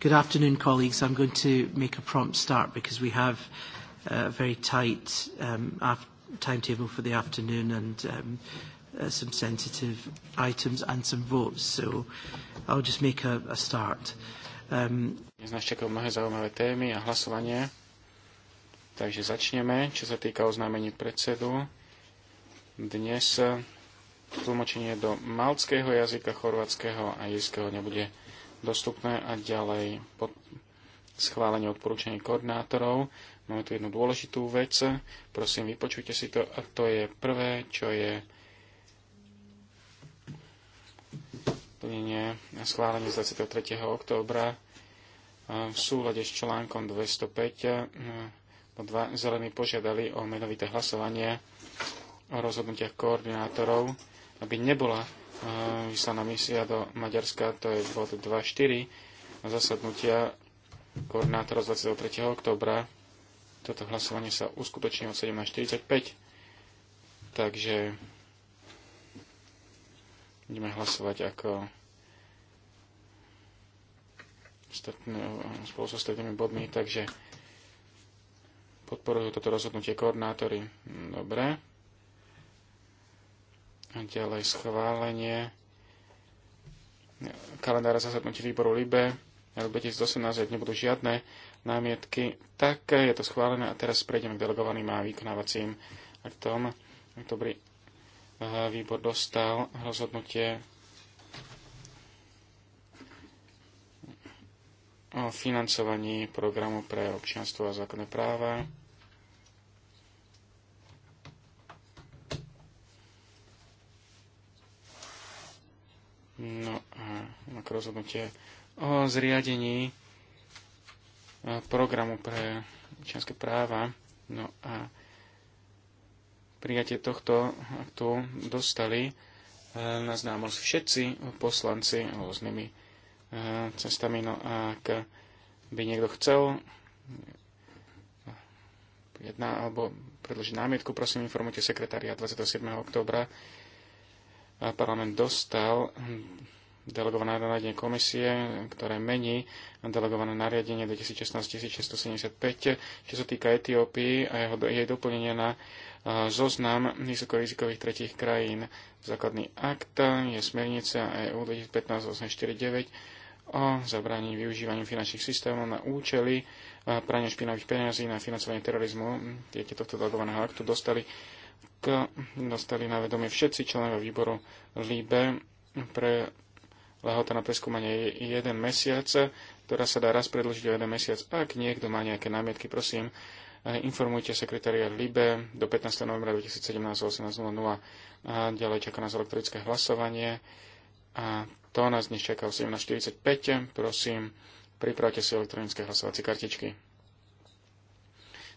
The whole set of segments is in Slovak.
Good afternoon, colleagues. I'm going to make a prompt start because we have a very tight um, af- timetable for the afternoon and um, uh, some sensitive items and some votes. So I'll just make a, a start. Um, Dnes nás čakajú mnohé zaujímavé témy a hlasovanie. Takže začneme, čo sa týka oznámení predsedu. Dnes uh, tlmočenie do malckého jazyka, chorvatského a jirského nebude dostupné a ďalej pod schválenie odporúčaní koordinátorov. Máme tu jednu dôležitú vec, prosím vypočujte si to a to je prvé, čo je plnenie a schválenie z 23. októbra v súlade s článkom 205 zelení požiadali o menovité hlasovanie o rozhodnutiach koordinátorov, aby nebola vyslaná misia do Maďarska, to je bod 2.4 zasadnutia koordinátora z 23. oktobra. Toto hlasovanie sa uskutoční o 17.45. Takže ideme hlasovať ako spolu so ostatnými bodmi, takže podporujú toto rozhodnutie koordinátory. Dobre. A ďalej schválenie kalendára zasadnutí výboru LIBE na 2018, nebudú žiadne námietky, tak je to schválené. A teraz prejdeme k delegovaným a vykonávacím aktom. Dobrý eh, výbor dostal rozhodnutie o financovaní programu pre občianstvo a zákonné práva. No a ako rozhodnutie o zriadení e, programu pre občianské práva. No a prijatie tohto aktu dostali e, na známosť všetci poslanci rôznymi e, cestami. No a ak by niekto chcel jedna alebo predložiť námietku, prosím informujte sekretária 27. oktobra parlament dostal delegované nariadenie komisie, ktoré mení delegované nariadenie 2016-1675, čo sa týka Etiópii a jeho, jej doplnenia na zoznam vysokorizikových tretich krajín. Základný akt je smernica EU 2015-849 o zabraní využívaniu finančných systémov na účely prania špinavých peniazí na financovanie terorizmu. Tieto tohto delegovaného aktu dostali k, dostali na vedomie všetci členovia výboru LIBE pre lehota na preskúmanie je jeden mesiac, ktorá sa dá raz predlžiť o jeden mesiac. Ak niekto má nejaké námietky, prosím, eh, informujte sekretariat LIBE do 15. novembra 2017 18.00 a ďalej čaká nás elektronické hlasovanie a to nás dnes čaká 18.45. Prosím, pripravte si elektronické hlasovacie kartičky.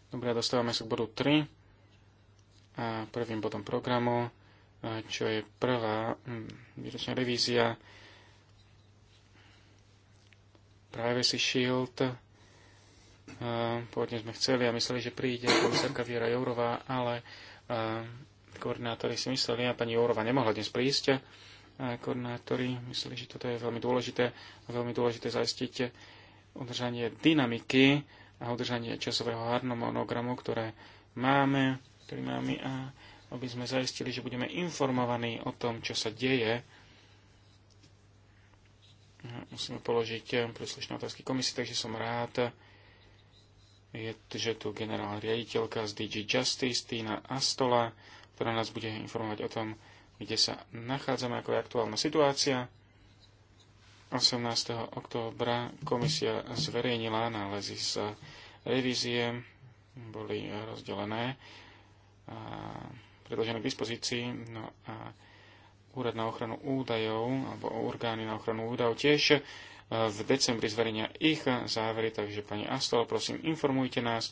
Dobre, dostávame sa k bodu 3 a prvým bodom programu, e, čo je prvá mm, výročná revízia Privacy Shield. E, pôvodne sme chceli a mysleli, že príde komisárka Viera Jourová, ale e, koordinátori si mysleli, a pani Jourova nemohla dnes prísť, koordinátori mysleli, že toto je veľmi dôležité a veľmi dôležité zaistiť udržanie dynamiky a udržanie časového harmonogramu, ktoré máme ktorý máme a aby sme zaistili, že budeme informovaní o tom, čo sa deje. Musíme položiť príslušné otázky komisie, takže som rád, je, že tu generálna riaditeľka z DG Justice, Tina Astola, ktorá nás bude informovať o tom, kde sa nachádzame, ako je aktuálna situácia. 18. októbra komisia zverejnila nálezy z revízie, boli rozdelené predložené k dispozícii. No a Úrad na ochranu údajov, alebo orgány na ochranu údajov tiež e, v decembri zverenia ich závery, takže pani Astol, prosím, informujte nás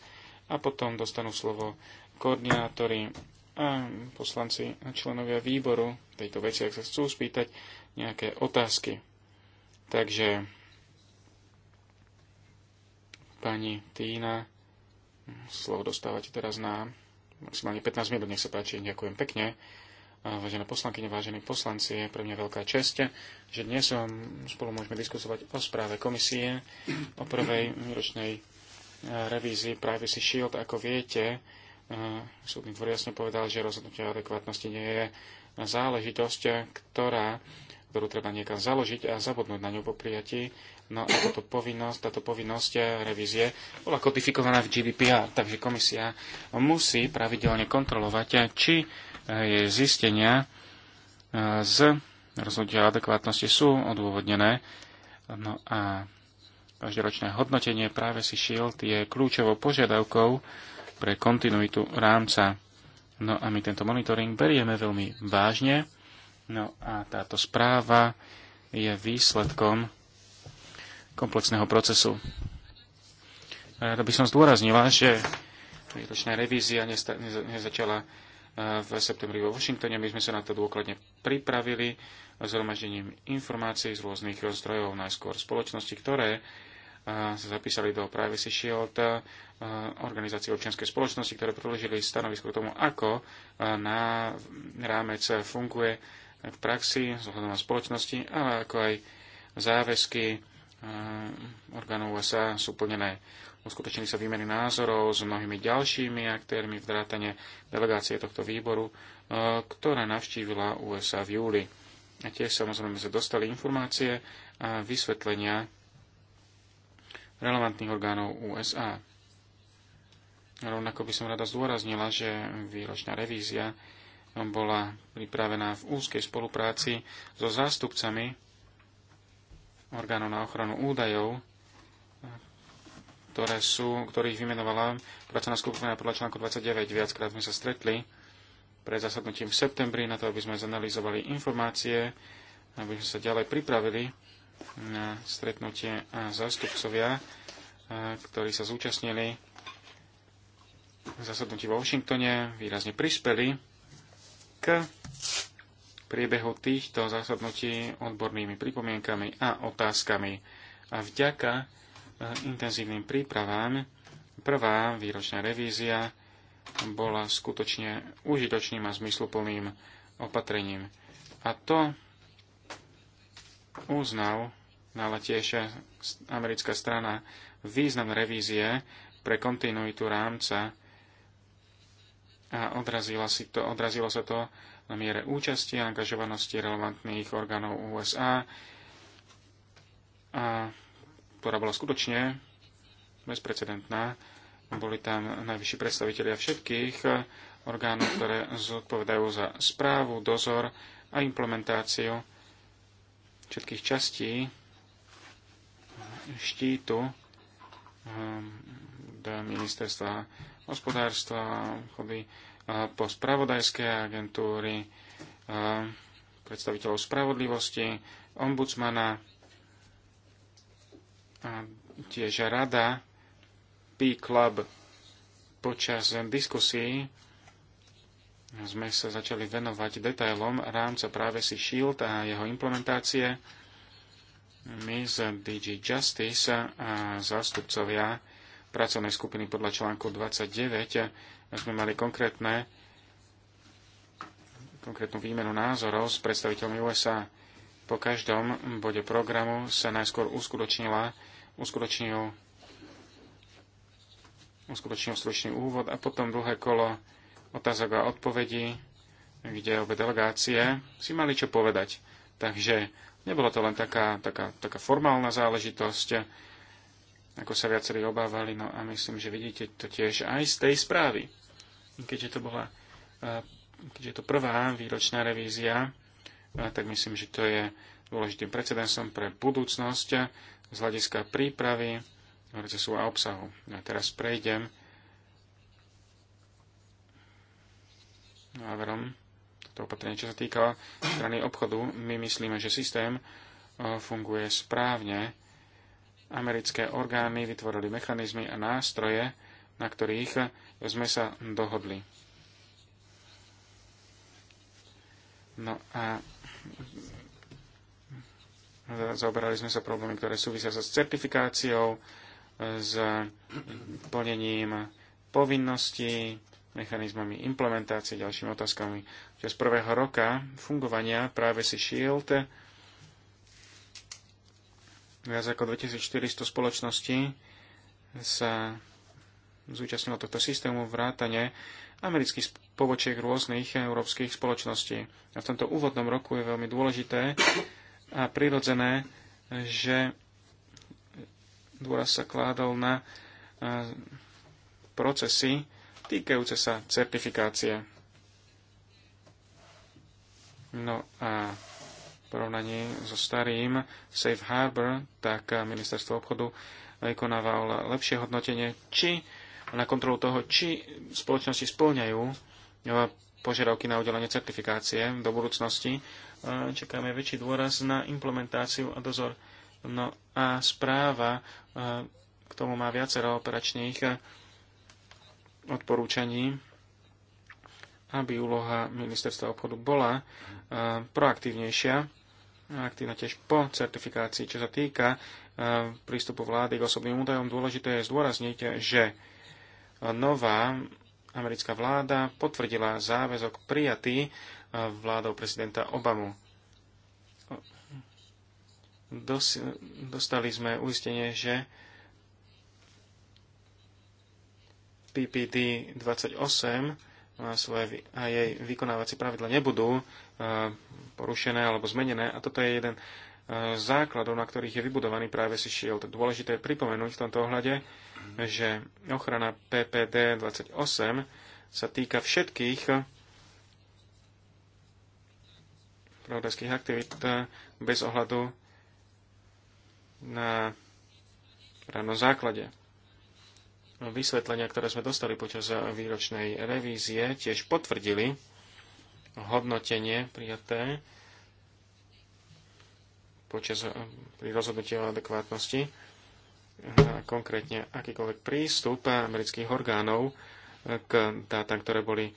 a potom dostanú slovo koordinátori a poslanci a členovia výboru tejto veci, ak sa chcú spýtať nejaké otázky. Takže pani Týna, slovo dostávate teraz nám maximálne 15 minút, nech sa páči, ďakujem pekne. Vážené poslankyne, vážení poslanci, je pre mňa veľká čest, že dnes spolu môžeme diskutovať o správe komisie, o prvej ročnej e, revízii Privacy Shield. Ako viete, e, súdny dvor jasne povedal, že rozhodnutie o adekvátnosti nie je záležitosť, ktorá ktorú treba niekam založiť a zabudnúť na ňu po prijatí. No a táto povinnosť, táto povinnosť e, revízie bola kodifikovaná v GDPR, takže komisia musí pravidelne kontrolovať, e, či e, jej zistenia z rozhodnutia adekvátnosti sú odôvodnené. No a každoročné hodnotenie práve si Shield je kľúčovou požiadavkou pre kontinuitu rámca. No a my tento monitoring berieme veľmi vážne No a táto správa je výsledkom komplexného procesu. Rád by som zdôraznila, že výročná revízia nezačala eh, v septembri vo Washingtone. My sme sa na to dôkladne pripravili zhromaždením informácií z rôznych zdrojov, najskôr spoločnosti, ktoré eh, sa zapísali do Privacy Shield eh, organizácie občianskej spoločnosti, ktoré predložili stanovisko k tomu, ako na rámec funguje v praxi, vzhľadom na spoločnosti, ale ako aj záväzky eh, orgánov USA sú plnené. Uskutočnili sa výmeny názorov s mnohými ďalšími aktérmi v drátane delegácie tohto výboru, eh, ktorá navštívila USA v júli. A tiež samozrejme sa dostali informácie a vysvetlenia relevantných orgánov USA. Rovnako by som rada zdôraznila, že výročná revízia bola pripravená v úzkej spolupráci so zástupcami orgánov na ochranu údajov, ktoré sú, ktorých vymenovala pracovná skupina podľa článku 29. Viackrát sme sa stretli pred zasadnutím v septembri na to, aby sme zanalizovali informácie, aby sme sa ďalej pripravili na stretnutie a zástupcovia, ktorí sa zúčastnili zasadnutí vo Washingtone, výrazne prispeli k priebehu týchto zásadnutí odbornými pripomienkami a otázkami. A vďaka e, intenzívnym prípravám prvá výročná revízia bola skutočne užitočným a zmysluplným opatrením. A to uznal ale americká strana význam revízie pre kontinuitu rámca a odrazilo, si to, odrazilo sa to na miere účasti a angažovanosti relevantných orgánov USA, a, ktorá bola skutočne bezprecedentná. Boli tam najvyšší predstavitelia všetkých orgánov, ktoré zodpovedajú za správu, dozor a implementáciu všetkých častí štítu ehm, ministerstva hospodárstva, obchody, po spravodajské agentúry, predstaviteľov spravodlivosti, ombudsmana, a tiež rada P-Club. Počas diskusí sme sa začali venovať detailom rámca si Shield a jeho implementácie. My z DG Justice a zástupcovia pracovnej skupiny podľa článku 29 sme mali konkrétne, konkrétnu výmenu názorov s predstaviteľmi USA. Po každom bode programu sa najskôr uskutočnila, uskutočnil, uskutočnil stručný úvod a potom druhé kolo otázok a odpovedí, kde obe delegácie si mali čo povedať. Takže nebolo to len taká, taká, taká formálna záležitosť, ako sa viacerí obávali, no a myslím, že vidíte to tiež aj z tej správy. Keďže to bola keďže to prvá výročná revízia, tak myslím, že to je dôležitým precedensom pre budúcnosť z hľadiska prípravy procesu a obsahu. No a teraz prejdem návrhom to opatrenie, čo sa týka strany obchodu. My myslíme, že systém funguje správne americké orgány vytvorili mechanizmy a nástroje, na ktorých sme sa dohodli. No a zaoberali sme sa problémy, ktoré súvisia sa s certifikáciou, s plnením povinností, mechanizmami implementácie, ďalšími otázkami. Počas prvého roka fungovania práve si Shield Viac ako 2400 spoločností sa zúčastnilo tohto systému vrátane amerických pobočiek rôznych európskych spoločností. A v tomto úvodnom roku je veľmi dôležité a prirodzené, že dôraz sa kládol na e, procesy týkajúce sa certifikácie. No a porovnaní so starým Safe Harbor, tak ministerstvo obchodu vykonával lepšie hodnotenie, či na kontrolu toho, či spoločnosti splňajú eh, požiadavky na udelenie certifikácie do budúcnosti. Eh, čakáme väčší dôraz na implementáciu a dozor. No a správa eh, k tomu má viacero operačných odporúčaní, aby úloha ministerstva obchodu bola proaktívnejšia aktívna tiež po certifikácii. Čo sa týka e, prístupu vlády k osobným údajom, dôležité je zdôrazniť, že nová americká vláda potvrdila záväzok prijatý e, vládou prezidenta Obamu. Dos, dostali sme uistenie, že PPD 28 a, svoje, a jej vykonávacie pravidla nebudú E, porušené alebo zmenené. A toto je jeden z e, základov, na ktorých je vybudovaný Privacy Shield. Dôležité je pripomenúť v tomto ohľade, že ochrana PPD 28 sa týka všetkých pravodajských aktivít e, bez ohľadu na právnom základe. Vysvetlenia, ktoré sme dostali počas výročnej revízie, tiež potvrdili, hodnotenie prijaté počas, eh, pri rozhodnutí o adekvátnosti a konkrétne akýkoľvek prístup amerických orgánov eh, k dátam, ktoré boli eh,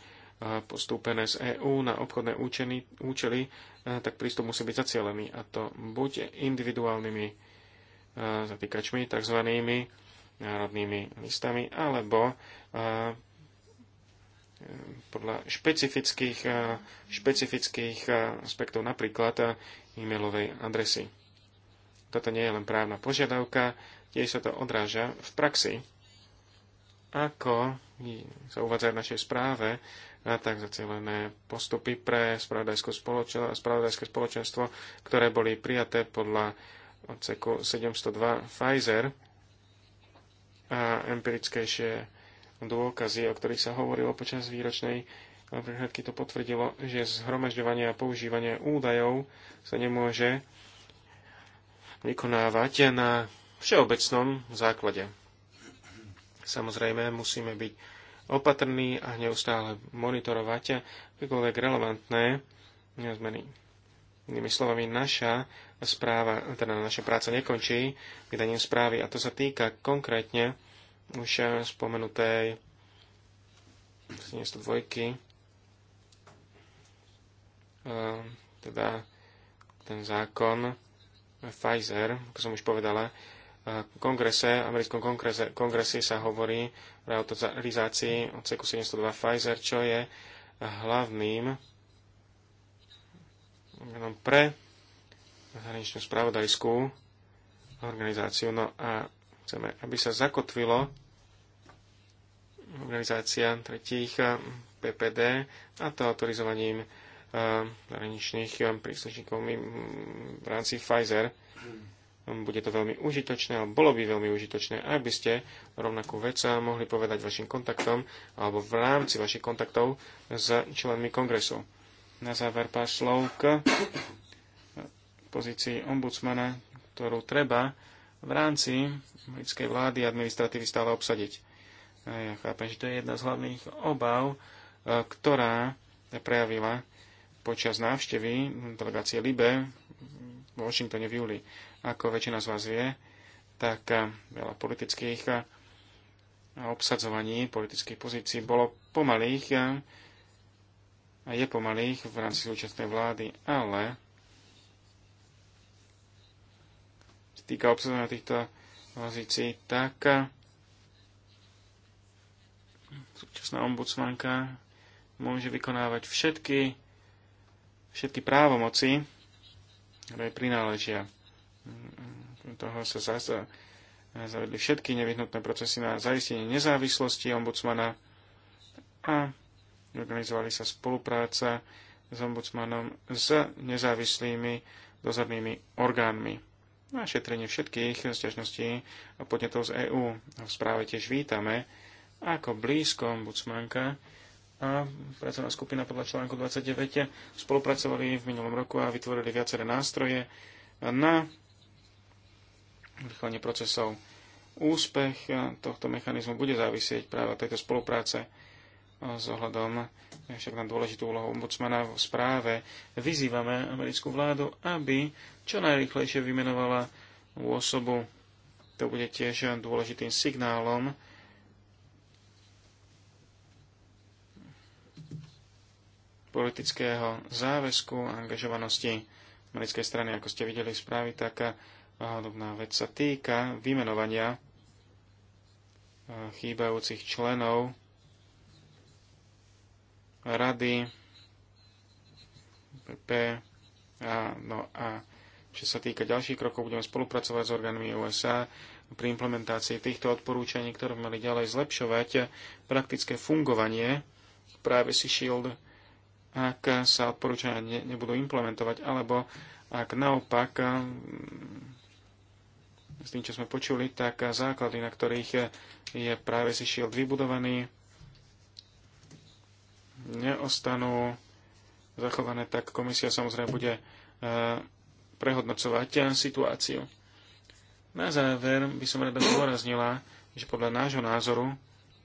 postúpené z EÚ na obchodné účely, účely, tak prístup musí byť zacielený. A to buď individuálnymi zatýkačmi, tzv. národnými listami, alebo podľa špecifických, eh, špecifických eh, aspektov, napríklad eh, e-mailovej adresy. Toto nie je len právna požiadavka, tiež sa to odráža v praxi. Ako sa uvádza v našej správe, a tak zacielené postupy pre spravodajské spoločenstvo, spravodajské spoločenstvo, ktoré boli prijaté podľa odseku 702 Pfizer a empirickejšie dôkazy, o ktorých sa hovorilo počas výročnej prehľadky, to potvrdilo, že zhromažďovanie a používanie údajov sa nemôže vykonávať na všeobecnom základe. Samozrejme, musíme byť opatrní a neustále monitorovať akékoľvek relevantné zmeny. Inými slovami, naša správa, teda naša práca nekončí vydaním správy a to sa týka konkrétne už spomenutej 702 teda ten zákon Pfizer, ako som už povedala, v kongrese, americkom kongrese, kongrese sa hovorí o autorizácii odseku 702 Pfizer, čo je hlavným pre zahraničnú spravodajskú organizáciu. No a Chceme, aby sa zakotvilo organizácia tretích eh, PPD a to autorizovaním eh, zahraničných eh, príslušníkov mm, v rámci Pfizer. Hmm. Bude to veľmi užitočné, alebo bolo by veľmi užitočné, aby ste rovnakú vec mohli povedať vašim kontaktom alebo v rámci vašich kontaktov s členmi kongresu. Na záver pár slov k pozícii ombudsmana, ktorú treba v rámci americkej vlády administratívy stále obsadiť. ja chápem, že to je jedna z hlavných obav, e, ktorá prejavila počas návštevy delegácie Libe v Washingtone v júli. Ako väčšina z vás vie, tak e, veľa politických e, obsadzovaní politických pozícií bolo pomalých a je pomalých v rámci súčasnej vlády, ale týka obsadenia týchto pozícií, tak eh, súčasná ombudsmanka môže vykonávať všetky, všetky právomoci, ktoré prináležia. Mm, toho sa zase zavedli všetky nevyhnutné procesy na zaistenie nezávislosti ombudsmana a organizovali sa spolupráca s ombudsmanom s nezávislými dozornými orgánmi na šetrenie všetkých zťažností a podnetov z EÚ. V správe tiež vítame, ako blízko ombudsmanka a pracovná skupina podľa článku 29 spolupracovali v minulom roku a vytvorili viaceré nástroje na vychovanie procesov. Úspech tohto mechanizmu bude závisieť práve od tejto spolupráce s ohľadom však na dôležitú úlohu ombudsmana v správe vyzývame americkú vládu, aby čo najrychlejšie vymenovala osobu. To bude tiež dôležitým signálom politického záväzku a angažovanosti americkej strany. Ako ste videli v správy, taká hlavná vec sa týka vymenovania eh, chýbajúcich členov rady, PP, a, no a čo sa týka ďalších krokov, budeme spolupracovať s orgánmi USA pri implementácii týchto odporúčaní, ktoré by mali ďalej zlepšovať praktické fungovanie Privacy Shield, ak sa odporúčania ne, nebudú implementovať, alebo ak naopak mm, s tým, čo sme počuli, tak základy, na ktorých je Privacy Shield vybudovaný, neostanú zachované, tak komisia samozrejme bude e, prehodnocovať e, situáciu. Na záver by som rada zdôraznila, že podľa nášho názoru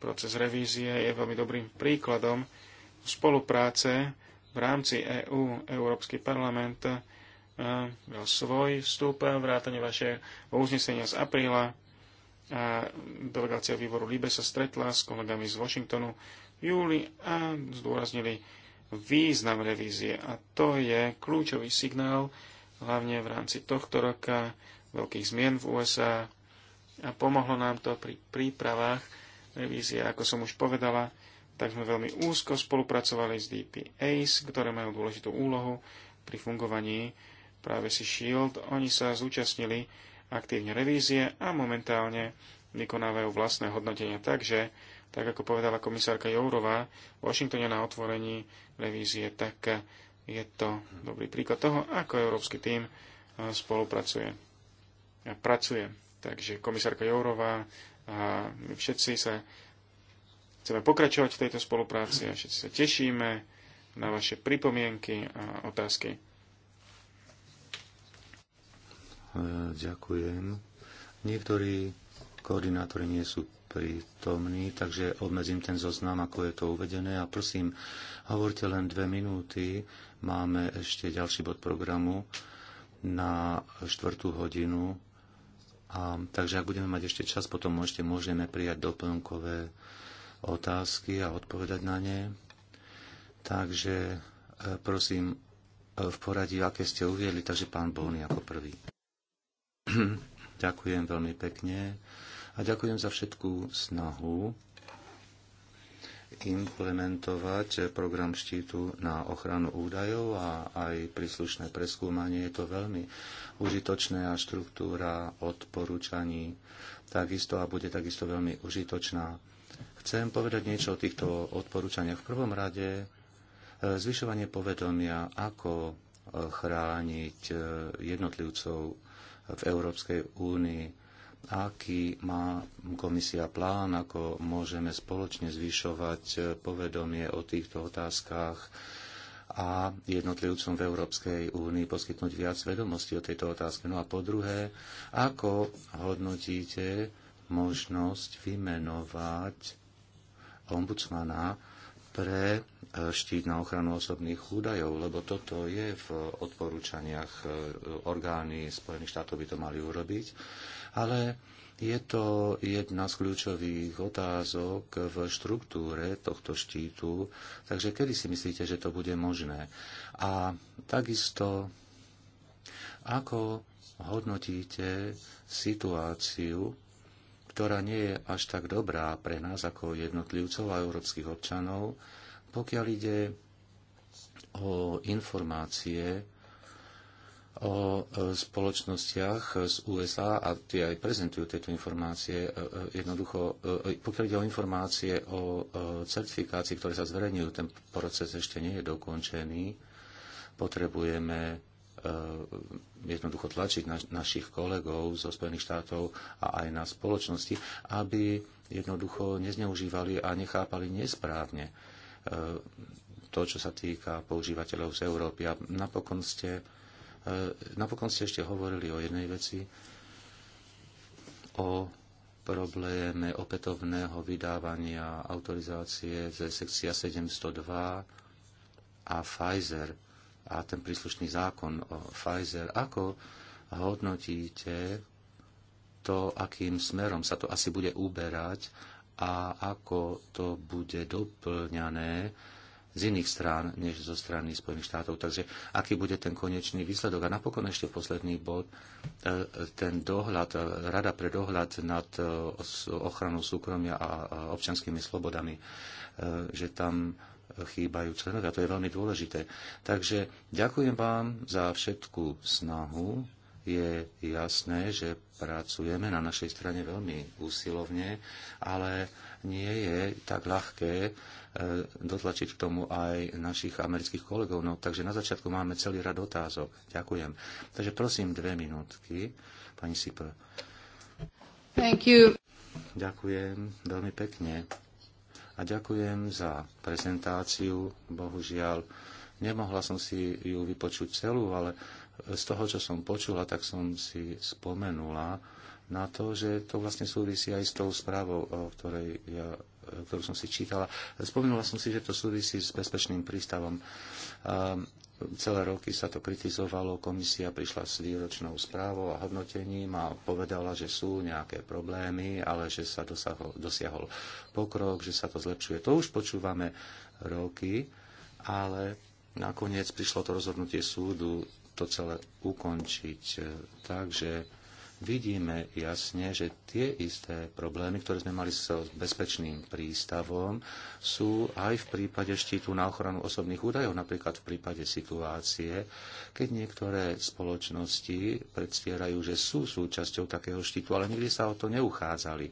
proces revízie je veľmi dobrým príkladom spolupráce v rámci EÚ, Európsky parlament e, mal svoj vstup, vrátane vaše uznesenia z apríla. A delegácia výboru Libe sa stretla s kolegami z Washingtonu júli a zdôraznili význam revízie. A to je kľúčový signál, hlavne v rámci tohto roka, veľkých zmien v USA. A pomohlo nám to pri prípravách revízie, ako som už povedala, tak sme veľmi úzko spolupracovali s DPAs, ktoré majú dôležitú úlohu pri fungovaní práve si Shield. Oni sa zúčastnili aktívne revízie a momentálne vykonávajú vlastné hodnotenia. Takže tak ako povedala komisárka Jourová v Washingtone na otvorení revízie, tak je to dobrý príklad toho, ako európsky tým e, spolupracuje. A pracuje. Takže komisárka Jourová a my všetci sa chceme pokračovať v tejto spolupráci a všetci sa tešíme na vaše pripomienky a otázky. E, ďakujem. Niektorí koordinátori nie sú prítomní, takže obmedzím ten zoznam, ako je to uvedené. A prosím, hovorte len dve minúty. Máme ešte ďalší bod programu na štvrtú hodinu. A, takže ak budeme mať ešte čas, potom ešte môžeme prijať doplnkové otázky a odpovedať na ne. Takže e, prosím, e, v poradí, aké ste uviedli, takže pán bony ako prvý. Ďakujem veľmi pekne a ďakujem za všetkú snahu implementovať program štítu na ochranu údajov a aj príslušné preskúmanie. Je to veľmi užitočné a štruktúra odporúčaní takisto a bude takisto veľmi užitočná. Chcem povedať niečo o týchto odporúčaniach. V prvom rade e, zvyšovanie povedomia, ako e, chrániť e, jednotlivcov v Európskej únii aký má komisia plán, ako môžeme spoločne zvyšovať povedomie o týchto otázkach a jednotlivcom v Európskej únii poskytnúť viac vedomostí o tejto otázke. No a po druhé, ako hodnotíte možnosť vymenovať ombudsmana pre e, štít na ochranu osobných údajov, lebo toto je v odporúčaniach e, orgány Spojených štátov by to mali urobiť ale je to jedna z kľúčových otázok v štruktúre tohto štítu, takže kedy si myslíte, že to bude možné? A takisto, ako hodnotíte situáciu, ktorá nie je až tak dobrá pre nás ako jednotlivcov a európskych občanov, pokiaľ ide o informácie o e, spoločnostiach z USA a tie aj prezentujú tieto informácie. E, e, jednoducho, pokiaľ ide o informácie o certifikácii, ktoré sa zverejňujú, ten proces ešte nie je dokončený. Potrebujeme jednoducho tlačiť na, našich kolegov zo Spojených štátov a aj na spoločnosti, aby jednoducho nezneužívali a nechápali nesprávne to, čo sa týka používateľov z Európy. A napokon ste E, napokon ste ešte hovorili o jednej veci, o probléme opätovného vydávania autorizácie ze sekcia 702 a Pfizer a ten príslušný zákon o Pfizer. Ako hodnotíte to, akým smerom sa to asi bude uberať a ako to bude doplňané z iných strán, než zo strany Spojených štátov. Takže aký bude ten konečný výsledok? A napokon ešte posledný bod, e, ten dohľad, e, rada pre dohľad nad e, ochranou súkromia a občanskými slobodami, že tam chýbajú členovia. To je veľmi dôležité. Takže ďakujem vám za všetku snahu. Je jasné, že pracujeme na našej strane veľmi úsilovne, ale nie je tak ľahké e, dotlačiť k tomu aj našich amerických kolegov. No, takže na začiatku máme celý rad otázok. Ďakujem. Takže prosím dve minútky. Pani Sipr. Thank you. Ďakujem veľmi pekne. A ďakujem za prezentáciu. Bohužiaľ, nemohla som si ju vypočuť celú, ale z toho, čo som počula, tak som si spomenula, na to, že to vlastne súvisí aj s tou správou, o ktorej ja ktorú som si čítala. Spomínala som si, že to súvisí s bezpečným prístavom. Celé roky sa to kritizovalo, komisia prišla s výročnou správou a hodnotením a povedala, že sú nejaké problémy, ale že sa dosahol, dosiahol pokrok, že sa to zlepšuje. To už počúvame roky, ale nakoniec prišlo to rozhodnutie súdu to celé ukončiť. Takže vidíme jasne, že tie isté problémy, ktoré sme mali s bezpečným prístavom, sú aj v prípade štítu na ochranu osobných údajov, napríklad v prípade situácie, keď niektoré spoločnosti predstierajú, že sú súčasťou takého štítu, ale nikdy sa o to neuchádzali.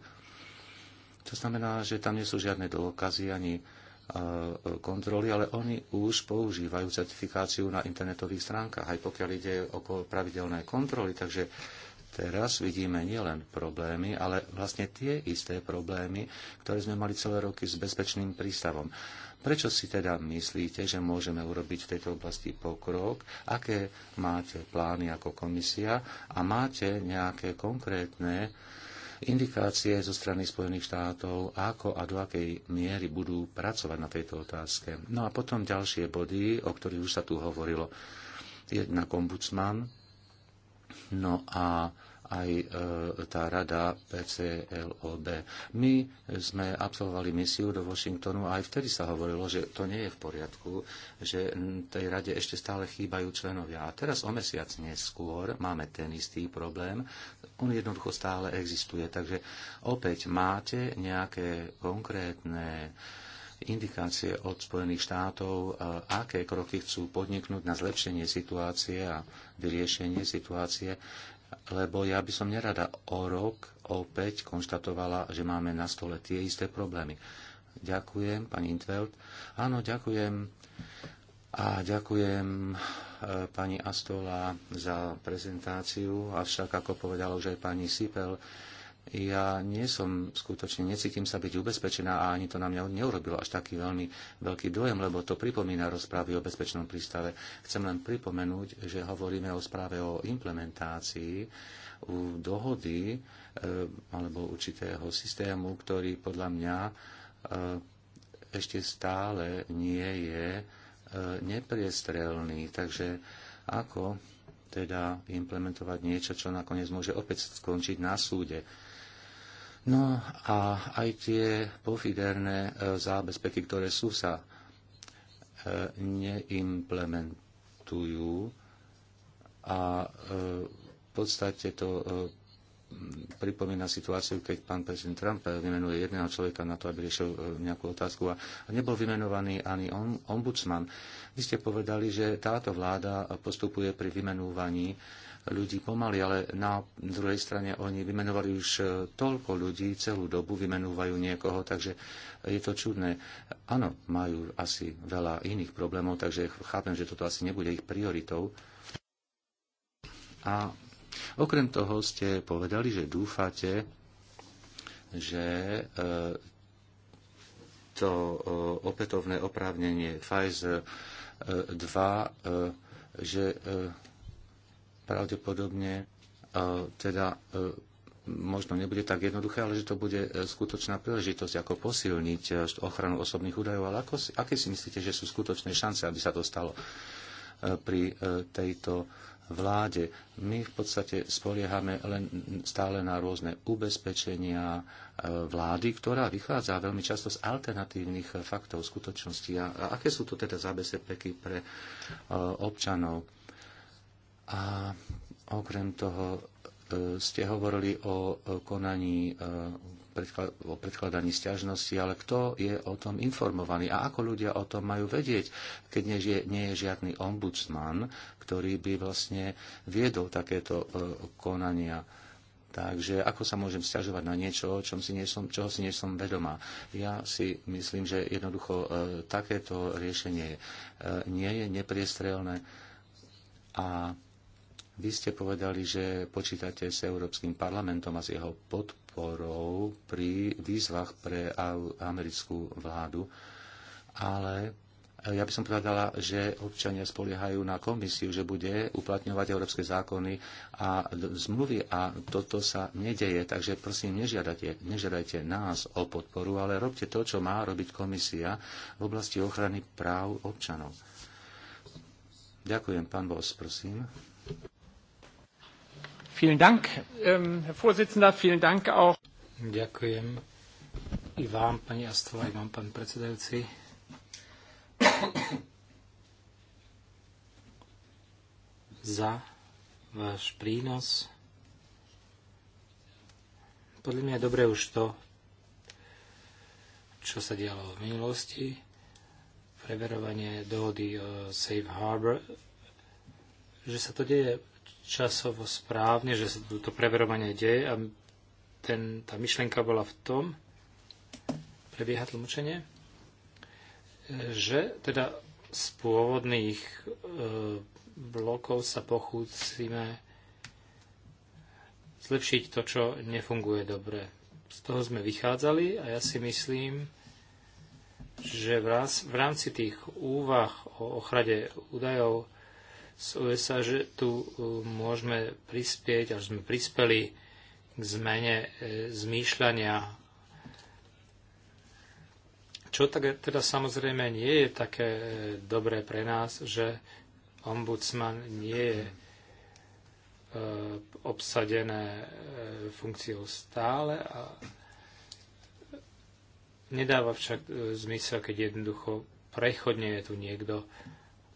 To znamená, že tam nie sú žiadne dôkazy ani e, kontroly, ale oni už používajú certifikáciu na internetových stránkach, aj pokiaľ ide o pravidelné kontroly. Takže teraz vidíme nielen problémy, ale vlastne tie isté problémy, ktoré sme mali celé roky s bezpečným prístavom. Prečo si teda myslíte, že môžeme urobiť v tejto oblasti pokrok? Aké máte plány ako komisia? A máte nejaké konkrétne indikácie zo strany Spojených štátov, ako a do akej miery budú pracovať na tejto otázke? No a potom ďalšie body, o ktorých už sa tu hovorilo. Jednak ombudsman, No a aj e, tá rada PCLOB. My sme absolvovali misiu do Washingtonu a aj vtedy sa hovorilo, že to nie je v poriadku, že tej rade ešte stále chýbajú členovia. A teraz o mesiac neskôr máme ten istý problém. On jednoducho stále existuje. Takže opäť máte nejaké konkrétne e, indikácie od Spojených štátov, aké kroky chcú podniknúť na zlepšenie situácie a vyriešenie situácie, lebo ja by som nerada o rok opäť konštatovala, že máme na stole tie isté problémy. Ďakujem, pani Intveld. Áno, ďakujem. A ďakujem e, pani Astola za prezentáciu, avšak ako povedala už aj pani Sipel, ja nie som skutočne, necítim sa byť ubezpečená a ani to na mňa neurobilo až taký veľmi veľký dojem, lebo to pripomína rozprávy o bezpečnom prístave. Chcem len pripomenúť, že hovoríme o správe o implementácii dohody e, alebo určitého systému, ktorý podľa mňa e, ešte stále nie je e, nepriestrelný. Takže ako teda implementovať niečo, čo nakoniec môže opäť skončiť na súde. No a aj tie pofiderné e, zábezpeky, ktoré sú sa e, neimplementujú a e, v podstate to pripomína situáciu, keď pán prezident Trump vymenuje jedného človeka na to, aby riešil nejakú otázku a nebol vymenovaný ani on, ombudsman. Vy ste povedali, že táto vláda postupuje pri vymenúvaní ľudí pomaly, ale na druhej strane oni vymenovali už e, toľko ľudí, celú dobu vymenúvajú niekoho, takže je to čudné. Áno, majú asi veľa iných problémov, takže chápem, že toto asi nebude ich prioritou. A okrem toho ste povedali, že dúfate, že e, to e, opätovné oprávnenie Pfizer 2, že pravdepodobne e, teda e, možno nebude tak jednoduché, ale že to bude e, skutočná príležitosť, ako posilniť ochranu osobných údajov. Ale ako, aké si myslíte, že sú skutočné šance, aby sa to stalo pri tejto vláde? My v podstate spoliehame len stále na rôzne ubezpečenia vlády, ktorá vychádza veľmi často z alternatívnych faktov skutočnosti. A aké sú to teda zabezpeky pre občanov? A okrem toho e, ste hovorili o konaní, e, o predkladaní stiažnosti, ale kto je o tom informovaný a ako ľudia o tom majú vedieť, keď nie je, nie je žiadny ombudsman, ktorý by vlastne viedol takéto e, konania. Takže ako sa môžem stiažovať na niečo, čom si nie som, čoho si nie som vedomá? Ja si myslím, že jednoducho takéto riešenie nie je nepriestrelné a vy ste povedali, že počítate s Európskym parlamentom a s jeho podporou pri výzvach pre americkú vládu, ale ja by som povedala, že občania spoliehajú na komisiu, že bude uplatňovať európske zákony a zmluvy a toto sa nedeje. Takže prosím, nežiadajte, nežiadajte nás o podporu, ale robte to, čo má robiť komisia v oblasti ochrany práv občanov. Ďakujem, pán Bos, prosím. Vielen Dank, ähm, Herr Vorsitzender, vielen Dank auch. Ďakujem i vám, pani Astova, i vám, pán predsedajúci. za váš prínos. Podľa mňa je dobré už to, čo sa dialo v minulosti, preverovanie dohody o Safe Harbor, že sa to deje časovo správne, že sa to preverovanie deje a ten, tá myšlienka bola v tom, prebieha tlmočenie, že teda z pôvodných e, blokov sa pochúcime zlepšiť to, čo nefunguje dobre. Z toho sme vychádzali a ja si myslím, že v rámci tých úvah o ochrade údajov z USA, že tu e, môžeme prispieť, až sme prispeli k zmene e, zmýšľania. Čo tak, teda samozrejme nie je také e, dobré pre nás, že ombudsman nie je obsadené funkciou stále a nedáva však zmysel, keď jednoducho prechodne je tu niekto,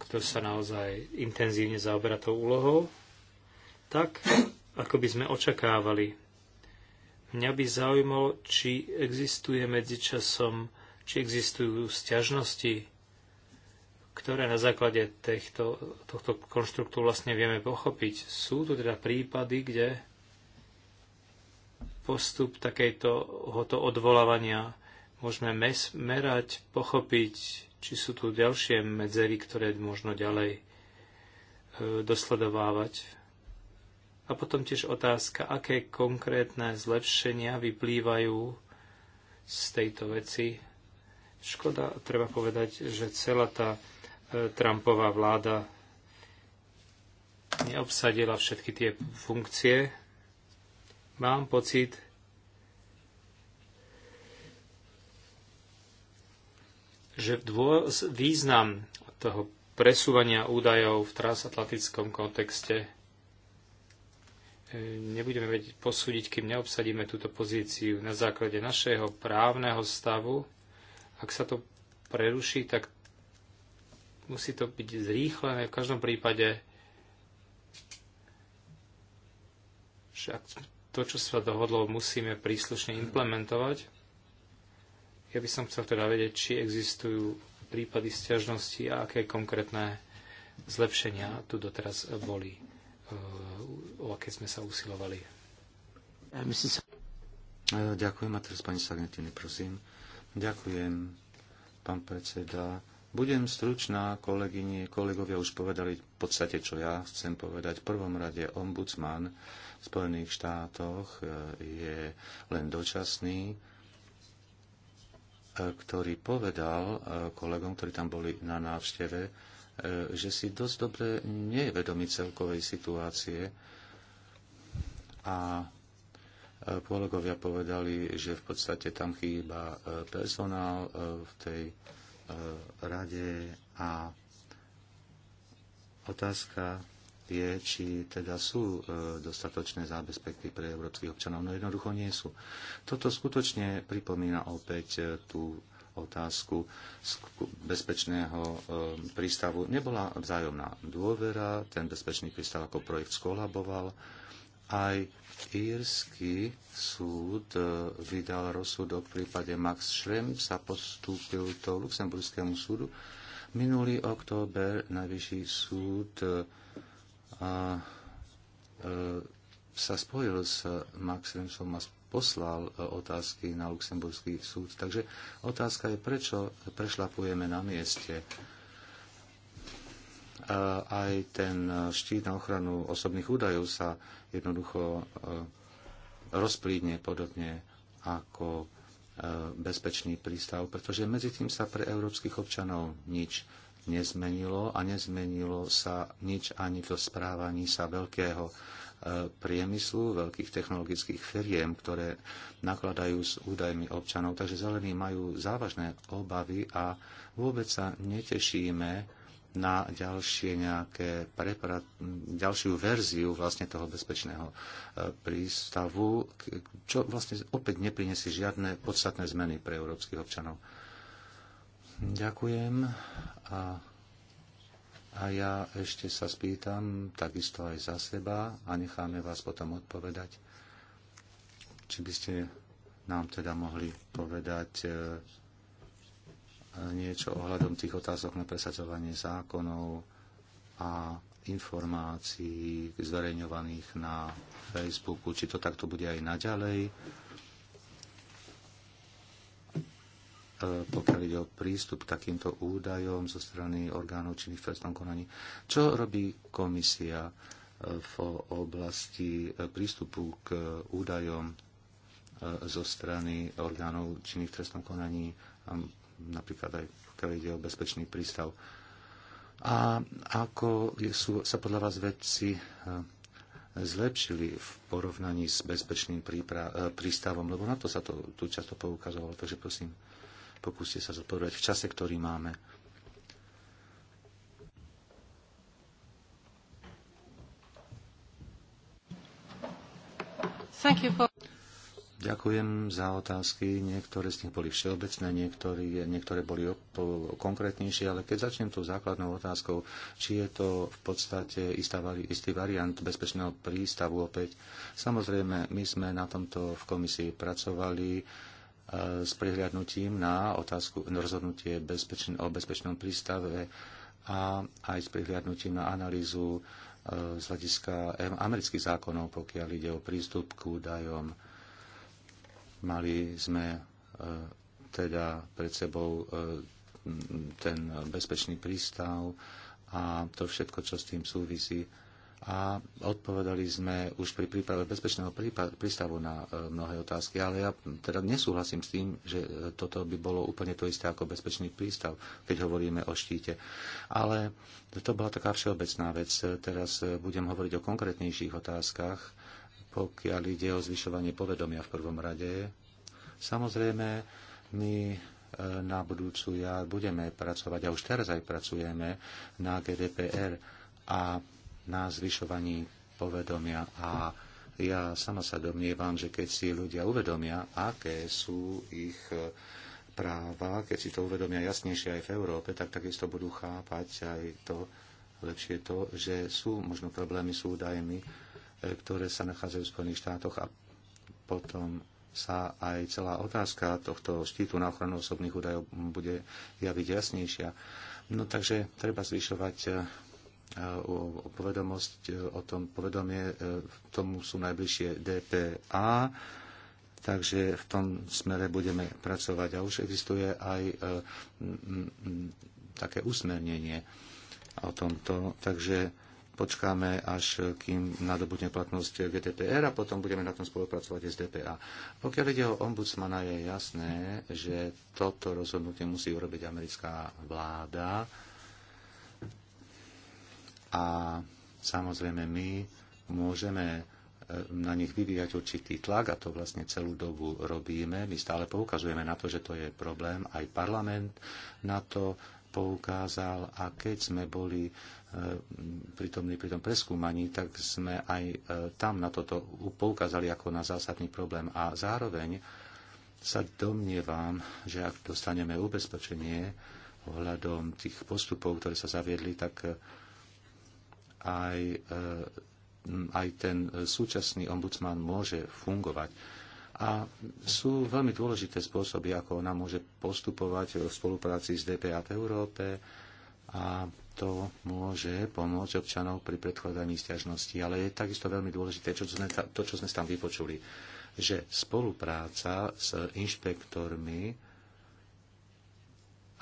ktorý sa naozaj intenzívne zaoberá tou úlohou, tak ako by sme očakávali. Mňa by zaujímalo, či existuje medzičasom, či existujú sťažnosti, ktoré na základe týchto, tohto konštruktu vlastne vieme pochopiť. Sú tu teda prípady, kde postup takéto odvolávania môžeme mes, merať, pochopiť, či sú tu ďalšie medzery, ktoré možno ďalej e, dosledovávať. A potom tiež otázka, aké konkrétne zlepšenia vyplývajú z tejto veci. Škoda, treba povedať, že celá tá e, Trumpová vláda neobsadila všetky tie funkcie. Mám pocit, že význam toho presúvania údajov v transatlantickom kontexte e, nebudeme vedieť posúdiť, kým neobsadíme túto pozíciu na základe našeho právneho stavu. Ak sa to preruší, tak musí to byť zrýchlené. V každom prípade, že to, čo sa dohodlo, musíme príslušne implementovať. Ja by som chcel teda vedieť, či existujú prípady stiažnosti a aké konkrétne zlepšenia tu doteraz boli, eh, o aké sme sa usilovali. Eh, eh, ďakujem a teraz pani Sagnetiny, prosím. Ďakujem, pán predseda. Budem stručná, kolegyne, kolegovia už povedali v podstate, čo ja chcem povedať. V prvom rade ombudsman v Spojených štátoch je len dočasný ktorý povedal e, kolegom, ktorí tam boli na návšteve, e, že si dosť dobre nie je vedomý celkovej situácie a e, kolegovia povedali, že v podstate tam chýba personál v tej rade a otázka je, či teda sú e, dostatočné zábezpeky pre európskych občanov. No jednoducho nie sú. Toto skutočne pripomína opäť e, tú otázku bezpečného e, prístavu. Nebola vzájomná dôvera, ten bezpečný prístav ako projekt skolaboval. Aj írsky súd vydal rozsudok v prípade Max Schrems sa postúpil to Luxemburskému súdu. Minulý október najvyšší súd a e, sa spojil s Maxenšom a poslal e, otázky na luxemburský súd. Takže otázka je, prečo prešlapujeme na mieste e, aj ten štít na ochranu osobných údajov sa jednoducho rozplídne podobne ako bezpečný prístav, pretože medzi tým sa pre európskych občanov nič nezmenilo a nezmenilo sa nič ani v správaní sa veľkého e, priemyslu, veľkých technologických firiem, ktoré nakladajú s údajmi občanov. Takže zelení majú závažné obavy a vôbec sa netešíme na ďalšie nejaké prepra- ďalšiu verziu vlastne toho bezpečného e, prístavu, čo vlastne opäť neprinesie žiadne podstatné zmeny pre európskych občanov. Ďakujem. A, a ja ešte sa spýtam, takisto aj za seba, a necháme vás potom odpovedať, či by ste nám teda mohli povedať e, niečo ohľadom tých otázok na presadzovanie zákonov a informácií zverejňovaných na Facebooku, či to takto bude aj naďalej E, pokiaľ ide o prístup k takýmto údajom zo strany orgánov činných v trestnom konaní. Čo robí komisia e, v oblasti e, prístupu k údajom zo strany orgánov činných v trestnom konaní, napríklad aj pokiaľ ide o bezpečný prístav? A ako sú, sa podľa vás vedci zlepšili v porovnaní s bezpečným prístavom, lebo na to sa to tu často poukazovalo, takže prosím, Pokúste sa zodpovedať v čase, ktorý máme. For... Ďakujem za otázky. Niektoré z nich boli všeobecné, niektoré, niektoré boli konkrétnejšie, ale keď začnem tou základnou otázkou, či je to v podstate istá, istý variant bezpečného prístavu opäť. Samozrejme, my sme na tomto v komisii pracovali E, s prihľadnutím na otázku na rozhodnutie bezpečn- o bezpečnom prístave a aj s prihliadnutím na analýzu e, z hľadiska amerických zákonov, pokiaľ ide o prístup k údajom. Mali sme e, teda pred sebou ten bezpečný prístav a to všetko, čo s tým súvisí a odpovedali sme už pri príprave bezpečného prístavu na e, mnohé otázky, ale ja teda nesúhlasím s tým, že e, toto by bolo úplne to isté ako bezpečný prístav, keď hovoríme o štíte. Ale to bola taká všeobecná vec. E, teraz budem hovoriť o konkrétnejších otázkach, pokiaľ ide o zvyšovanie povedomia v prvom rade. Samozrejme, my na budúcu ja budeme pracovať, a už teraz aj pracujeme na GDPR, a na zvyšovaní povedomia a ja sama sa domnievam, že keď si ľudia uvedomia, aké sú ich e, práva, keď si to uvedomia jasnejšie aj v Európe, tak takisto budú chápať aj to lepšie to, že sú možno problémy s údajmi, e, ktoré sa nachádzajú v Spojených štátoch a potom sa aj celá otázka tohto štítu na ochranu osobných údajov bude javiť jasnejšia. No takže treba zvyšovať e, povedomosť e, o tom povedomie, e, tomu sú najbližšie DPA, takže v tom smere budeme pracovať a už existuje aj e, také usmernenie o tomto, takže počkáme, až kým nadobudne platnosť GDPR a potom budeme na tom spolupracovať s DPA. Pokiaľ ide o ombudsmana, je jasné, že toto rozhodnutie musí urobiť americká vláda, a samozrejme my môžeme e, na nich vyvíjať určitý tlak a to vlastne celú dobu robíme. My stále poukazujeme na to, že to je problém. Aj parlament na to poukázal a keď sme boli e, prítomní pri tom preskúmaní, tak sme aj e, tam na toto poukázali ako na zásadný problém. A zároveň sa domnievam, že ak dostaneme ubezpečenie ohľadom tých postupov, ktoré sa zaviedli, tak aj, e, aj ten súčasný ombudsman môže fungovať. A sú veľmi dôležité spôsoby, ako ona môže postupovať v spolupráci s DPA v Európe a to môže pomôcť občanov pri predkladaní stiažnosti. Ale je takisto veľmi dôležité čo sme, to, čo sme tam vypočuli, že spolupráca s inšpektormi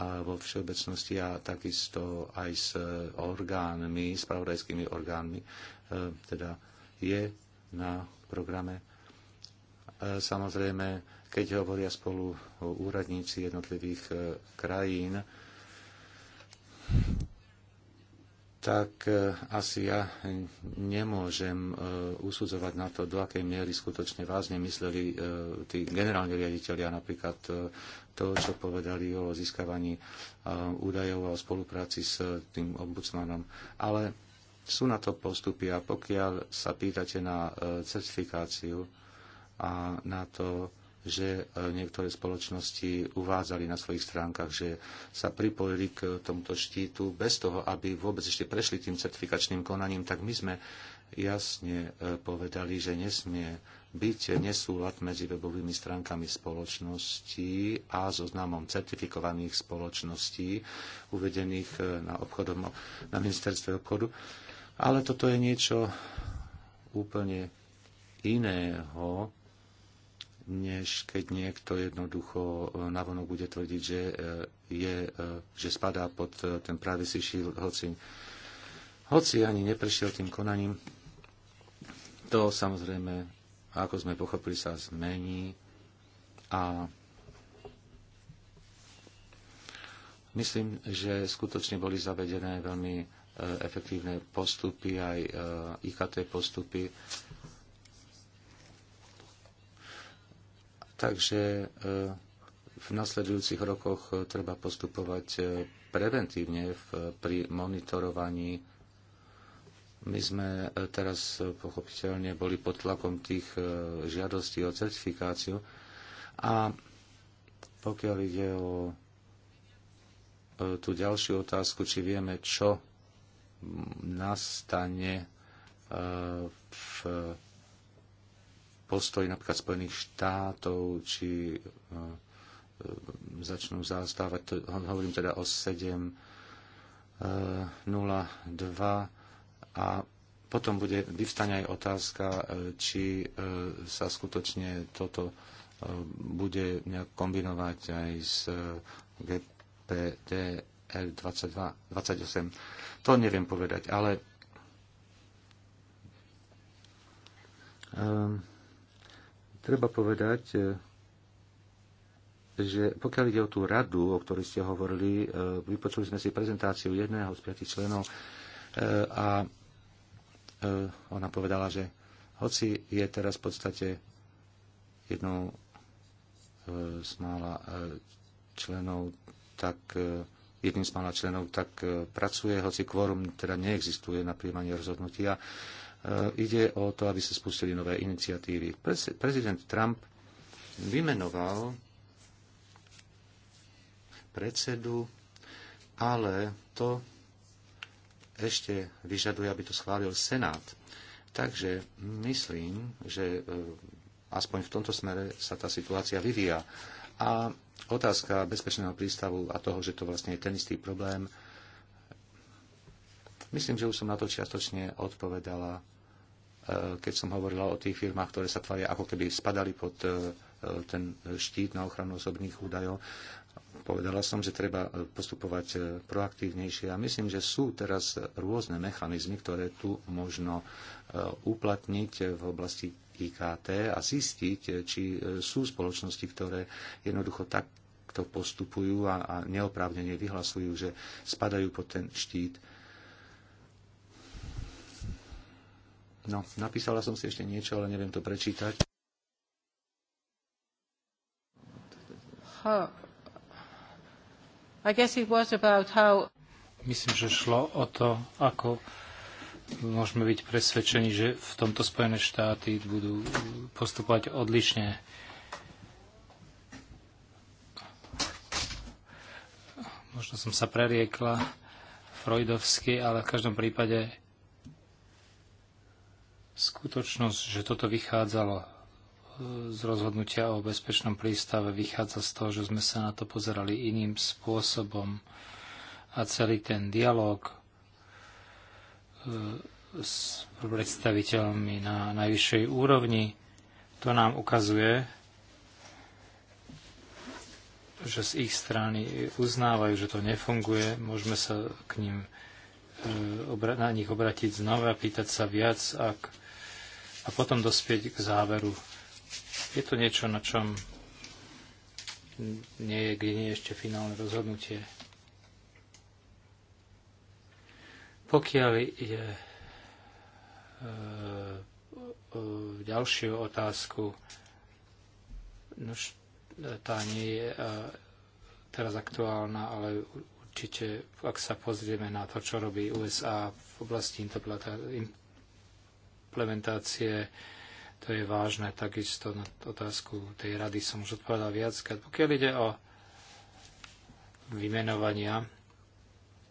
a vo všeobecnosti a takisto aj s eh, orgánmi, spravodajskými orgánmi, eh, teda je na programe. Eh, samozrejme, keď hovoria spolu úradníci jednotlivých krajín, tak e, asi ja nemôžem e, usudzovať na to, do akej miery skutočne vážne mysleli e, tí generálni riaditeľia napríklad to, čo povedali o získavaní údajov a o spolupráci s tým ombudsmanom. Ale sú na to postupy a pokiaľ sa pýtate na certifikáciu a na to, že e, niektoré spoločnosti uvádzali na svojich stránkach, že sa pripojili k tomuto štítu bez toho, aby vôbec ešte prešli tým certifikačným konaním, tak my sme jasne e, povedali, že nesmie byť nesúlad medzi webovými stránkami spoločností a zoznamom certifikovaných spoločností uvedených e, na, obchodom, na ministerstve obchodu. Ale toto je niečo úplne iného, než keď niekto jednoducho e, navonok bude tvrdiť, že, e, je, e, že spadá pod ten si shield, hoci, hoci ani neprešiel tým konaním. To samozrejme, ako sme pochopili, sa zmení a myslím, že skutočne boli zavedené veľmi efektívne postupy, aj IKT postupy Takže eh, v nasledujúcich rokoch eh, treba postupovať eh, preventívne pri monitorovaní. My sme teraz pochopiteľne boli pod tlakom tých žiadostí o certifikáciu a pokiaľ ide o tú ďalšiu otázku, či vieme, čo nastane v postoj napríklad Spojených štátov, či e, e, začnú zastávať, hovorím teda o 7.02 e, a potom bude, vyvstane aj otázka, či sa skutočne toto bude nejak kombinovať aj s GPD l 28. To neviem povedať, ale um, Treba povedať, e, že pokiaľ ide o tú radu, o ktorej ste hovorili, e, vypočuli sme si prezentáciu jedného z piatich členov e, a ona povedala, že hoci je teraz v podstate jednou z mála členov, tak jedným z mála členov tak pracuje, hoci kvorum teda neexistuje na príjmanie rozhodnutia. E, ide o to, aby sa spustili nové iniciatívy. Prezident Trump vymenoval predsedu, ale to ešte vyžaduje, aby to schválil Senát. Takže myslím, že e, aspoň v tomto smere sa tá situácia vyvíja. A otázka bezpečného prístavu a toho, že to vlastne je ten istý problém, myslím, že už som na to čiastočne odpovedala Eh, keď som hovorila o tých firmách, ktoré sa tvária, ako keby spadali pod eh, ten štít na ochranu osobných údajov. Povedala som, že treba eh, postupovať proaktívnejšie a myslím, že sú teraz rôzne mechanizmy, ktoré tu možno uplatniť v oblasti IKT a zistiť, či sú spoločnosti, ktoré jednoducho takto postupujú a, a neoprávnene vyhlasujú, že spadajú pod ten štít No, napísala som si ešte niečo, ale neviem to prečítať. I guess it was about how... Myslím, že šlo o to, ako môžeme byť presvedčení, že v tomto Spojené štáty budú postupovať odlišne. Možno som sa preriekla freudovsky, ale v každom prípade Skutočnosť, že toto vychádzalo e, z rozhodnutia o bezpečnom prístave, vychádza z toho, že sme sa na to pozerali iným spôsobom a celý ten dialog e, s predstaviteľmi na najvyššej úrovni, to nám ukazuje, že z ich strany uznávajú, že to nefunguje, môžeme sa k ním e, na nich obratiť znova, pýtať sa viac, ak a potom dospieť k záveru. Je to niečo, na čom nie je, kde nie je ešte finálne rozhodnutie. Pokiaľ je e, e, ďalšiu otázku, nož, tá nie je e, teraz aktuálna, ale určite, ak sa pozrieme na to, čo robí USA v oblasti implementácie, to je vážne. Takisto na otázku tej rady som už odpovedal viackrát. Pokiaľ ide o vymenovania,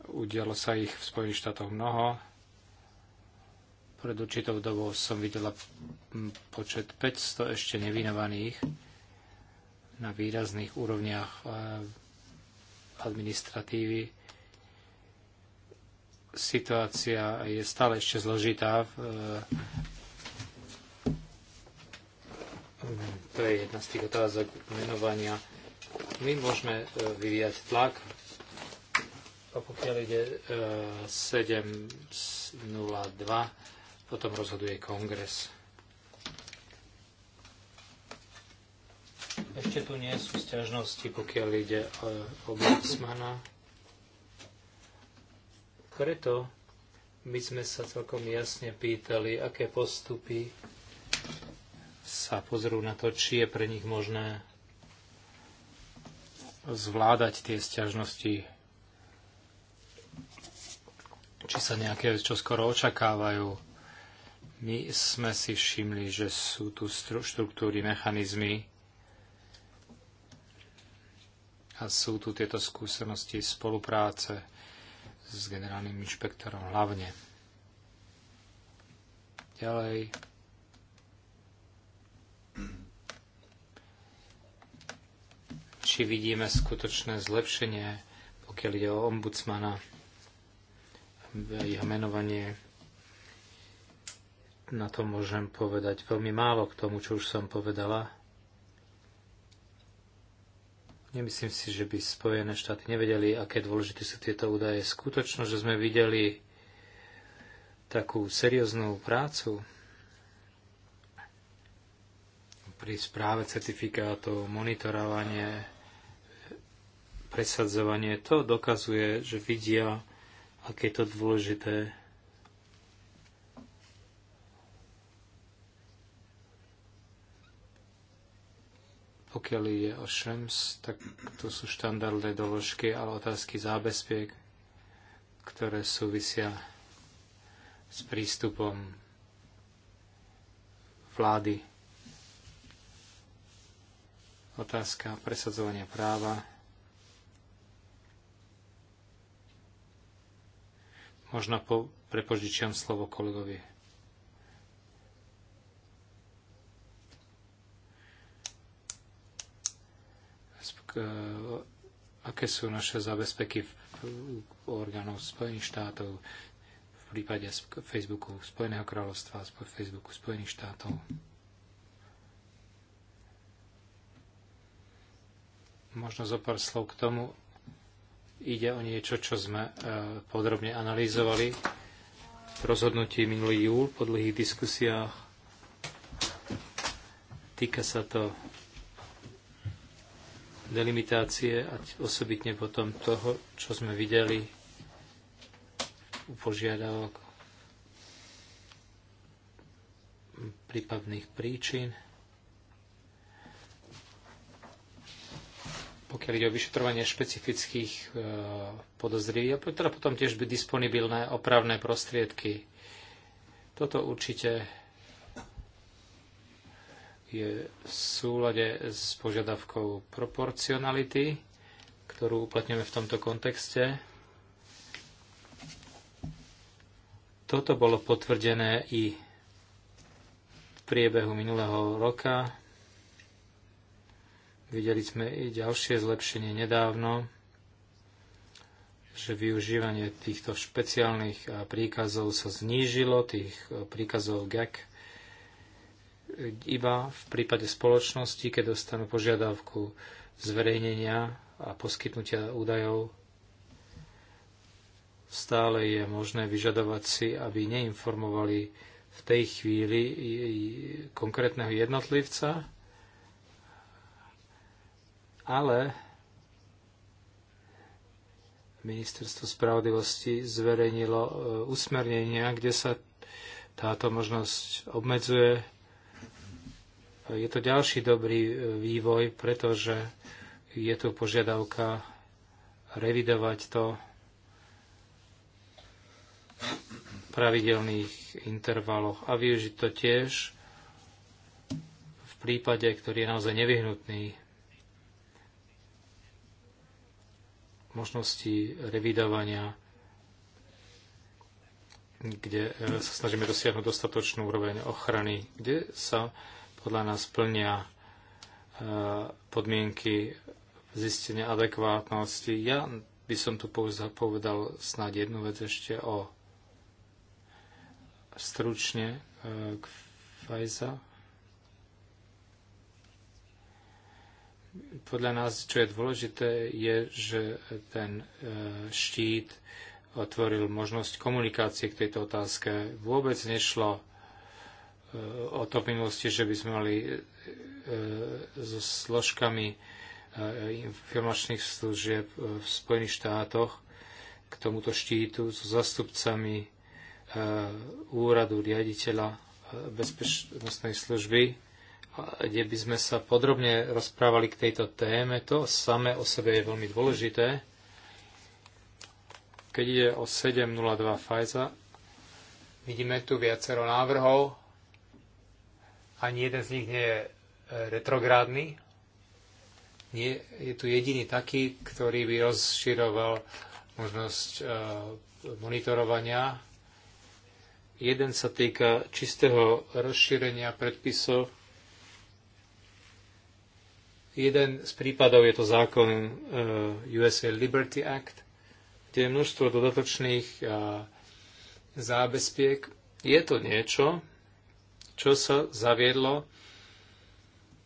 udialo sa ich v Spojených štátoch mnoho. Pred určitou dobou som videla počet 500 ešte nevinovaných na výrazných úrovniach eh, administratívy situácia je stále ešte zložitá. Eh, to je jedna z tých otázok menovania. My môžeme eh, vyvíjať tlak a pokiaľ ide 7.02, eh, potom rozhoduje kongres. Ešte tu nie sú stiažnosti, pokiaľ ide o ombudsmana. Preto my sme sa celkom jasne pýtali, aké postupy sa pozrú na to, či je pre nich možné zvládať tie sťažnosti, či sa nejaké čo skoro očakávajú. My sme si všimli, že sú tu štruktúry, mechanizmy a sú tu tieto skúsenosti spolupráce s generálnym inšpektorom hlavne. Ďalej. Či vidíme skutočné zlepšenie, pokiaľ ide o ombudsmana, jeho menovanie, na to môžem povedať veľmi málo k tomu, čo už som povedala. Nemyslím si, že by Spojené štáty nevedeli, aké dôležité sú tieto údaje. Skutočno, že sme videli takú serióznu prácu pri správe certifikátov, monitorovanie, presadzovanie, to dokazuje, že vidia, aké je to dôležité Pokiaľ ide o Šrems, tak to sú štandardné doložky, ale otázky zábezpiek, ktoré súvisia s prístupom vlády. Otázka presadzovania práva. Možno po, prepožičiam slovo kolegovi. Eh, aké sú naše zabezpeky v orgánov Spojených štátov, v prípade Facebooku Spojeného kráľovstva, a Facebooku Spojených štátov. Možno zo pár slov k tomu. Ide o niečo, čo sme eh, podrobne analýzovali v rozhodnutí minulý júl po dlhých diskusiách. Týka sa to delimitácie a osobitne potom toho, čo sme videli u požiadavok prípadných príčin. pokiaľ ide o vyšetrovanie špecifických e, podozriví, a teda potom tiež by disponibilné opravné prostriedky. Toto určite je v súlade s požiadavkou proporcionality, ktorú uplatňujeme v tomto kontexte. Toto bolo potvrdené i v priebehu minulého roka. Videli sme i ďalšie zlepšenie nedávno, že využívanie týchto špeciálnych príkazov sa znížilo, tých príkazov GAC e iba v prípade spoločnosti, keď dostanú požiadavku zverejnenia a poskytnutia údajov, stále je možné vyžadovať si, aby neinformovali v tej chvíli konkrétneho jednotlivca, ale Ministerstvo spravodlivosti zverejnilo e, usmernenia, kde sa táto možnosť obmedzuje je to ďalší dobrý e, vývoj, pretože je tu požiadavka revidovať to v pravidelných intervaloch a využiť to tiež v prípade, ktorý je naozaj nevyhnutný. Možnosti revidovania kde e, sa snažíme dosiahnuť dostatočnú úroveň ochrany, kde sa podľa nás plnia e, podmienky zistenia adekvátnosti. Ja by som tu povedal snáď jednu vec ešte o stručne e, k Fajza. Podľa nás, čo je dôležité, je, že ten e, štít otvoril možnosť komunikácie k tejto otázke. Vôbec nešlo E, o to v minulosti, že by sme mali e, e, so složkami informačných služieb v Spojených štátoch k tomuto štítu so zastupcami úradu riaditeľa bezpečnostnej služby, kde by sme sa podrobne rozprávali k tejto téme. To samé o sebe je veľmi dôležité. Keď ide o 7.02 Fajza, vidíme tu viacero návrhov, ani jeden z nich nie je e, retrográdny. Nie, je tu jediný taký, ktorý by rozširoval možnosť e, monitorovania. Jeden sa týka čistého rozšírenia predpisov. Jeden z prípadov je to zákon e, USA Liberty Act, kde je množstvo dodatočných zábezpiek. Je to niečo, čo sa zaviedlo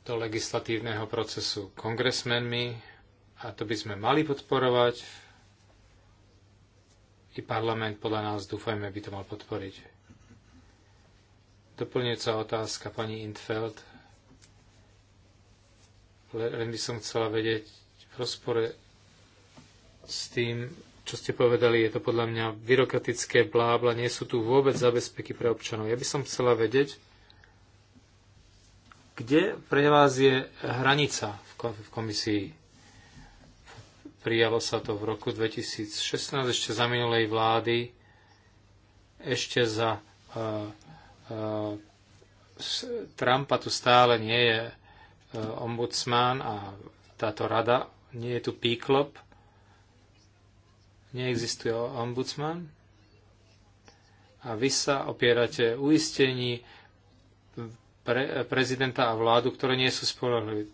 do legislatívneho procesu kongresmenmi a to by sme mali podporovať. I parlament podľa nás dúfajme by to mal podporiť. Doplňujúca otázka pani Intfeld. Len by som chcela vedieť v rozpore s tým, čo ste povedali, je to podľa mňa byrokratické blábla, nie sú tu vôbec zabezpeky pre občanov. Ja by som chcela vedieť, kde pre vás je hranica v komisii? Prijalo sa to v roku 2016 ešte za minulej vlády, ešte za uh, uh, Trumpa tu stále nie je uh, ombudsman a táto rada, nie je tu píklop, neexistuje ombudsman a vy sa opierate uistení, pre, prezidenta a vládu, ktoré nie sú spolahlivé.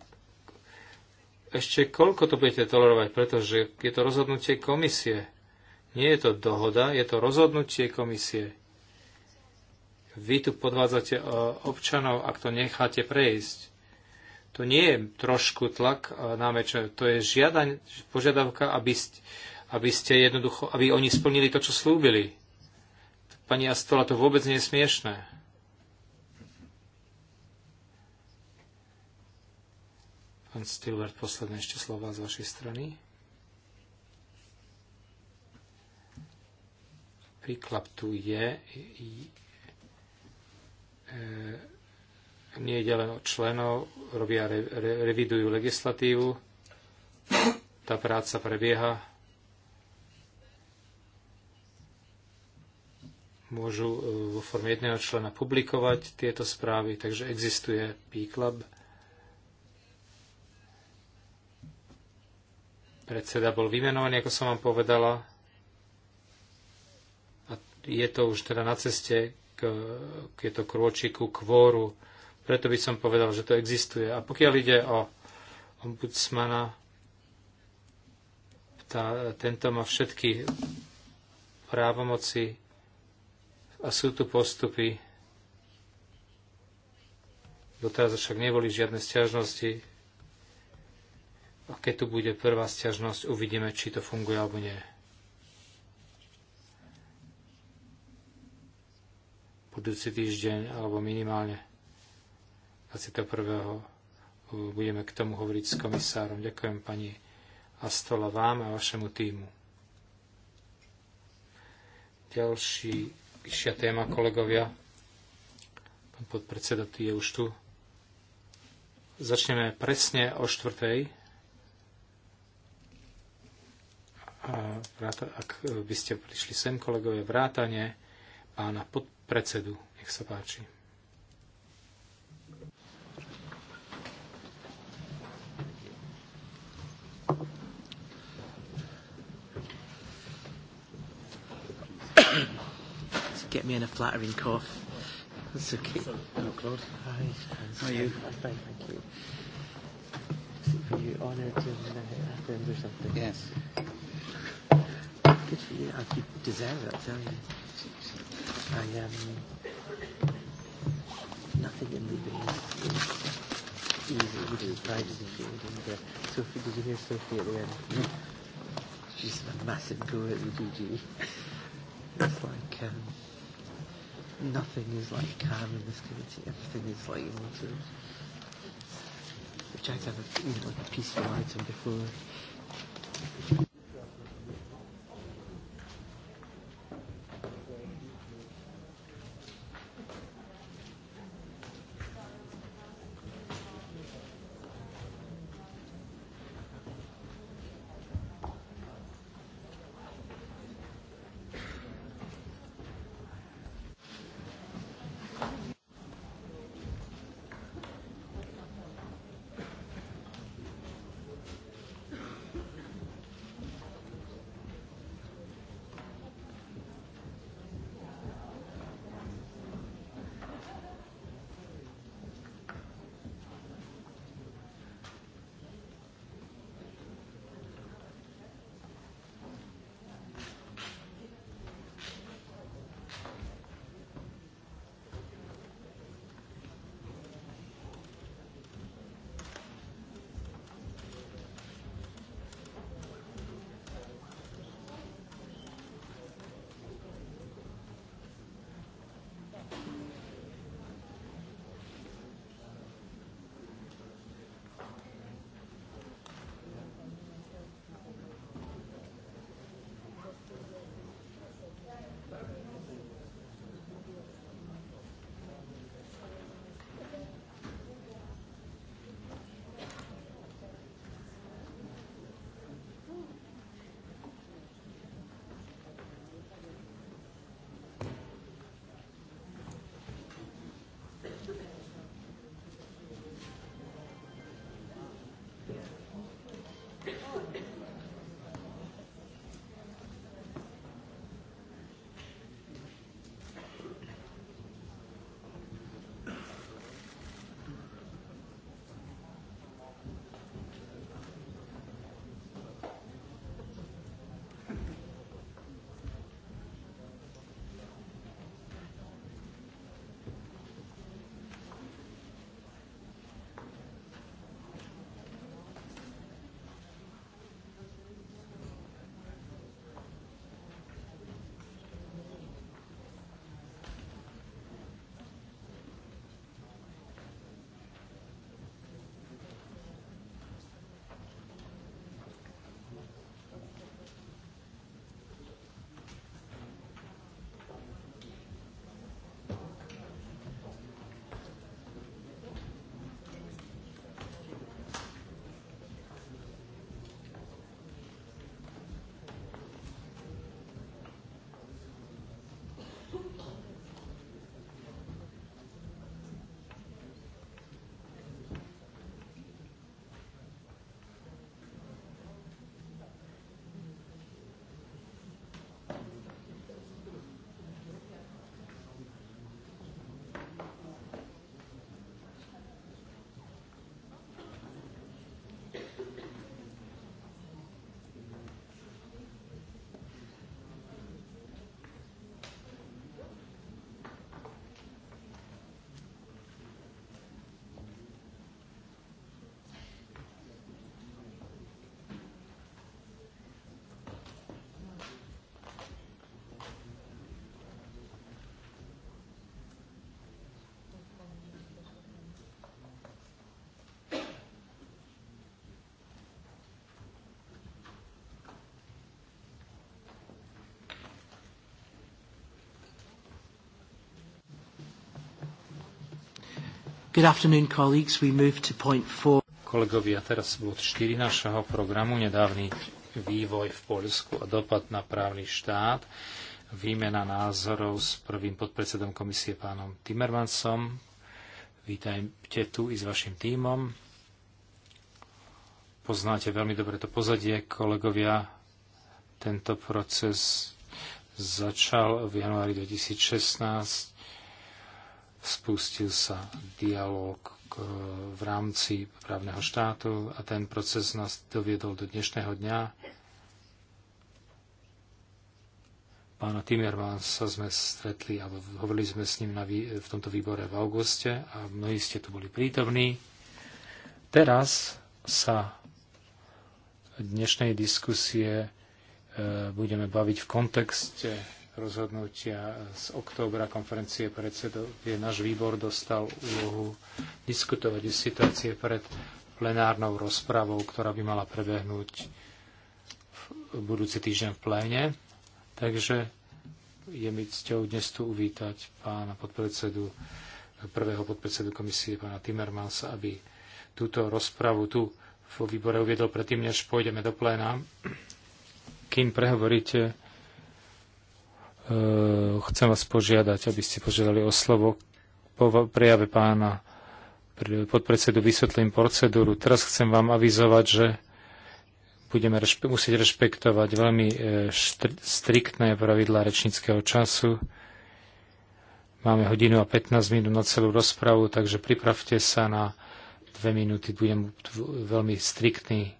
Ešte koľko to budete tolerovať, pretože je to rozhodnutie komisie. Nie je to dohoda, je to rozhodnutie komisie. Vy tu podvádzate e, občanov, ak to necháte prejsť. To nie je trošku tlak e, na meče, to je žiadaň, požiadavka, aby ste, aby ste jednoducho, aby oni splnili to, čo slúbili. Pani Astola, to vôbec nie je smiešné. Pán Stilbert, posledné ešte slova z vašej strany. Príklad tu je, e, e, nie je len od členov, robia, re, re, revidujú legislatívu, tá práca prebieha, môžu e, vo forme jedného člena publikovať tieto správy, takže existuje P-Club. Predseda bol vymenovaný, ako som vám povedala. A je to už teda na ceste k, k je to krôčiku, kvóru. Preto by som povedal, že to existuje. A pokiaľ ide o ombudsmana, tá, tento má všetky právomoci a sú tu postupy. Doteraz však neboli žiadne stiažnosti a keď tu bude prvá stiažnosť, uvidíme, či to funguje alebo nie. Budúci týždeň alebo minimálne 21. budeme k tomu hovoriť s komisárom. Ďakujem pani Astola vám a vašemu týmu. Ďalšia téma, kolegovia. Pán podpredseda, ty je už tu. Začneme presne o štvrtej. ak by ste prišli sem, kolegovia, vrátane pána podpredsedu. Nech sa páči. Get me in a flattering cough. That's okay. Hello, Claude. Hi. How are you? I'm fine, thank you. Were you honoured to have uh, or something? Yes good for you. I, you deserve it, I tell you. I um, nothing in the is easy. You do, pride is if you were Sophie, did you hear Sophie at the end? She's a massive go at the DG. It's like um, nothing is like calm in this committee. Everything is like emotive. We tried to have a, you know, like a peaceful item before Good afternoon, colleagues. We move to point four. Kolegovia, teraz bod 4 našeho programu, nedávny vývoj v Poľsku a dopad na právny štát, výmena názorov s prvým podpredsedom komisie pánom Timmermansom. Vítajte tu i s vašim tímom. Poznáte veľmi dobre to pozadie, kolegovia. Tento proces začal v januári 2016 spustil sa dialog v rámci právneho štátu a ten proces nás doviedol do dnešného dňa. Pána Timmermansa sme stretli a hovorili sme s ním na, v tomto výbore v auguste a mnohí ste tu boli prítomní. Teraz sa dnešnej diskusie e, budeme baviť v kontexte rozhodnutia z októbra konferencie predsedov, kde náš výbor dostal úlohu diskutovať o situácie pred plenárnou rozpravou, ktorá by mala prebehnúť v budúci týždeň v pléne. Takže je mi cťou dnes tu uvítať pána podpredsedu, prvého podpredsedu komisie, pána Timmermansa, aby túto rozpravu tu vo výbore uviedol predtým, než pôjdeme do pléna. Kým prehovoríte Eh, chcem vás požiadať, aby ste požiadali o slovo po prejave pána podpredsedu vysvetlím procedúru. Teraz chcem vám avizovať, že budeme rešpe- musieť rešpektovať veľmi eh, štri- striktné pravidlá rečníckého času. Máme hodinu a 15 minút na celú rozpravu, takže pripravte sa na dve minúty. Budem veľmi striktný.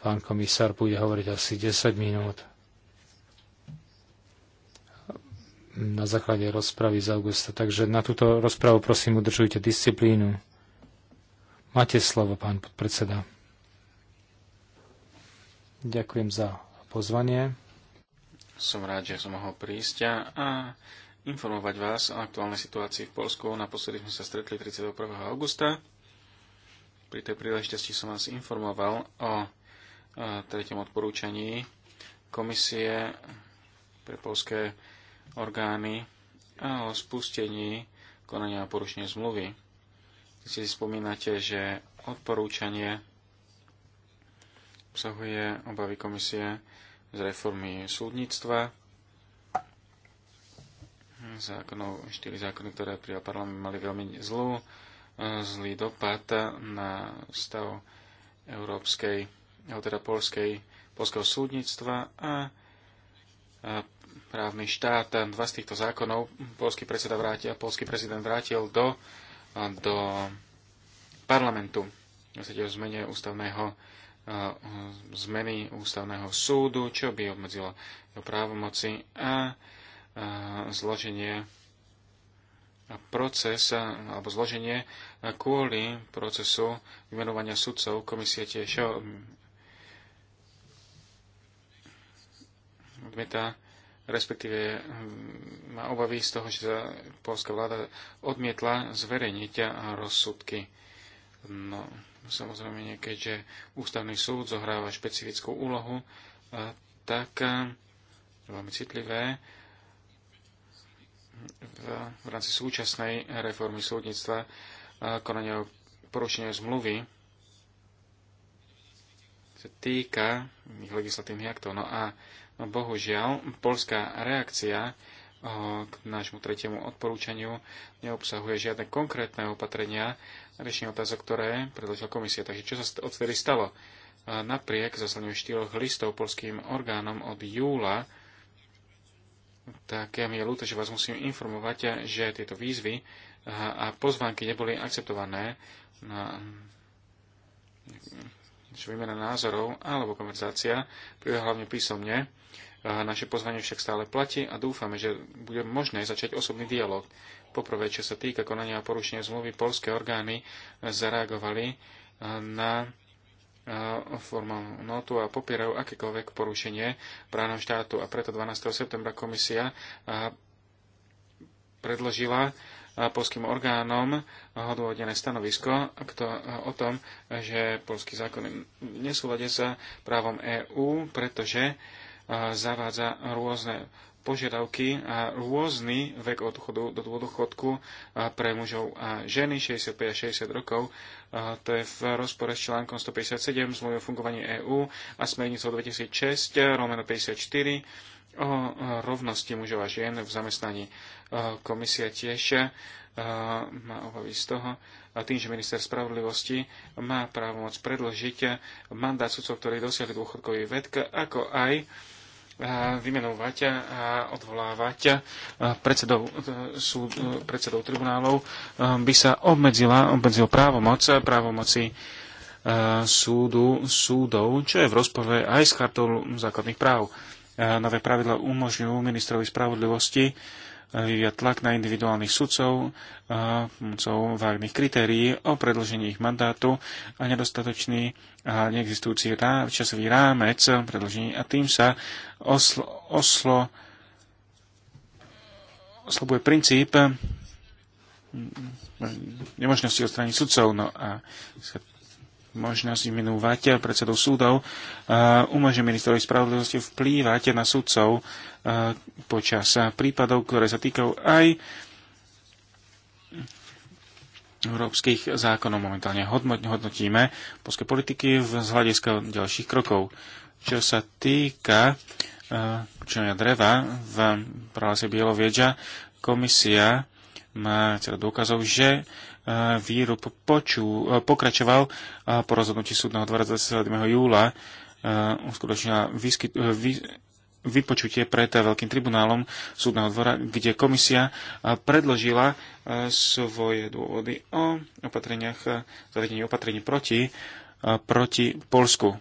Pán komisár bude hovoriť asi 10 minút. na základe rozpravy z augusta. Takže na túto rozpravu prosím udržujte disciplínu. Máte slovo, pán podpredseda. Ďakujem za pozvanie. Som rád, že som mohol prísť a informovať vás o aktuálnej situácii v Polsku. Naposledy sme sa stretli 31. augusta. Pri tej príležitosti som vás informoval o tretom odporúčaní komisie pre polské orgány a o spustení konania a porušenia zmluvy. Si spomínate, že odporúčanie obsahuje obavy komisie z reformy súdnictva, zákonov, štyri zákony, ktoré prijal parlament, mali veľmi zlú, e, zlý dopad na stav európskej, alebo teda polskej, polského súdnictva a, a právny štát. Dva z týchto zákonov polský, predseda vrátil, polský prezident vrátil do, do parlamentu. Vlastne o zmene ústavného eh, zmeny ústavného súdu, čo by obmedzilo jeho právomoci a, eh, zloženie a proces eh, alebo zloženie kvôli procesu vymenovania sudcov komisie tiež odmieta respektíve hm, má obavy z toho, že sa polská vláda odmietla zverejniť rozsudky. No, samozrejme, keďže ústavný súd zohráva špecifickú úlohu, tak hm, veľmi citlivé hm, v, v rámci súčasnej reformy súdnictva konania o porušenie zmluvy sa týka ich legislatívnych aktov. No a Bohužiaľ, polská reakcia eh, k nášmu tretiemu odporúčaniu neobsahuje žiadne konkrétne opatrenia riešenie otázok, ktoré predložila komisia. Takže čo sa odtedy stalo? Eh, napriek zaslaniu štyroch listov polským orgánom od júla, tak ja mi je ľúto, že vás musím informovať, že tieto výzvy eh, a pozvánky neboli akceptované výmena názorov alebo konverzácia príde hlavne písomne. Naše pozvanie však stále platí a dúfame, že bude možné začať osobný dialog. Poprvé, čo sa týka konania a porušenia zmluvy, polské orgány zareagovali na formálnu notu a popierajú akékoľvek porušenie právneho štátu. A preto 12. septembra komisia predložila polským orgánom odôvodené stanovisko o tom, že polský zákon nesúlade sa právom EÚ, pretože e, zavádza rôzne požiadavky a rôzny vek odchodu do dôchodku e, pre mužov a ženy 65 a 60 rokov. E, to je v rozpore s článkom 157 zmluvy o fungovaní EÚ a smernicou 2006 romeno 54 o rovnosti mužov a žien v zamestnaní. E, komisia tiež e, má obavy z toho, a tým, že minister spravodlivosti má právomoc predložiť mandát sudcov, ktorí dosiahli dôchodkový vedk, ako aj e, vymenovať a odvolávať predsedov, súd, predsedov tribunálov, by sa obmedzila, obmedzil právomoc, právomoci súdu, súdov, čo je v rozpore aj s chartou základných práv nové pravidla umožňujú ministrovi spravodlivosti e, vyviať tlak na individuálnych sudcov e, pomocou vágnych kritérií o predlžení ich mandátu a nedostatočný a neexistujúci rá, časový rámec predlžení a tým sa oslo, oslo, oslobuje princíp mm, mm, nemožnosti odstrániť sudcov. No a možnosť imenovať predsedov súdov umožňuje ministrovi spravodlivosti vplývať na sudcov počas prípadov, ktoré sa týkajú aj európskych zákonov. Momentálne hodnotíme polské politiky z hľadiska ďalších krokov. Čo sa týka členia dreva v pralase Bielovieča, komisia má teda dôkazov, že výrob poču, pokračoval po rozhodnutí súdneho dvora 27. júla uskutočnila e, vy, vypočutie pred Veľkým tribunálom súdneho dvora, kde komisia predložila e, svoje dôvody o opatreniach, e, zavedení opatrení proti, proti Polsku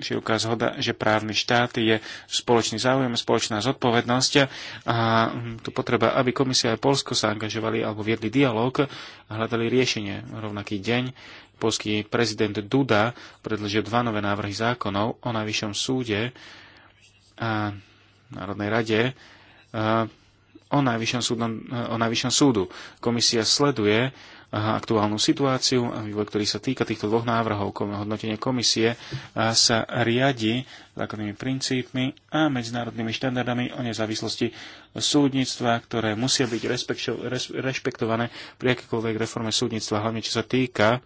široká zhoda, že právny štát je spoločný záujem, spoločná zodpovednosť a hm, tu potreba, aby komisia aj Polsko sa angažovali alebo viedli dialog a hľadali riešenie. Rovnaký deň polský prezident Duda predložil dva nové návrhy zákonov o najvyššom súde a Národnej rade a o najvyššom, súdom, o najvyššom súdu. Komisia sleduje aktuálnu situáciu a vývoj, ktorý sa týka týchto dvoch návrhov. Hodnotenie komisie sa riadi základnými princípmi a medzinárodnými štandardami o nezávislosti súdnictva, ktoré musia byť rešpektované pri akékoľvek reforme súdnictva, hlavne čo sa týka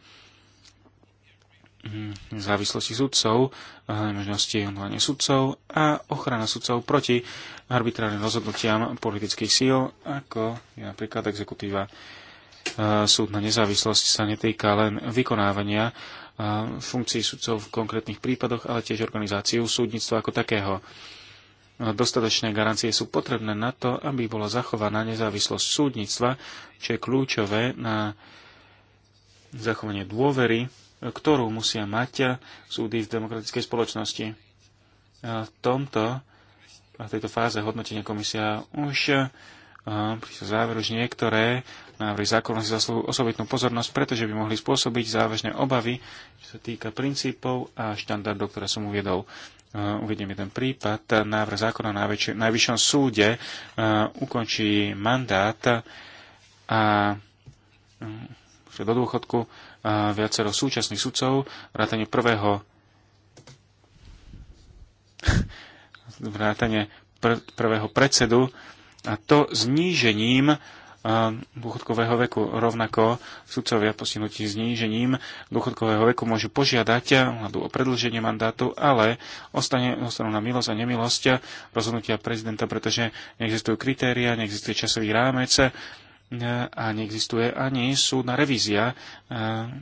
mm, závislosti sudcov, možnosti odvolania sudcov a ochrana sudcov proti arbitrárnym rozhodnutiam politických síl, ako je napríklad exekutíva súdna nezávislosť sa netýka len vykonávania funkcií sudcov v konkrétnych prípadoch, ale tiež organizáciu súdnictva ako takého. Dostatočné garancie sú potrebné na to, aby bola zachovaná nezávislosť súdnictva, čo je kľúčové na zachovanie dôvery, ktorú musia mať súdy v demokratickej spoločnosti. V tomto, v tejto fáze hodnotenia komisia už pri záveru, že niektoré návrhy zákonov si zaslúhujú osobitnú pozornosť, pretože by mohli spôsobiť závažné obavy, čo sa týka princípov a štandardov, ktoré som uviedol. Uh, uvediem jeden prípad. Návrh zákona na najvyššom súde uh, ukončí mandát a uh, do dôchodku uh, viacero súčasných sudcov, vrátane prvého vrátane pr- prvého predsedu a to znížením dôchodkového veku. Rovnako sudcovia postihnutí znížením dôchodkového veku môžu požiadať vládu o predlženie mandátu, ale ostane, ostanú na milosť a nemilosť rozhodnutia prezidenta, pretože neexistujú kritéria, neexistuje časový rámec e, a neexistuje ani súdna revízia. E,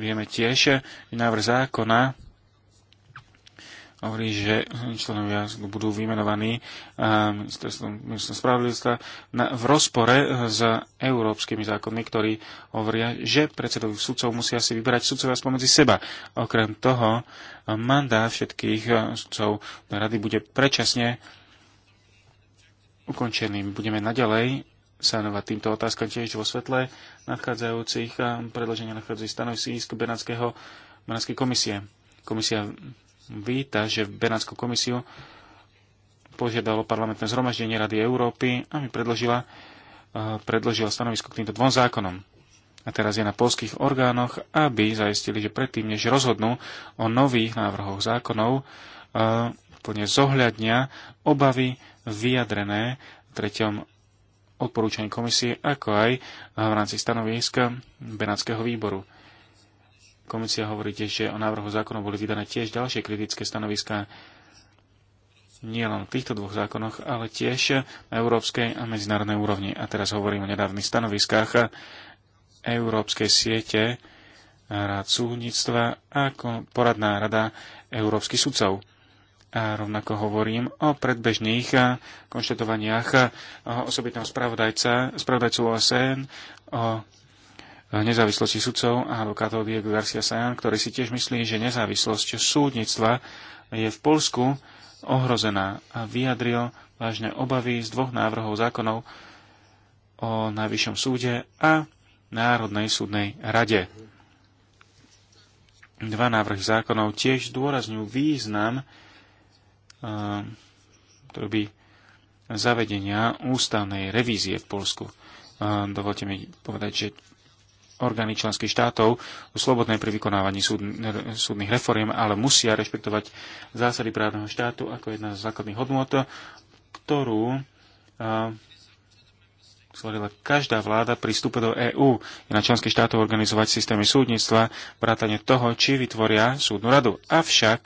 vieme tiež, že návrh zákona hovorí, že členovia budú vymenovaní ministerstvom, eh, ministerstvom spravodlivosti v rozpore eh, s európskymi zákonmi, ktorí hovoria, že predsedovi sudcov musia si vyberať sudcovia spomedzi seba. Okrem toho, eh, mandát všetkých sudcov rady bude predčasne ukončený. Budeme naďalej sa venovať týmto otázkam tiež vo svetle nadchádzajúcich predloženia nadchádzajúcich stanovisk Benátskeho Benátskej komisie. Komisia víta, že Benátsku komisiu požiadalo parlamentné zhromaždenie Rady Európy, mi predložila, eh, predložila stanovisko k týmto dvom zákonom. A teraz je na polských orgánoch, aby zaistili, že predtým, než rozhodnú o nových návrhoch zákonov, eh, plne zohľadnia obavy vyjadrené v treťom odporúčaní komisie, ako aj v rámci stanoviska Benátskeho výboru. Komisia hovorí tiež, že o návrhu zákonov boli vydané tiež ďalšie kritické stanoviská nielen v týchto dvoch zákonoch, ale tiež na európskej a medzinárodnej úrovni. A teraz hovorím o nedávnych stanoviskách Európskej siete rád súdnictva a poradná rada európskych sudcov. A rovnako hovorím o predbežných konštatovaniach osobitného spravodajca, spravodajcu OSN o nezávislosti sudcov a advokátov Diego Garcia Sajan, ktorý si tiež myslí, že nezávislosť súdnictva je v Polsku ohrozená a vyjadril vážne obavy z dvoch návrhov zákonov o Najvyššom súde a Národnej súdnej rade. Dva návrhy zákonov tiež zdôrazňujú význam eh, by zavedenia ústavnej revízie v Polsku. Eh, dovolte mi povedať, že orgány členských štátov sú slobodné pri vykonávaní súd, súdnych reforiem, ale musia rešpektovať zásady právneho štátu ako jedna z základných hodnot, ktorú zvolila každá vláda pri vstupe do EÚ. Je na členských štátov organizovať systémy súdnictva, vrátane toho, či vytvoria súdnu radu. Avšak,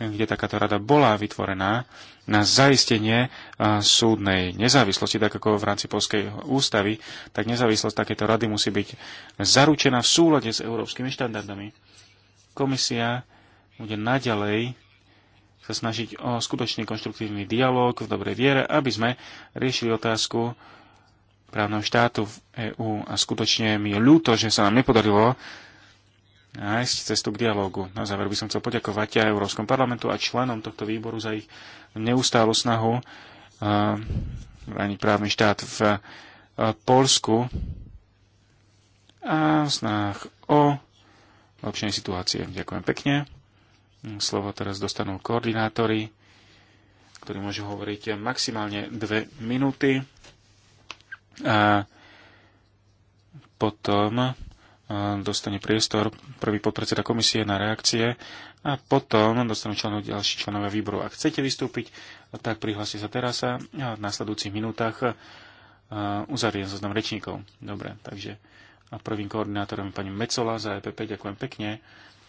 kde takáto rada bola vytvorená, na zaistenie súdnej nezávislosti, tak ako v rámci Polskej ústavy, tak nezávislosť takéto rady musí byť zaručená v súlade s európskymi štandardami. Komisia bude naďalej sa snažiť o skutočný konštruktívny dialog v dobrej viere, aby sme riešili otázku právneho štátu v EÚ. A skutočne mi je ľúto, že sa nám nepodarilo nájsť cestu k dialogu. Na záver by som chcel poďakovať aj Európskom parlamentu a členom tohto výboru za ich neustálu snahu eh, ani právny štát v eh, Polsku a v snách o lepšej situácie. Ďakujem pekne. Slovo teraz dostanú koordinátori, ktorí môžu hovoriť maximálne dve minúty. A potom dostane priestor prvý podpredseda komisie na reakcie a potom dostanú členov ďalší členovia výboru. Ak chcete vystúpiť, tak prihláste sa teraz a v následujúcich minútach uzavriem zoznam rečníkov. Dobre, takže a prvým koordinátorom je pani Mecola za EPP. Ďakujem pekne.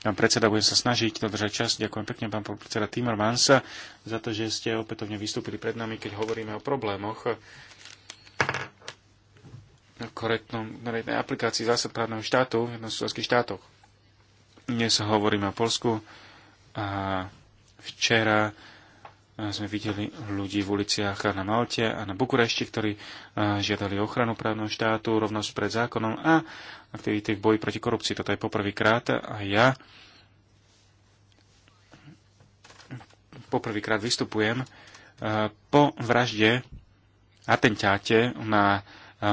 Pán predseda, budem sa snažiť dodržať čas. Ďakujem pekne, pán predseda Timmermans, za to, že ste opätovne vystúpili pred nami, keď hovoríme o problémoch, korektnom, korektnej aplikácii zásad právneho štátu v jednotlivých štátoch. Dnes hovoríme o Polsku a včera sme videli ľudí v uliciach na Malte a na Bukurešti, ktorí žiadali ochranu právneho štátu, rovnosť pred zákonom a aktivity v boji proti korupcii. Toto je poprvýkrát a ja poprvýkrát vystupujem po vražde atentáte na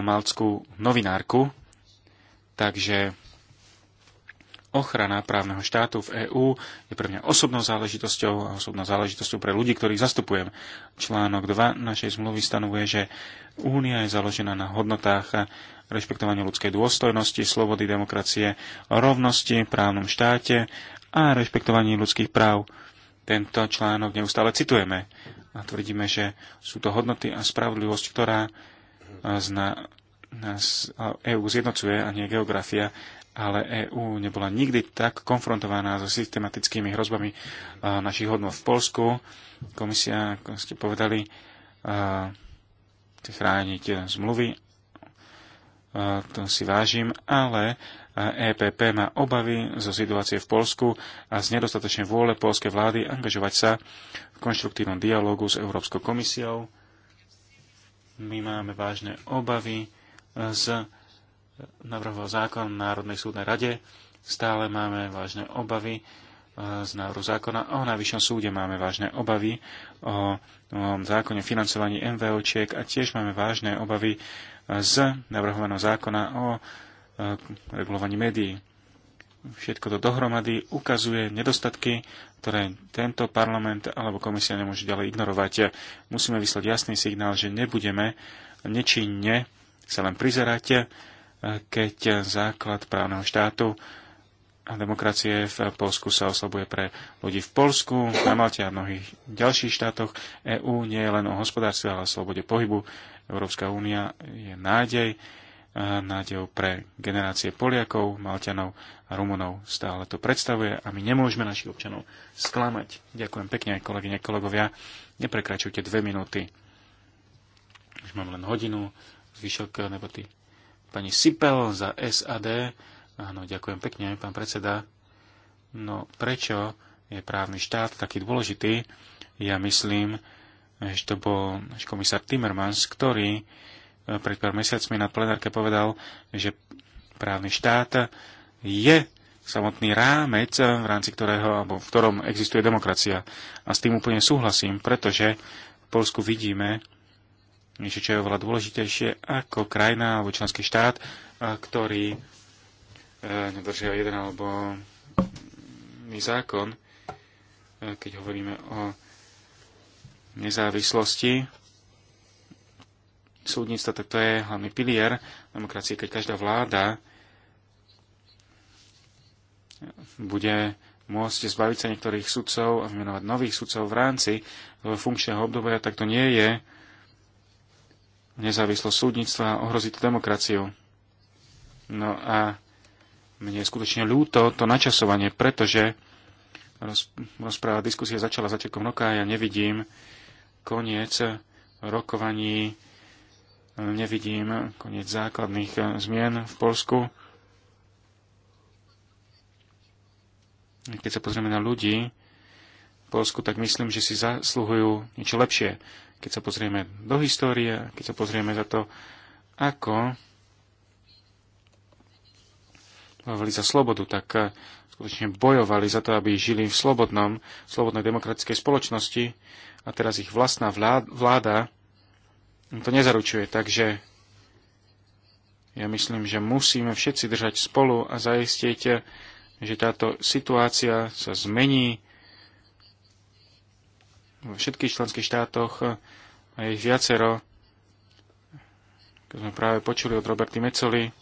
malckú novinárku. Takže ochrana právneho štátu v EÚ je pre mňa osobnou záležitosťou a osobnou záležitosťou pre ľudí, ktorých zastupujem. Článok 2 našej zmluvy stanovuje, že Únia je založená na hodnotách rešpektovania ľudskej dôstojnosti, slobody, demokracie, rovnosti, právnom štáte a rešpektovaní ľudských práv. Tento článok neustále citujeme a tvrdíme, že sú to hodnoty a spravodlivosť, ktorá zna, nás EÚ zjednocuje a nie geografia, ale EÚ nebola nikdy tak konfrontovaná so systematickými hrozbami našich hodnot v Polsku. Komisia, ako ste povedali, chce chrániť zmluvy. To si vážim, ale EPP má obavy zo situácie v Polsku a z nedostatočnej vôle polskej vlády angažovať sa v konštruktívnom dialogu s Európskou komisiou my máme vážne obavy e, z e, návrhu zákon v Národnej súdnej rade. Stále máme vážne obavy e, z návrhu zákona o najvyššom súde. Máme vážne obavy o, o zákone o financovaní MVOčiek a tiež máme vážne obavy z navrhovaného zákona o regulovaní médií. Všetko to dohromady ukazuje nedostatky, ktoré tento parlament alebo komisia nemôže ďalej ignorovať. Musíme vyslať jasný signál, že nebudeme nečinne sa len prizerať, keď základ právneho štátu a demokracie v Polsku sa oslabuje pre ľudí v Polsku, na Malte a mnohých ďalších štátoch. EÚ nie je len o hospodárstve, ale o slobode pohybu. Európska únia je nádej nádejou pre generácie Poliakov, Malťanov a Rumunov stále to predstavuje a my nemôžeme našich občanov sklamať. Ďakujem pekne, kolegyne, kolegovia. Neprekračujte dve minúty. Už mám len hodinu, zvyšok nebo ty. Pani Sipel za SAD. Áno, ďakujem pekne, pán predseda. No prečo je právny štát taký dôležitý? Ja myslím, že to bol komisár Timmermans, ktorý Eh, pred pár mesiacmi na plenárke povedal, že právny štát je samotný rámec, eh, v rámci ktorého, alebo v ktorom existuje demokracia. A s tým úplne súhlasím, pretože v Polsku vidíme niečo, čo je oveľa dôležitejšie ako krajina alebo členský štát, ktorý e, nedržia jeden alebo iný zákon, keď hovoríme o nezávislosti súdnictva, tak to je hlavný pilier demokracie, keď každá vláda bude môcť zbaviť sa niektorých sudcov a vymenovať nových sudcov v rámci funkčného obdobia, tak to nie je nezávislosť súdnictva a ohrozí to demokraciu. No a mne je skutočne ľúto to načasovanie, pretože rozpráva, diskusia začala začiatkom roka a ja nevidím koniec rokovaní nevidím koniec základných eh, zmien v Polsku. Keď sa pozrieme na ľudí v Polsku, tak myslím, že si zasluhujú niečo lepšie. Keď sa pozrieme do histórie, keď sa pozrieme za to, ako bojovali za slobodu, tak eh, skutočne bojovali za to, aby žili v slobodnom, slobodnej demokratickej spoločnosti a teraz ich vlastná vláda to nezaručuje. Takže ja myslím, že musíme všetci držať spolu a zaistiť, že táto situácia sa zmení vo všetkých členských štátoch a ich viacero, keď sme práve počuli od Roberty Mecoli,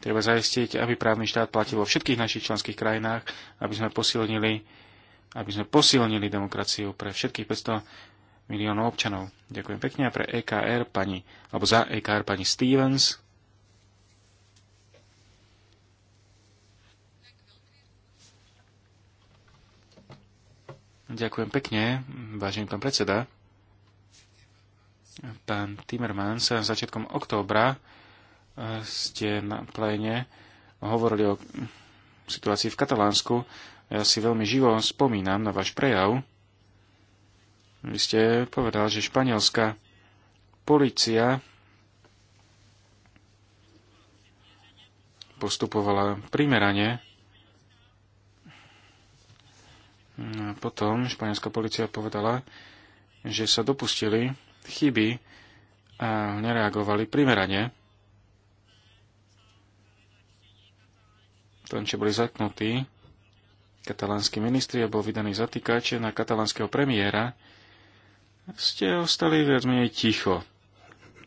treba zaistiť, aby právny štát platil vo všetkých našich členských krajinách, aby sme posilnili aby sme posilnili demokraciu pre všetkých 500 miliónov občanov. Ďakujem pekne a pre EKR pani, alebo za EKR pani Stevens. Ďakujem pekne, vážený pán predseda. Pán Timmermans, začiatkom októbra eh, ste na pléne hovorili o situácii v Katalánsku ja si veľmi živo spomínam na váš prejav. Vy ste povedal, že španielská policia postupovala primerane. No a potom španielská policia povedala, že sa dopustili chyby a nereagovali primerane. V čo boli zatknutí katalánsky ministri a bol vydaný zatýkač na katalánskeho premiéra, ste ostali viac menej ticho.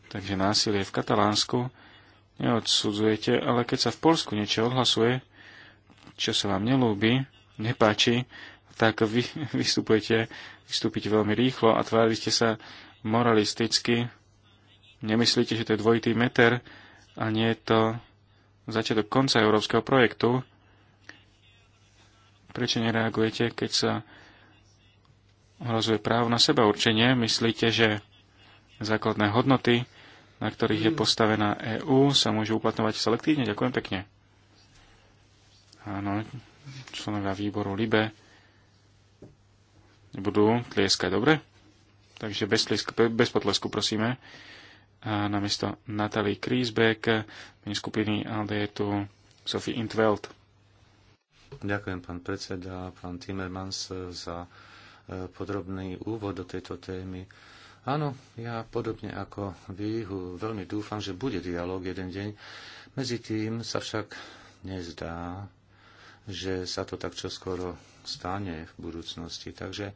Takže násilie v Katalánsku neodsudzujete, ale keď sa v Polsku niečo odhlasuje, čo sa vám nelúbi, nepáči, tak vy vystupujete, vystúpite veľmi rýchlo a tvárite sa moralisticky. Nemyslíte, že to je dvojitý meter a nie je to začiatok konca európskeho projektu, prečo nereagujete, keď sa ohrozuje právo na seba určenie? Myslíte, že základné hodnoty, na ktorých je postavená EÚ, sa môžu uplatňovať selektívne? Ďakujem pekne. Áno, členovia výboru LIBE nebudú tlieskať, dobre? Takže bez, tliesku, bez potlesku prosíme. A namiesto Natalie Kriesbeck, skupiny ALDE je tu Sophie Intveld. Ďakujem, pán predseda, pán Timmermans, za e, podrobný úvod do tejto témy. Áno, ja podobne ako vy veľmi dúfam, že bude dialog jeden deň. Medzi tým sa však nezdá, že sa to tak čoskoro stane v budúcnosti. Takže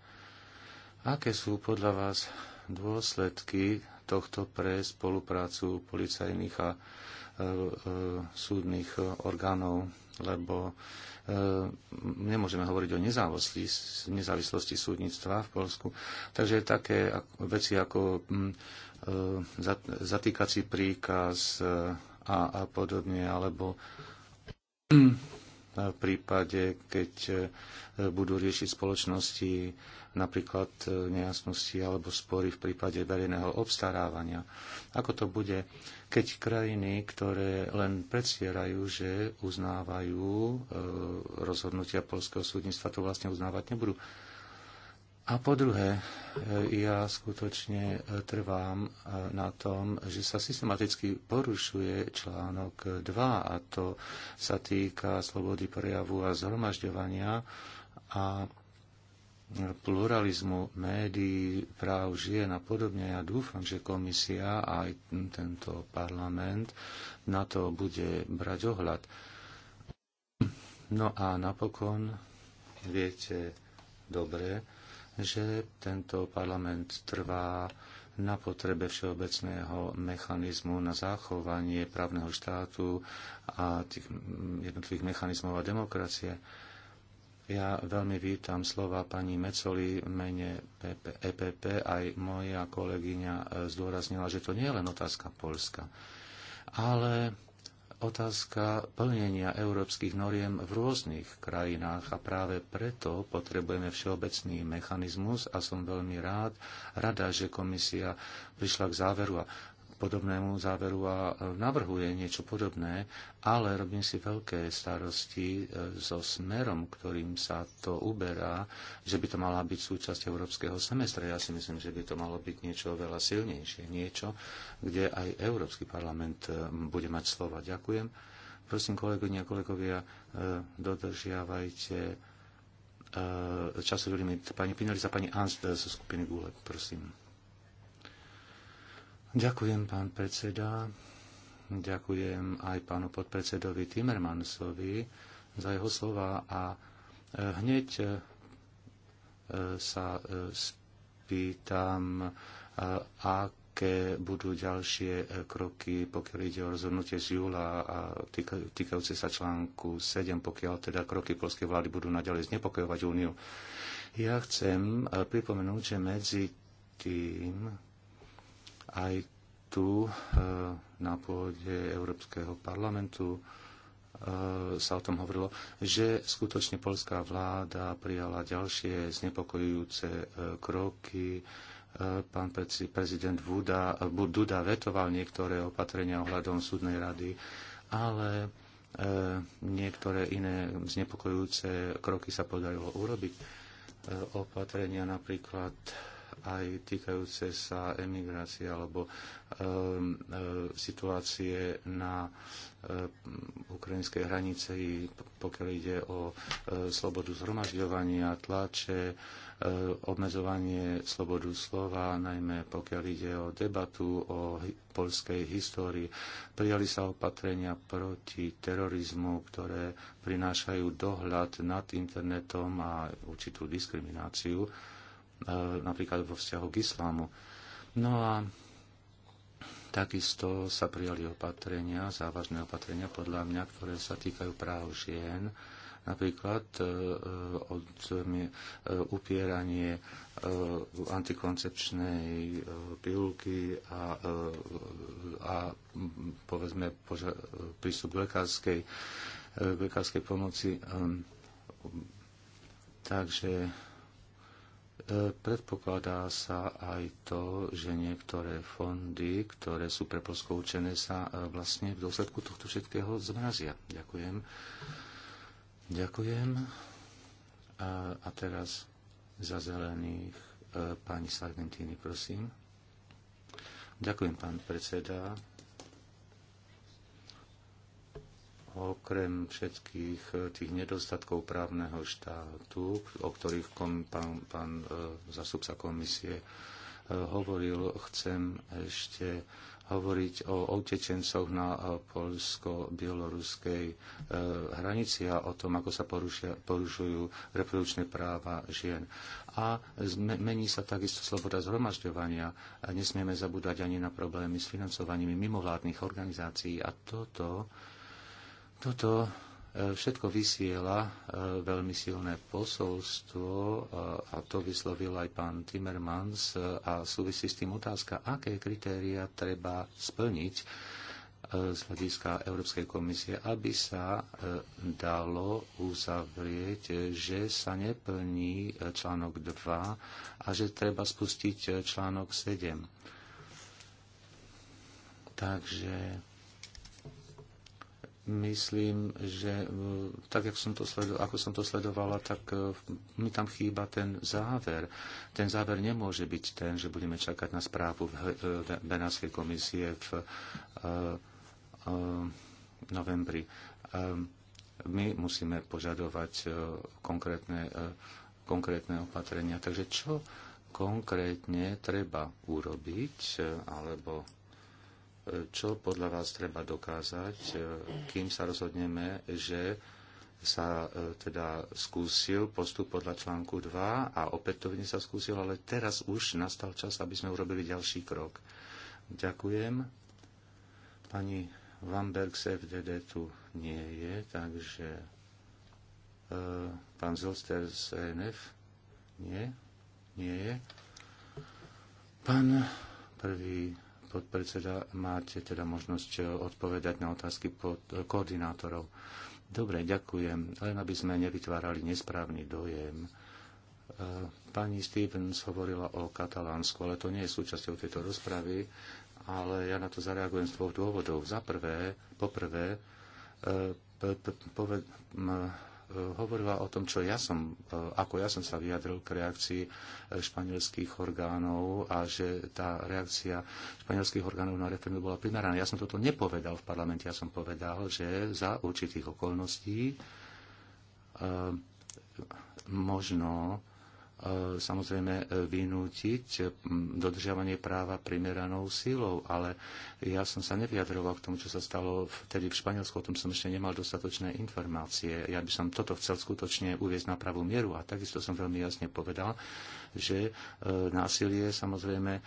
aké sú podľa vás dôsledky tohto pre spoluprácu policajných a E, e, súdnych orgánov, lebo e, nemôžeme hovoriť o nezávislosti, nezávislosti súdnictva v Polsku. Takže také veci ako mm, zatýkací príkaz a, a podobne, alebo mm, v prípade, keď budú riešiť spoločnosti napríklad nejasnosti alebo spory v prípade verejného obstarávania. Ako to bude keď krajiny, ktoré len predstierajú, že uznávajú e, rozhodnutia polského súdnictva, to vlastne uznávať nebudú. A po druhé, e, ja skutočne e, trvám na tom, že sa systematicky porušuje článok 2 a to sa týka slobody prejavu a zhromažďovania a pluralizmu médií, práv žien a podobne. Ja dúfam, že komisia a aj tento parlament na to bude brať ohľad. No a napokon viete dobre, že tento parlament trvá na potrebe všeobecného mechanizmu na zachovanie právneho štátu a tých jednotlivých mechanizmov a demokracie. Ja veľmi vítam slova pani Mecoli mene EPP. E Aj moja kolegyňa e, zdôraznila, že to nie je len otázka Polska, ale otázka plnenia európskych noriem v rôznych krajinách a práve preto potrebujeme všeobecný mechanizmus a som veľmi rád, rada, že komisia prišla k záveru a podobnému záveru a navrhuje niečo podobné, ale robím si veľké starosti e, so smerom, ktorým sa to uberá, že by to mala byť súčasť európskeho semestra. Ja si myslím, že by to malo byť niečo veľa silnejšie, niečo, kde aj Európsky parlament e, bude mať slova. Ďakujem. Prosím, kolegovia a kolegovia, e, dodržiavajte časový limit. Pani Pinoli za pani Anst zo skupiny Gule, prosím. Ďakujem, pán predseda. Ďakujem aj pánu podpredsedovi Timmermansovi za jeho slova a e, hneď e, sa e, spýtam, aké budú ďalšie kroky, pokiaľ ide o rozhodnutie z júla a týkajúce sa článku 7, pokiaľ teda kroky polskej vlády budú naďalej znepokojovať úniu. Ja chcem pripomenúť, že medzi tým, aj tu e, na pôde Európskeho parlamentu e, sa o tom hovorilo, že skutočne polská vláda prijala ďalšie znepokojujúce e, kroky. Pán prezident Duda, Duda vetoval niektoré opatrenia ohľadom súdnej rady, ale niektoré iné znepokojujúce kroky sa podarilo urobiť. Opatrenia napríklad aj týkajúce sa emigrácie alebo um, situácie na e, ukrajinskej hranice, pokiaľ ide o e, slobodu zhromažďovania, tlače, obmedzovanie slobodu slova, najmä pokiaľ ide o debatu o polskej histórii. Prijali sa opatrenia proti terorizmu, ktoré prinášajú dohľad nad internetom a určitú diskrimináciu E, napríklad vo vzťahu k islámu. No a takisto sa prijali opatrenia, závažné opatrenia podľa mňa, ktoré sa týkajú práv žien, napríklad e, e, od upieranie antikoncepčnej pilky a, a povedzme poža- prístup k lekárskej, k lekárskej pomoci. Ehm, takže E, predpokladá sa aj to, že niektoré fondy, ktoré sú pre Polsko určené, sa e, vlastne v dôsledku tohto všetkého zmrazia. Ďakujem. Ďakujem. A teraz za zelených e, pani Sargentini, prosím. Ďakujem, pán predseda. okrem všetkých eh, tých nedostatkov právneho štátu, o ktorých kom, pán, pán eh, zastupca komisie eh, hovoril, chcem ešte hovoriť o utečencoch na polsko-bieloruskej hranici a o tom, ako sa porušia, porušujú reprodukčné práva žien. A mení sa takisto sloboda zhromažďovania. A nesmieme zabúdať ani na problémy s financovaním mimovládnych organizácií. A toto toto e, všetko vysiela e, veľmi silné posolstvo e, a to vyslovil aj pán Timmermans a súvisí s tým otázka, aké kritéria treba splniť z hľadiska Európskej komisie, aby sa dalo uzavrieť, že sa neplní článok 2 a že treba spustiť článok 7. Takže myslím, že e, tak, jak som to sledo- ako som to sledovala, tak e, mi tam chýba ten záver. Ten záver nemôže byť ten, že budeme čakať na správu v e, Benátskej komisie v novembri. My musíme požadovať konkrétne, konkrétne opatrenia. Takže čo konkrétne treba urobiť alebo čo podľa vás treba dokázať, kým sa rozhodneme, že sa e, teda skúsil postup podľa článku 2 a opätovne sa skúsil, ale teraz už nastal čas, aby sme urobili ďalší krok. Ďakujem. Pani Vamberg z FDD tu nie je, takže e, pán Zilster z ENF nie, nie je. Pán prvý podpredseda, máte teda možnosť odpovedať na otázky pod koordinátorov. Dobre, ďakujem. Len aby sme nevytvárali nesprávny dojem. E, pani Stevens hovorila o Katalánsku, ale to nie je súčasťou tejto rozpravy, ale ja na to zareagujem z dvoch dôvodov. Za prvé, poprvé, e, hovorila o tom, čo ja som, e, ako ja som sa vyjadril k reakcii e, španielských orgánov a že tá reakcia španielských orgánov na referendum bola primeraná. Ja som toto nepovedal v parlamente, ja som povedal, že za určitých okolností e, možno E, samozrejme e, vynútiť e, dodržiavanie práva primeranou silou, ale ja som sa nevyjadroval k tomu, čo sa stalo vtedy v Španielsku, o tom som ešte nemal dostatočné informácie. Ja by som toto chcel skutočne uviezť na pravú mieru a takisto som veľmi jasne povedal, že násilie samozrejme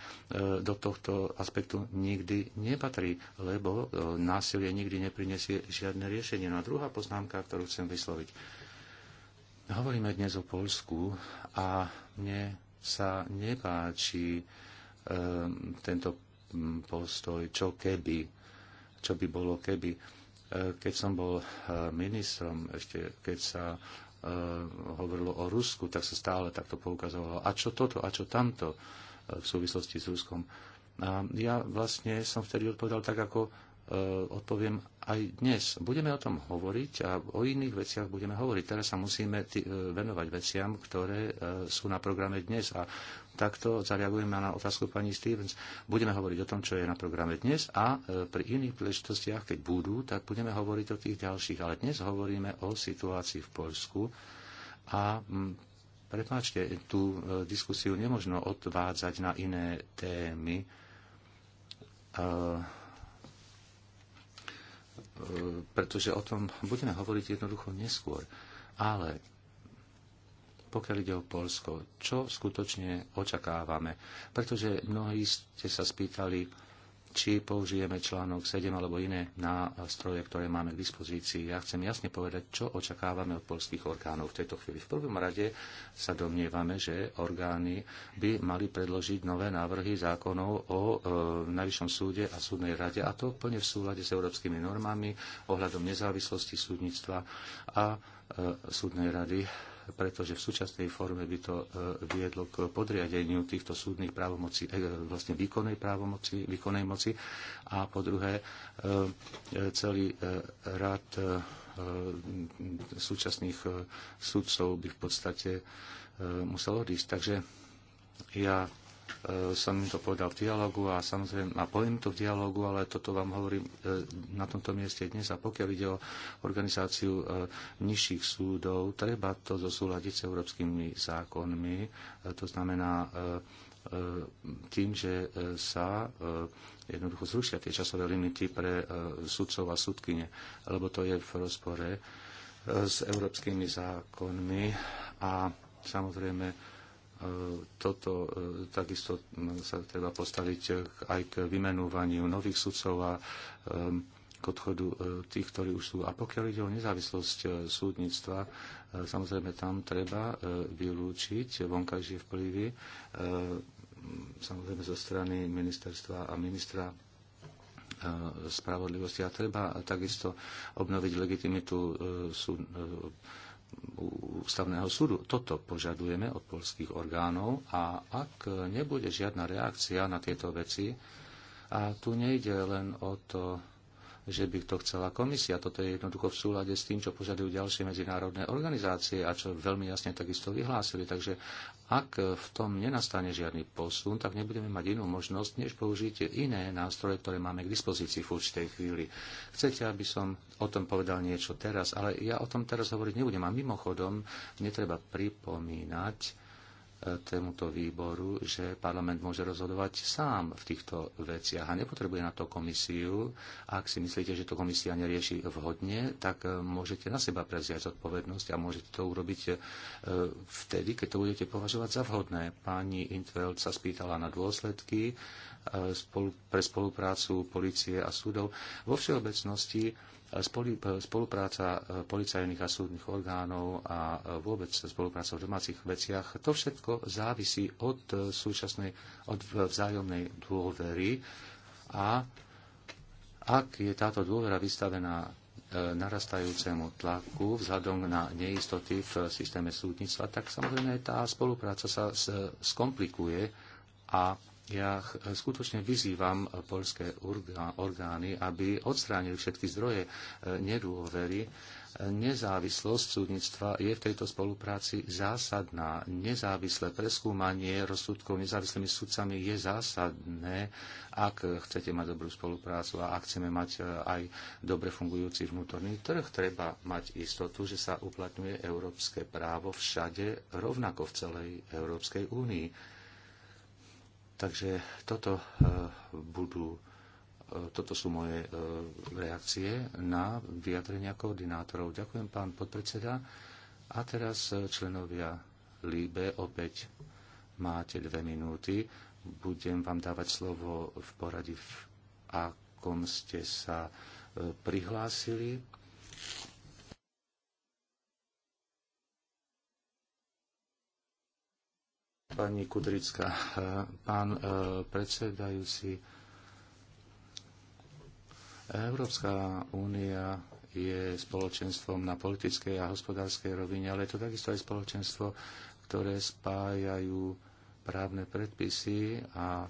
do tohto aspektu nikdy nepatrí, lebo násilie nikdy neprinesie žiadne riešenie. No a druhá poznámka, ktorú chcem vysloviť Hovoríme dnes o Polsku a mne sa nepáči ehm, tento mm, postoj, čo keby, čo by bolo keby. Ehm, keď som bol ehm, ministrom, ešte keď sa hovorilo o Rusku, tak sa stále takto poukazovalo, a čo toto, a čo tamto v súvislosti s Ruskom. A ja vlastne som vtedy odpovedal tak, ako E, odpoviem aj dnes. Budeme o tom hovoriť a o iných veciach budeme hovoriť. Teraz sa musíme e, venovať veciam, ktoré e, sú na programe dnes a takto zareagujeme na otázku pani Stevens. Budeme hovoriť o tom, čo je na programe dnes a pri iných príležitostiach, keď budú, tak budeme hovoriť o tých ďalších. Ale dnes hovoríme o situácii v Poľsku a prepáčte, tú diskusiu nemožno odvádzať na iné témy pretože o tom budeme hovoriť jednoducho neskôr. Ale pokiaľ ide o Polsko, čo skutočne očakávame? Pretože mnohí ste sa spýtali, či použijeme článok 7 alebo iné nástroje, ktoré máme k dispozícii. Ja chcem jasne povedať, čo očakávame od polských orgánov v tejto chvíli. V prvom rade sa domnievame, že orgány by mali predložiť nové návrhy zákonov o e, Najvyššom súde a súdnej rade, a to plne v súlade s európskymi normami ohľadom nezávislosti súdnictva a e, súdnej rady pretože v súčasnej forme by to e, viedlo k podriadeniu týchto súdnych právomocí, e, vlastne výkonnej právomoci, výkonnej moci a po druhé e, celý rad súčasných súdcov by v podstate musel odísť. Takže ja E, som im to povedal v dialogu a samozrejme a poviem to v dialogu, ale toto vám hovorím e, na tomto mieste dnes a pokiaľ ide o organizáciu e, nižších súdov, treba to zosúľadiť s európskymi zákonmi, to znamená tým, že sa jednoducho zrušia tie časové limity pre sudcov a sudkyne, lebo to je v rozpore s európskymi zákonmi a samozrejme E, toto e, takisto sa treba postaviť aj k vymenúvaniu nových sudcov a e, k odchodu tých, ktorí už sú. A pokiaľ ide o nezávislosť súdnictva, samozrejme tam treba vylúčiť vonkajšie vplyvy samozrejme zo strany ministerstva a ministra spravodlivosti a treba takisto obnoviť legitimitu súdnictva ústavného súdu. Toto požadujeme od polských orgánov a ak nebude žiadna reakcia na tieto veci, a tu nejde len o to, že by to chcela komisia. Toto je jednoducho v súlade s tým, čo požadujú ďalšie medzinárodné organizácie a čo veľmi jasne takisto vyhlásili. Takže ak v tom nenastane žiadny posun, tak nebudeme mať inú možnosť, než použiť iné nástroje, ktoré máme k dispozícii v určitej chvíli. Chcete, aby som o tom povedal niečo teraz, ale ja o tom teraz hovoriť nebudem. A mimochodom, netreba pripomínať, tomuto výboru, že parlament môže rozhodovať sám v týchto veciach a nepotrebuje na to komisiu. Ak si myslíte, že to komisia nerieši vhodne, tak e, môžete na seba preziať zodpovednosť a môžete to urobiť e, vtedy, keď to budete považovať za vhodné. Pani Intveld sa spýtala na dôsledky e, pre spoluprácu policie a súdov. Vo všeobecnosti spolupráca eh, policajných a súdnych orgánov a eh, vôbec spolupráca v domácich veciach, to všetko závisí od eh, súčasnej, od vzájomnej dôvery a ak je táto dôvera vystavená narastajúcemu tlaku vzhľadom na neistoty v systéme súdnictva, tak samozrejme tá spolupráca sa skomplikuje a ja skutočne vyzývam polské orgány, aby odstránili všetky zdroje e, nedôvery. Nezávislosť súdnictva je v tejto spolupráci zásadná. Nezávislé preskúmanie rozsudkov nezávislými sudcami je zásadné, ak chcete mať dobrú spoluprácu a ak chceme mať e, aj dobre fungujúci vnútorný trh. Treba mať istotu, že sa uplatňuje európske právo všade rovnako v celej Európskej únii Takže toto e, budú e, toto sú moje e, reakcie na vyjadrenia koordinátorov. Ďakujem, pán podpredseda. A teraz členovia Líbe opäť máte dve minúty. Budem vám dávať slovo v poradí, v akom ste sa prihlásili. Pani Kudrická, eh, pán eh, predsedajúci, Európska únia je spoločenstvom na politickej a hospodárskej rovine, ale je to takisto aj spoločenstvo, ktoré spájajú právne predpisy a eh,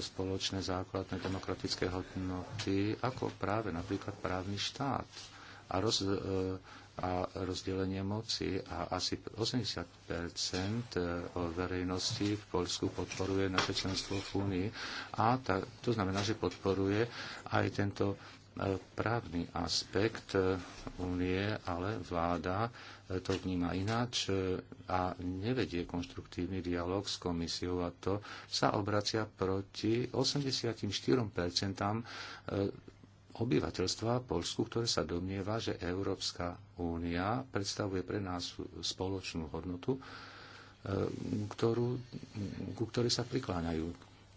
spoločné základné demokratické hodnoty, ako práve napríklad právny štát a roz, a rozdelenie moci a asi 80 e, verejnosti v Polsku podporuje naše členstvo v Únii a ta, to znamená, že podporuje aj tento e, právny aspekt e, únie, ale vláda to vníma ináč a nevedie konštruktívny dialog s komisiou a to sa obracia proti 84% obyvateľstva Polsku, ktoré sa domnieva, že Európska únia predstavuje pre nás spoločnú hodnotu, e, ktorú, ku ktorej sa prikláňajú.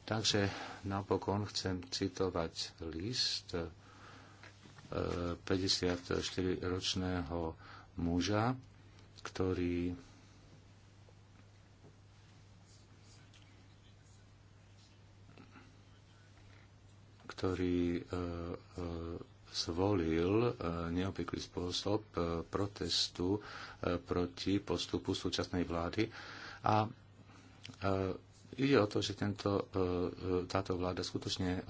Takže napokon chcem citovať list 54-ročného e, muža, ktorý ktorý e, e, zvolil e, neobvyklý spôsob protestu proti postupu súčasnej vlády. A ide o to, že tento, táto vláda skutočne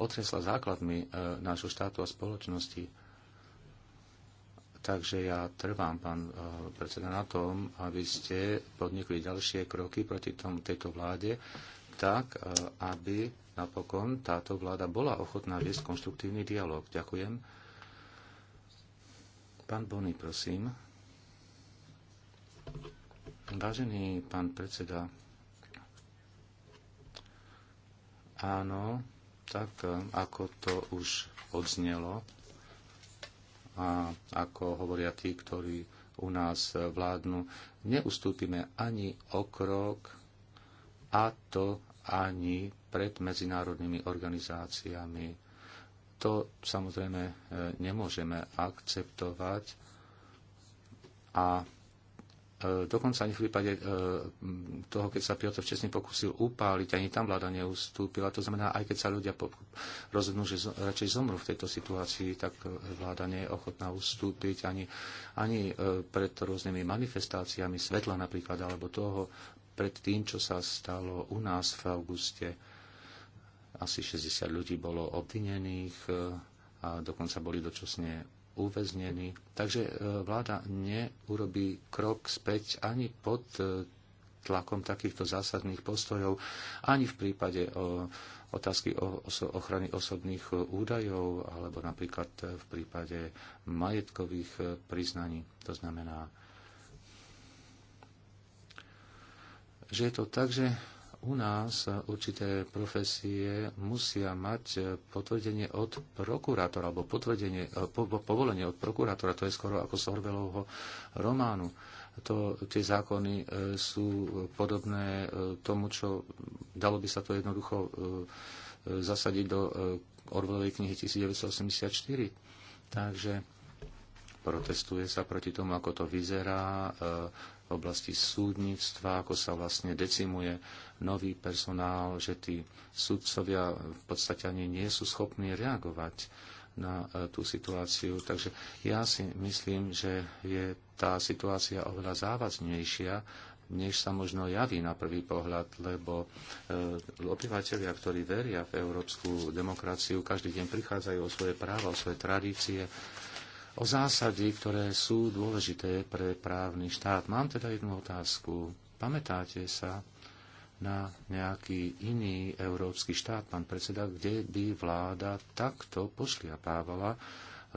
otresla základmi nášho štátu a spoločnosti. Takže ja trvám, pán predseda, na tom, aby ste podnikli ďalšie kroky proti tom, tejto vláde tak, e, aby napokon táto vláda bola ochotná viesť konštruktívny dialog. Ďakujem. Pán Bony, prosím. Vážený pán predseda, áno, tak e, ako to už odznelo a ako hovoria tí, ktorí u nás vládnu, neustúpime ani o krok a to ani pred medzinárodnými organizáciami. To samozrejme e, nemôžeme akceptovať a e, dokonca ani v prípade e, toho, keď sa Piotr včasne pokusil upáliť, ani tam vláda neustúpila. To znamená, aj keď sa ľudia rozhodnú, že radšej zomru v tejto situácii, tak vláda nie je ochotná ustúpiť ani, ani pred rôznymi manifestáciami svetla napríklad, alebo toho pred tým, čo sa stalo u nás v auguste. Asi 60 ľudí bolo obvinených e, a dokonca boli dočasne uväznení. Takže e, vláda neurobí krok späť ani pod e, tlakom takýchto zásadných postojov, ani v prípade o otázky o ochrany osobných údajov alebo napríklad v prípade majetkových priznaní. To znamená, že je to tak, že u nás určité profesie musia mať potvrdenie od prokurátora, alebo potvrdenie, eh, po, po, povolenie od prokurátora, to je skoro ako z Orbelovho románu. To, tie zákony eh, sú podobné eh, tomu, čo dalo by sa to jednoducho zasadiť do Orvelovej knihy 1984. Takže protestuje sa proti tomu, ako to vyzerá, v oblasti súdnictva, ako sa vlastne decimuje nový personál, že tí súdcovia v podstate ani nie sú schopní reagovať na e, tú situáciu. Takže ja si myslím, že je tá situácia oveľa závaznejšia, než sa možno javí na prvý pohľad, lebo e, obyvateľia, ktorí veria v európsku demokraciu, každý deň prichádzajú o svoje práva, o svoje tradície, o zásady, ktoré sú dôležité pre právny štát. Mám teda jednu otázku. Pamätáte sa na nejaký iný európsky štát, pán predseda, kde by vláda takto pošliapávala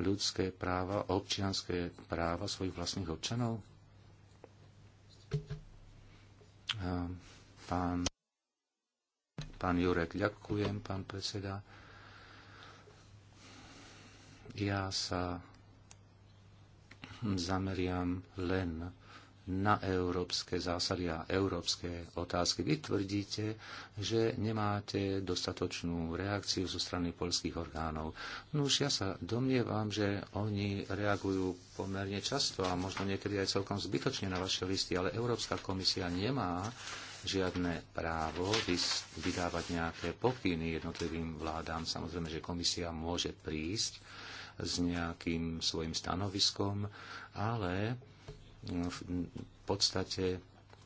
ľudské práva, občianské práva svojich vlastných občanov? Pán, pán Jurek, ďakujem, pán predseda. Ja sa zameriam len na európske zásady a európske otázky. Vy tvrdíte, že nemáte dostatočnú reakciu zo strany polských orgánov. No už ja sa domnievam, že oni reagujú pomerne často a možno niekedy aj celkom zbytočne na vaše listy, ale Európska komisia nemá žiadne právo vydávať nejaké pokyny jednotlivým vládám. Samozrejme, že komisia môže prísť s nejakým svojim stanoviskom, ale v podstate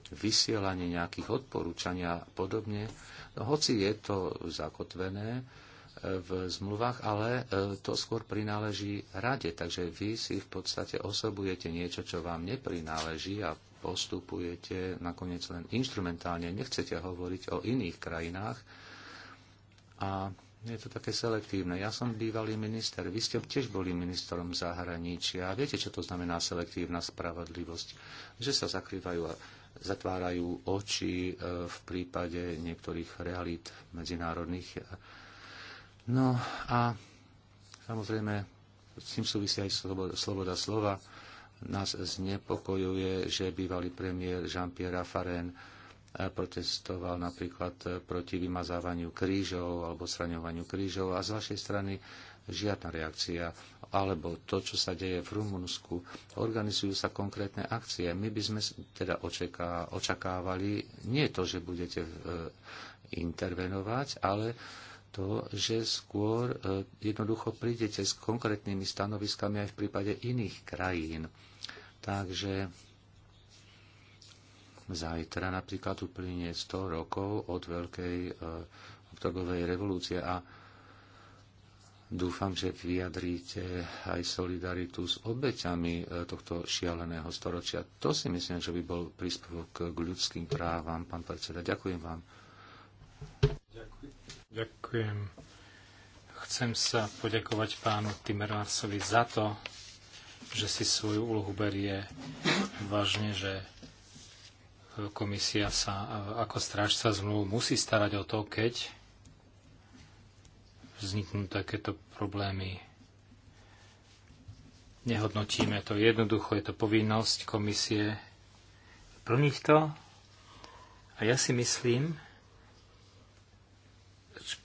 vysielanie nejakých odporúčania a podobne, no, hoci je to zakotvené e, v zmluvách, ale e, to skôr prináleží rade. Takže vy si v podstate osobujete niečo, čo vám neprináleží a postupujete nakoniec len instrumentálne. Nechcete hovoriť o iných krajinách. A je to také selektívne. Ja som bývalý minister, vy ste tiež boli ministrom zahraničia a viete, čo to znamená selektívna spravodlivosť. Že sa zakrývajú a zatvárajú oči e, v prípade niektorých realít medzinárodných. No a samozrejme, s tým súvisí aj sloboda slova. Nás znepokojuje, že bývalý premiér Jean-Pierre Farren protestoval napríklad e, proti vymazávaniu krížov alebo sraňovaniu krížov a z vašej strany žiadna reakcia. Alebo to, čo sa deje v Rumunsku, organizujú sa konkrétne akcie. My by sme teda očeká, očakávali nie to, že budete e, intervenovať, ale to, že skôr e, jednoducho prídete s konkrétnymi stanoviskami aj v prípade iných krajín. Takže Zajtra napríklad uplynie 100 rokov od veľkej eh, oktobrovej revolúcie a dúfam, že vyjadríte aj solidaritu s obeťami eh, tohto šialeného storočia. To si myslím, že by bol príspevok k ľudským právam, pán predseda. Ďakujem vám. Ďakujem. Chcem sa poďakovať pánu Timermansovi za to, že si svoju úlohu berie vážne, že komisia sa ako strážca zmluv musí starať o to, keď vzniknú takéto problémy. Nehodnotíme to jednoducho, je to povinnosť komisie plniť to. A ja si myslím,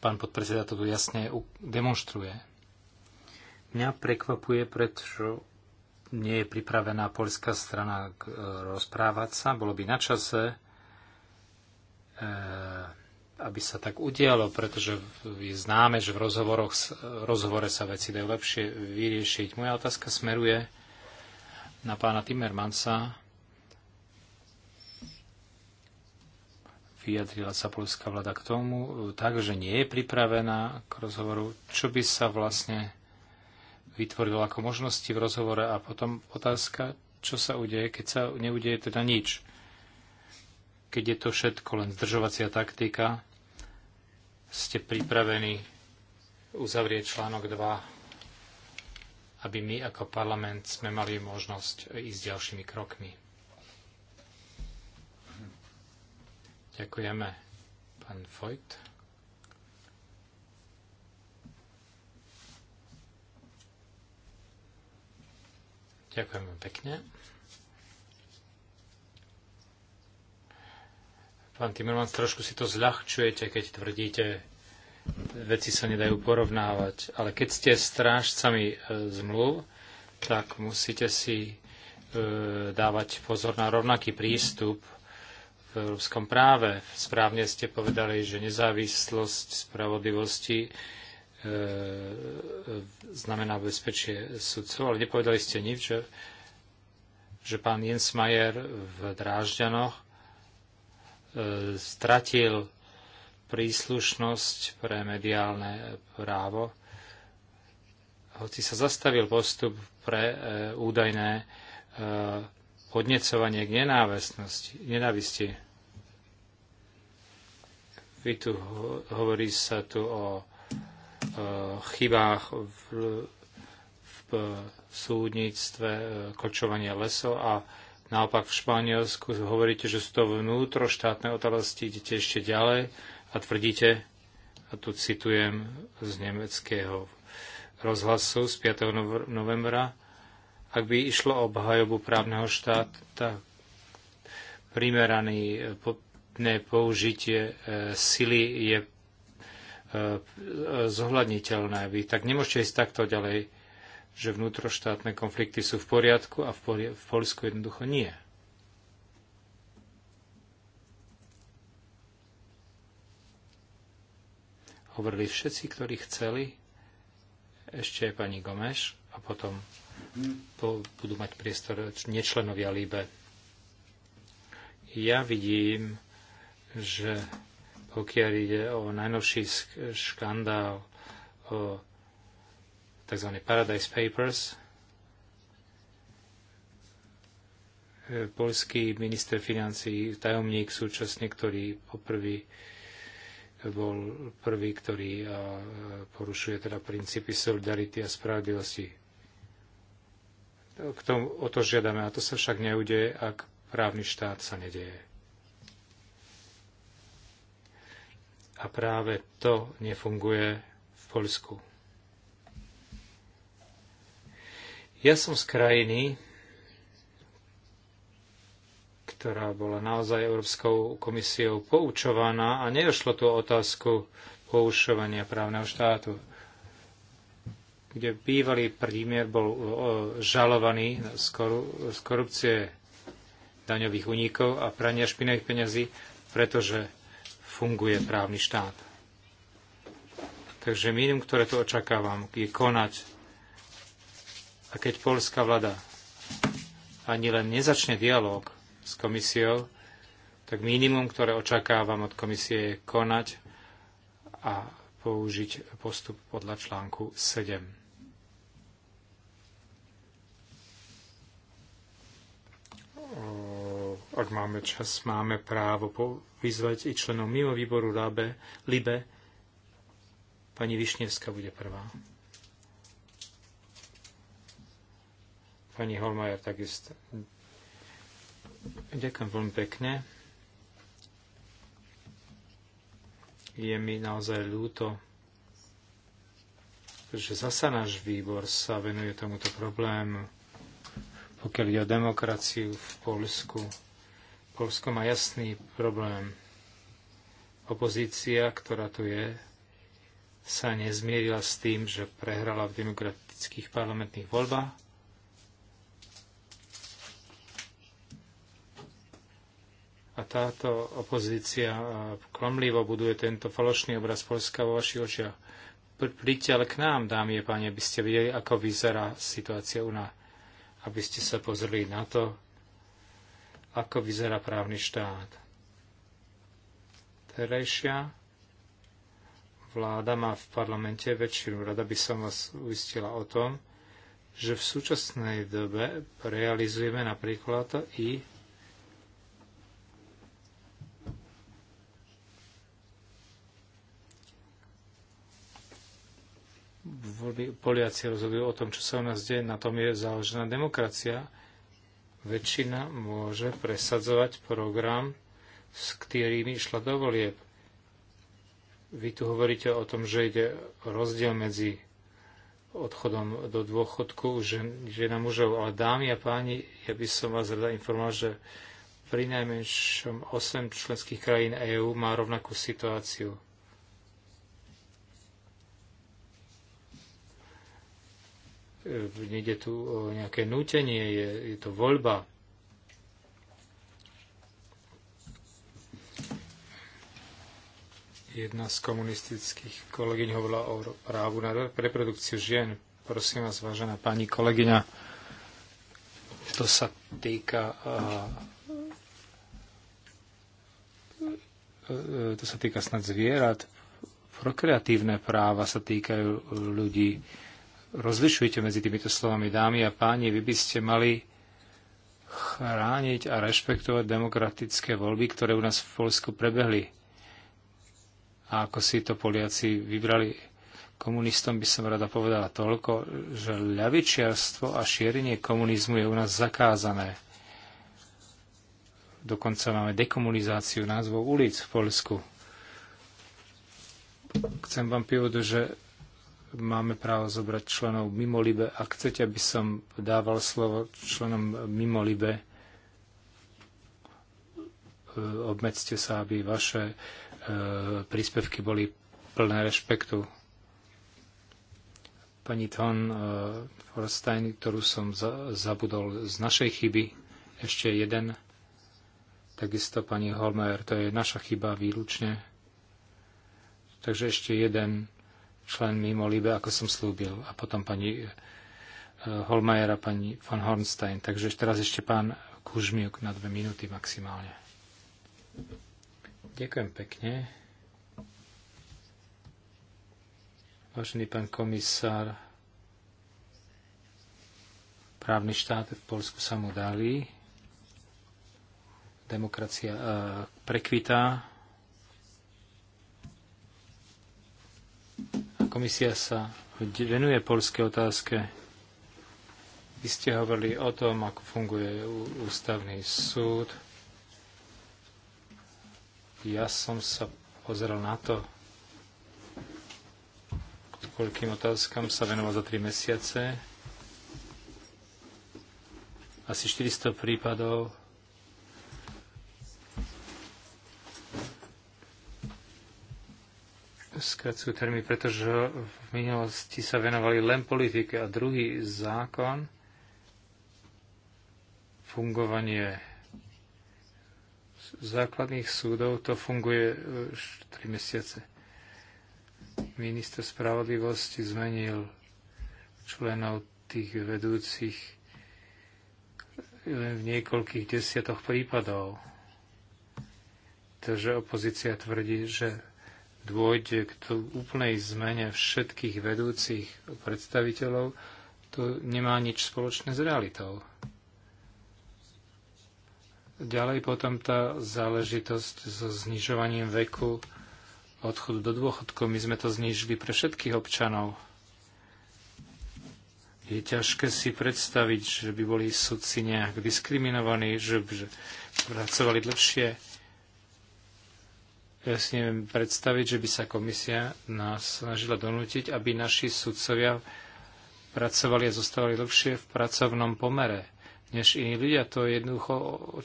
pán podpredseda to tu jasne demonstruje. Mňa prekvapuje, pretože nie je pripravená poľská strana e, rozprávať sa. Bolo by na čase, e, aby sa tak udialo, pretože je známe, že v rozhovoroch, rozhovore sa veci dajú lepšie vyriešiť. Moja otázka smeruje na pána Timmermansa. Vyjadrila sa polská vláda k tomu, e, takže nie je pripravená k rozhovoru. Čo by sa vlastne vytvoril ako možnosti v rozhovore a potom otázka, čo sa udeje, keď sa neudeje teda nič. Keď je to všetko len zdržovacia taktika, ste pripravení uzavrieť článok 2, aby my ako parlament sme mali možnosť ísť ďalšími krokmi. Ďakujeme, pán Vojt. Ďakujem pekne. Pán Timmermans, trošku si to zľahčujete, keď tvrdíte, veci sa nedajú porovnávať. Ale keď ste strážcami e, zmluv, tak musíte si e, dávať pozor na rovnaký prístup v európskom práve. Správne ste povedali, že nezávislosť spravodlivosti E, znamená bezpečie sudcov, ale nepovedali ste nič, že, že pán Jens Majer v Drážďanoch e, stratil príslušnosť pre mediálne právo, hoci sa zastavil postup pre e, údajné podnecovanie k nenávisti. Vy tu hovorí sa tu o Eh, chybách v, v súdnictve, eh, kočovania lesov a naopak v Španielsku hovoríte, že sú to vnútroštátne otázky, idete ešte ďalej a tvrdíte, a tu citujem z nemeckého rozhlasu z 5. novembra, ak by išlo o obhajobu právneho tak primeraný eh, použitie sily je E, zohľadniteľné. Vy tak nemôžete ísť takto ďalej, že vnútroštátne konflikty sú v poriadku a v, pori- v Polsku jednoducho nie. Hovorili všetci, ktorí chceli, ešte je pani Gomeš a potom po, budú mať priestor nečlenovia Líbe. Ja vidím, že pokiaľ ide o najnovší škandál o tzv. Paradise Papers. E, Polský minister financí, tajomník súčasne, ktorý poprvý bol prvý, ktorý porušuje teda princípy solidarity a spravodlivosti. K tomu, o to žiadame, a to sa však neudeje, ak právny štát sa nedieje. A práve to nefunguje v Polsku. Ja som z krajiny, ktorá bola naozaj Európskou komisiou poučovaná a nedošlo tu otázku poušovania právneho štátu, kde bývalý prímier bol žalovaný z korupcie daňových únikov a prania špinavých peňazí, pretože funguje právny štát. Takže minimum, ktoré tu očakávam, je konať. A keď polská vláda ani len nezačne dialog s komisiou, tak minimum, ktoré očakávam od komisie, je konať a použiť postup podľa článku 7. Oh ak máme čas, máme právo vyzvať i členov mimo výboru RABE, LIBE. Pani Višnevská bude prvá. Pani Holmajer takisto. Ďakujem veľmi pekne. Je mi naozaj ľúto, že zasa náš výbor sa venuje tomuto problému, pokiaľ ide o demokraciu v Polsku Polsko má jasný problém. Opozícia, ktorá tu je, sa nezmierila s tým, že prehrala v demokratických parlamentných voľbách. A táto opozícia klamlivo buduje tento falošný obraz Polska vo vašich očiach. Príďte ale k nám, dámy a páni, aby ste videli, ako vyzerá situácia u nás. Aby ste sa pozreli na to, ako vyzerá právny štát. Terejšia vláda má v parlamente väčšinu. Rada by som vás uistila o tom, že v súčasnej dobe realizujeme napríklad i Poliaci rozhodujú o tom, čo sa u nás deje, na tom je založená demokracia väčšina môže presadzovať program, s ktorými išla do volieb. Vy tu hovoríte o tom, že ide rozdiel medzi odchodom do dôchodku žien, žien a mužov, ale dámy a páni, ja by som vás rada informoval, že pri najmenšom 8 členských krajín EÚ má rovnakú situáciu. Nejde tu o nejaké nútenie, je, je to voľba. Jedna z komunistických kolegyň hovorila o právu na reprodukciu žien. Prosím vás, vážená pani kolegyňa, to sa týka e, to sa týka snad zvierat, prokreatívne práva sa týkajú ľudí, rozlišujte medzi týmito slovami, dámy a páni, vy by ste mali chrániť a rešpektovať demokratické voľby, ktoré u nás v Polsku prebehli. A ako si to Poliaci vybrali komunistom, by som rada povedala toľko, že ľavičiarstvo a šírenie komunizmu je u nás zakázané. Dokonca máme dekomunizáciu názvov ulic v Polsku. Chcem vám pivodu, že máme právo zobrať členov mimo Libe. Ak chcete, aby som dával slovo členom mimo Libe, e, obmedzte sa, aby vaše e, príspevky boli plné rešpektu. Pani Thon e, Forstein, ktorú som zabudol z našej chyby, ešte jeden. Takisto pani Holmer, to je naša chyba výlučne. Takže ešte jeden člen mimo Libe, ako som slúbil. A potom pani eh, Holmajer a pani von Hornstein. Takže teraz ešte pán Kužmiuk na dve minúty maximálne. Ďakujem pekne. Vážený pán komisár, právny štát v Polsku sa mu dali. Demokracia eh, prekvitá Komisia sa venuje polskej otázke. Vy ste hovorili o tom, ako funguje ústavný súd. Ja som sa pozrel na to, koľkým otázkam sa venoval za tri mesiace. Asi 400 prípadov skracujú termín, pretože v minulosti sa venovali len politike a druhý zákon fungovanie základných súdov to funguje 4 e, mesiace. Minister spravodlivosti zmenil členov tých vedúcich len v niekoľkých desiatoch prípadov. Takže opozícia tvrdí, že dôjde k úplnej zmene všetkých vedúcich predstaviteľov, to nemá nič spoločné s realitou. Ďalej potom tá záležitosť so znižovaním veku odchodu do dôchodku. My sme to znížili pre všetkých občanov. Je ťažké si predstaviť, že by boli sudci nejak diskriminovaní, že, že pracovali dlhšie ja si neviem predstaviť, že by sa komisia nás snažila donútiť, aby naši sudcovia pracovali a zostávali dlhšie v pracovnom pomere než iní ľudia. To je jednoducho,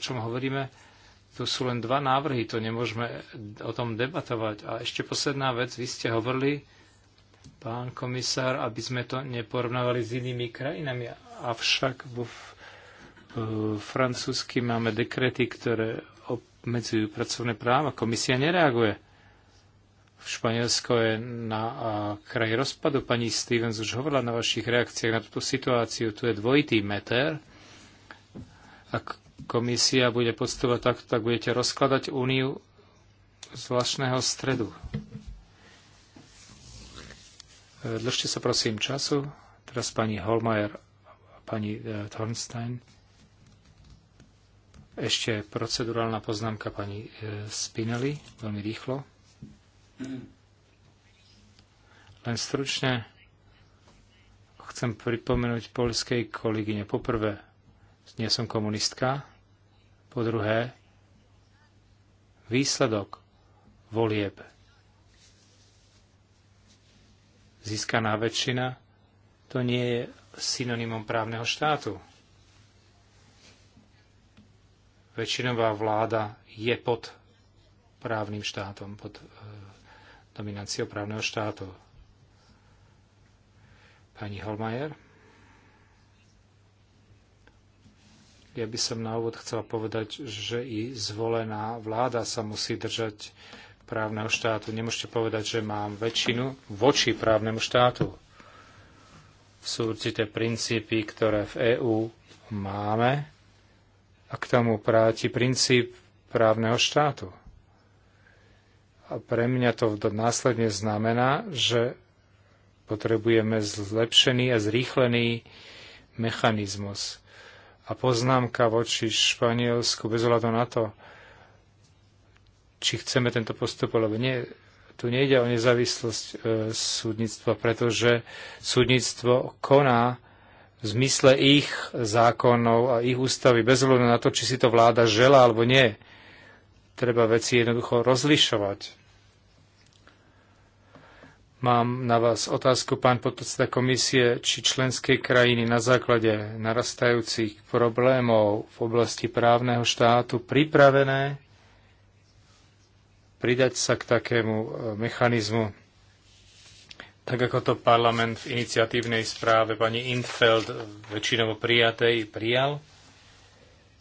o čom hovoríme. Tu sú len dva návrhy, to nemôžeme o tom debatovať. A ešte posledná vec, vy ste hovorili, pán komisár, aby sme to neporovnávali s inými krajinami. Avšak vo eh, francúzsky máme dekrety, ktoré obmedzujú pracovné práva. Komisia nereaguje. V Španielsko je na kraji rozpadu. Pani Stevens už hovorila na vašich reakciách na túto situáciu. Tu je dvojitý meter. Ak komisia bude postupovať takto, tak budete rozkladať úniu zvláštneho stredu. E, Držte sa prosím času. Teraz pani Holmajer a pani e, Thornstein. Ešte procedurálna poznámka pani e, Spinelli, veľmi rýchlo. Len stručne chcem pripomenúť polskej kolegyne. Poprvé, nie som komunistka. Po druhé, výsledok volieb. Získaná väčšina to nie je synonymom právneho štátu väčšinová vláda je pod právnym štátom, pod domináciou e, právneho štátu. Pani Holmajer? Ja by som na úvod chcela povedať, že i zvolená vláda sa musí držať právneho štátu. Nemôžete povedať, že mám väčšinu voči právnemu štátu. Sú určité princípy, ktoré v EÚ máme, a k tomu práti princíp právneho štátu. A pre mňa to následne znamená, že potrebujeme zlepšený a zrýchlený mechanizmus. A poznámka voči Španielsku bez ohľadu na to, či chceme tento postup lebo nie, tu nejde o nezávislosť e, súdnictva, pretože súdnictvo koná v zmysle ich zákonov a ich ústavy, bez ohľadu na to, či si to vláda žela alebo nie. Treba veci jednoducho rozlišovať. Mám na vás otázku, pán podpredseda komisie, či členské krajiny na základe narastajúcich problémov v oblasti právneho štátu pripravené pridať sa k takému e, mechanizmu tak ako to parlament v iniciatívnej správe pani Infeld väčšinovo prijatej prijal,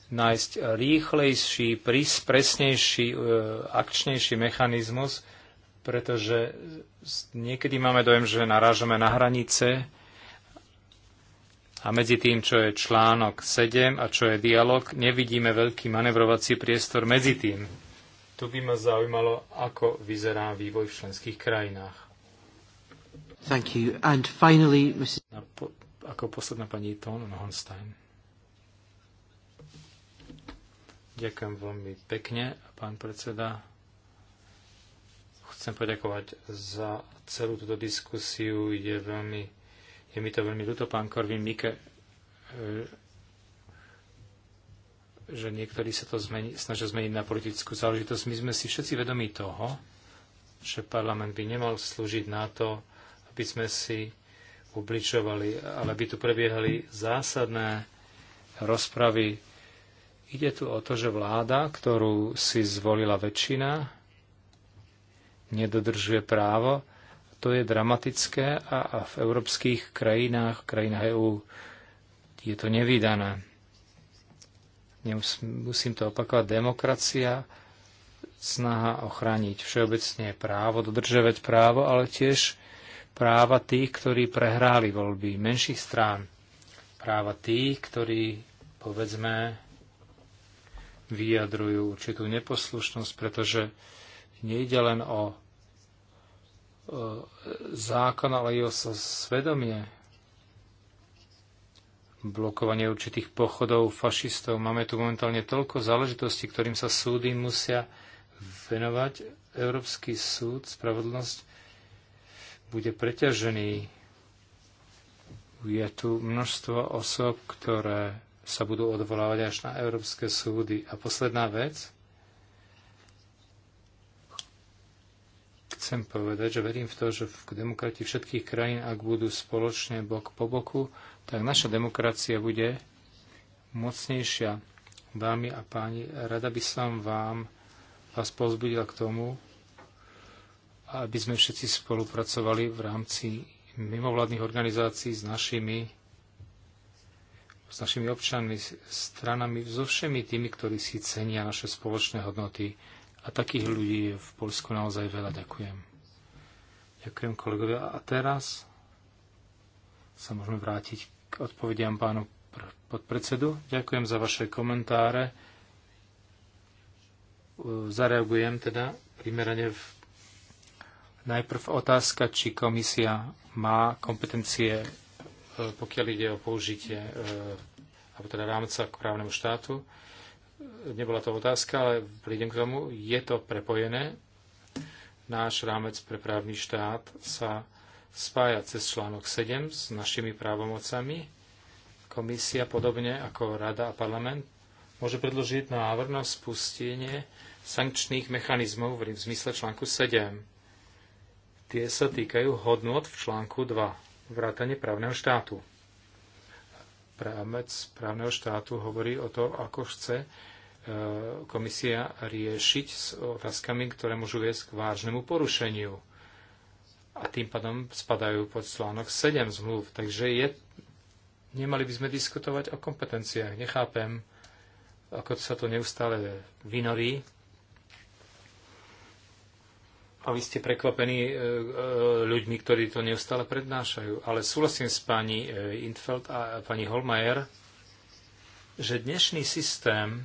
nájsť rýchlejší, presnejší, e, akčnejší mechanizmus, pretože niekedy máme dojem, že narážame na hranice a medzi tým, čo je článok 7 a čo je dialog, nevidíme veľký manevrovací priestor medzi tým. Tu by ma zaujímalo, ako vyzerá vývoj v členských krajinách. Thank you. And finally, Mrs. Po, ako posledná pani Tón Hohenstein. Ďakujem veľmi pekne, pán predseda. Chcem poďakovať za celú túto diskusiu. Je, veľmi, je mi to veľmi ľúto, pán Korvin Mike, e, že niektorí sa to zmeni, snažia zmeniť na politickú záležitosť. My sme si všetci vedomí toho, že parlament by nemal slúžiť na to, aby sme si ubličovali, ale by tu prebiehali zásadné rozpravy. Ide tu o to, že vláda, ktorú si zvolila väčšina, nedodržuje právo. To je dramatické a, v európskych krajinách, krajinách EÚ, je to nevýdané. Musím to opakovať. Demokracia, snaha ochrániť všeobecne právo, dodržovať právo, ale tiež práva tých, ktorí prehráli voľby, menších strán, práva tých, ktorí, povedzme, vyjadrujú určitú neposlušnosť, pretože nejde len o, o zákon, ale i o svedomie. Blokovanie určitých pochodov fašistov. Máme tu momentálne toľko záležitostí, ktorým sa súdy musia venovať. Európsky súd, spravodlnosť bude preťažený. Je tu množstvo osob, ktoré sa budú odvolávať až na európske súdy. A posledná vec. Chcem povedať, že verím v to, že v demokrati všetkých krajín, ak budú spoločne bok po boku, tak naša demokracia bude mocnejšia. Dámy a páni, rada by som vám vás pozbudila k tomu, aby sme všetci spolupracovali v rámci mimovládnych organizácií s našimi, s našimi občanmi, stranami, so všemi tými, ktorí si cenia naše spoločné hodnoty. A takých ľudí je v Polsku naozaj veľa. Ďakujem. Ďakujem kolegovia. A teraz sa môžeme vrátiť k odpovediam pánu podpredsedu. Ďakujem za vaše komentáre. Zareagujem teda primerane v Najprv otázka, či komisia má kompetencie, e, pokiaľ ide o použitie e, alebo teda rámca k právnemu štátu. Nebola to otázka, ale prídem k tomu. Je to prepojené. Náš rámec pre právny štát sa spája cez článok 7 s našimi právomocami. Komisia, podobne ako Rada a parlament, môže predložiť návrh na spustenie sankčných mechanizmov v zmysle článku 7 Tie sa týkajú hodnot v článku 2, vrátanie právneho štátu. Právec právneho štátu hovorí o to, ako chce e, komisia riešiť s otázkami, ktoré môžu viesť k vážnemu porušeniu. A tým pádom spadajú pod článok 7 zmluv. Takže je, nemali by sme diskutovať o kompetenciách. Nechápem, ako sa to neustále vynorí a vy ste prekvapení e, e, ľuďmi, ktorí to neustále prednášajú. Ale súhlasím s pani e, Intfeld a pani Holmajer, že dnešný systém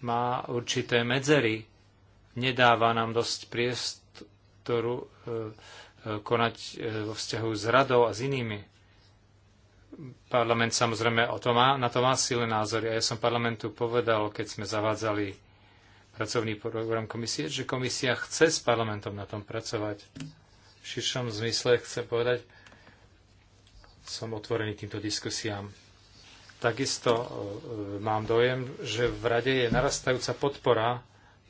má určité medzery. Nedáva nám dosť priestoru konať vo vzťahu s radou a s inými. Parlament samozrejme o to má, na to má silné názory. A ja som parlamentu povedal, keď sme zavádzali pracovný program komisie, že komisia chce s parlamentom na tom pracovať. V širšom zmysle chcem povedať, som otvorený týmto diskusiám. Takisto e, e, mám dojem, že v rade je narastajúca podpora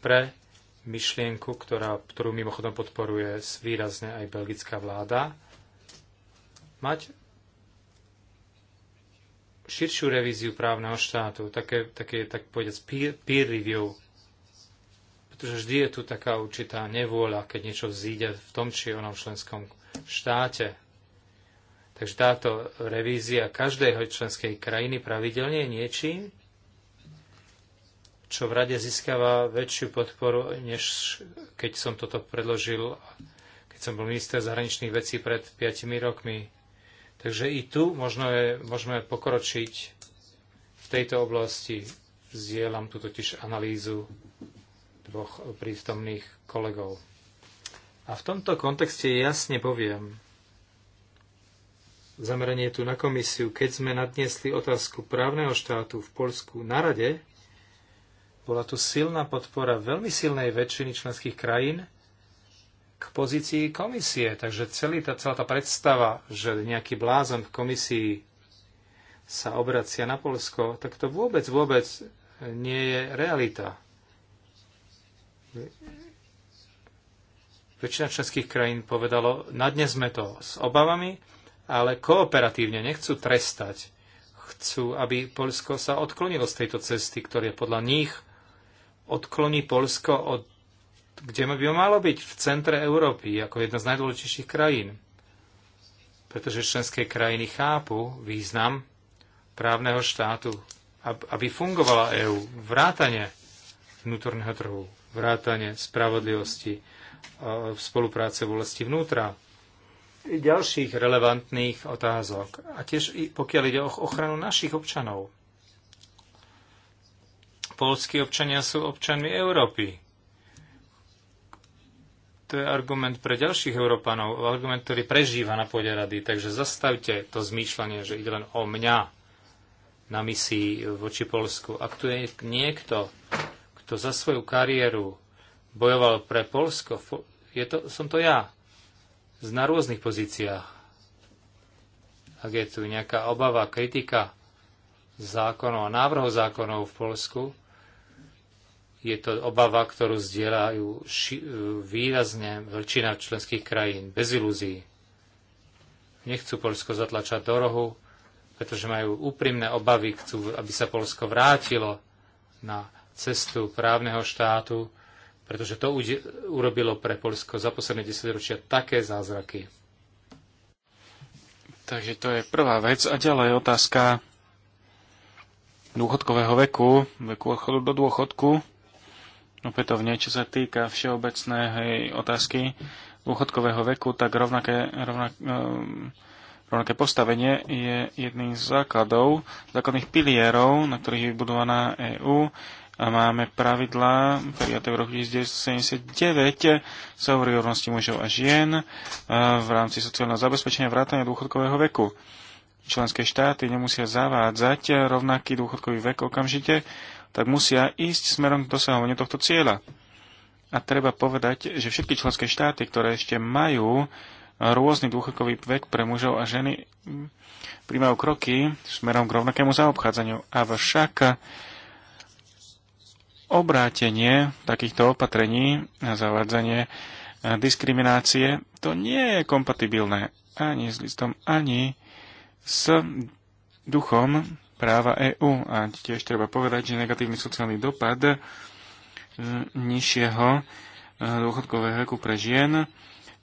pre myšlienku, ktorá, ktorú mimochodom podporuje výrazne aj belgická vláda, mať širšiu revíziu právneho štátu, také, také tak povedať, peer, peer review pretože vždy je tu taká určitá nevôľa, keď niečo vzíde v tom či onom členskom štáte. Takže táto revízia každého členskej krajiny pravidelne je niečím, čo v rade získava väčšiu podporu, než keď som toto predložil, keď som bol minister zahraničných vecí pred 5 rokmi. Takže i tu možno je, môžeme pokročiť v tejto oblasti. Zdieľam tu totiž analýzu dvoch prístomných kolegov. A v tomto kontexte jasne poviem, zameranie tu na komisiu, keď sme nadniesli otázku právneho štátu v Polsku na rade, bola tu silná podpora veľmi silnej väčšiny členských krajín k pozícii komisie. Takže celý tá, celá tá predstava, že nejaký blázon v komisii sa obracia na Polsko, tak to vôbec, vôbec nie je realita. Väčšina členských krajín povedalo, na dnes sme to s obavami, ale kooperatívne nechcú trestať. Chcú, aby Polsko sa odklonilo z tejto cesty, ktoré podľa nich odkloní Polsko od kde by malo byť v centre Európy, ako jedna z najdôležitejších krajín. Pretože členské krajiny chápu význam právneho štátu, aby fungovala EÚ, vrátane vnútorného trhu vrátane spravodlivosti v e, spolupráce v oblasti vnútra i ďalších relevantných otázok. A tiež i pokiaľ ide o ochranu našich občanov. Polskí občania sú občanmi Európy. To je argument pre ďalších Európanov, argument, ktorý prežíva na pôde rady. Takže zastavte to zmýšľanie, že ide len o mňa na misii voči Polsku. Ak tu je niekto, kto za svoju kariéru bojoval pre Polsko, je to, som to ja. Na rôznych pozíciách. Ak je tu nejaká obava, kritika zákonov a návrhov zákonov v Polsku, je to obava, ktorú zdieľajú výrazne väčšina členských krajín, bez ilúzií. Nechcú Polsko zatlačať do rohu, pretože majú úprimné obavy, chcú, aby sa Polsko vrátilo na cestu právneho štátu, pretože to urobilo pre Polsko za posledné 10 ročia také zázraky. Takže to je prvá vec. A ďalej otázka dôchodkového veku, veku odchodu do dôchodku. Opätovne, čo sa týka všeobecnej otázky dôchodkového veku, tak rovnaké, rovnak, ehm, rovnaké postavenie je jedným z základov, základných pilierov, na ktorých je vybudovaná EÚ a máme pravidlá prijaté v roku 1979, sa hovorí o rovnosti mužov a žien e, v rámci sociálneho zabezpečenia vrátania dôchodkového veku. Členské štáty nemusia zavádzať rovnaký dôchodkový vek okamžite, tak musia ísť smerom k dosahovaniu tohto cieľa. A treba povedať, že všetky členské štáty, ktoré ešte majú rôzny dôchodkový vek pre mužov a ženy, príjmajú kroky smerom k rovnakému zaobchádzaniu. Avšak obrátenie takýchto opatrení a zavádzanie e, diskriminácie, to nie je kompatibilné ani s listom, ani s duchom práva EÚ. A tiež treba povedať, že negatívny sociálny dopad e, nižšieho e, dôchodkového veku pre žien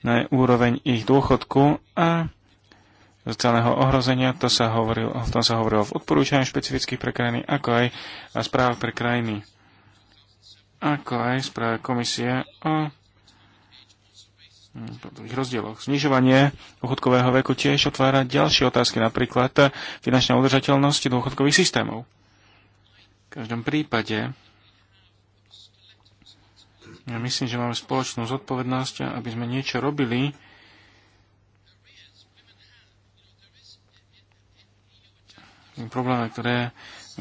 na úroveň ich dôchodku a sociálneho ohrozenia, to sa hovorilo, v tom sa hovorilo v odporúčaní špecifických pre krajiny, ako aj správ pre krajiny ako aj správe komisie o hm, tých rozdieloch. Znižovanie dôchodkového veku tiež otvára ďalšie otázky, napríklad finančná udržateľnosť dôchodkových systémov. V každom prípade ja myslím, že máme spoločnú zodpovednosť, aby sme niečo robili. Problémy, ktoré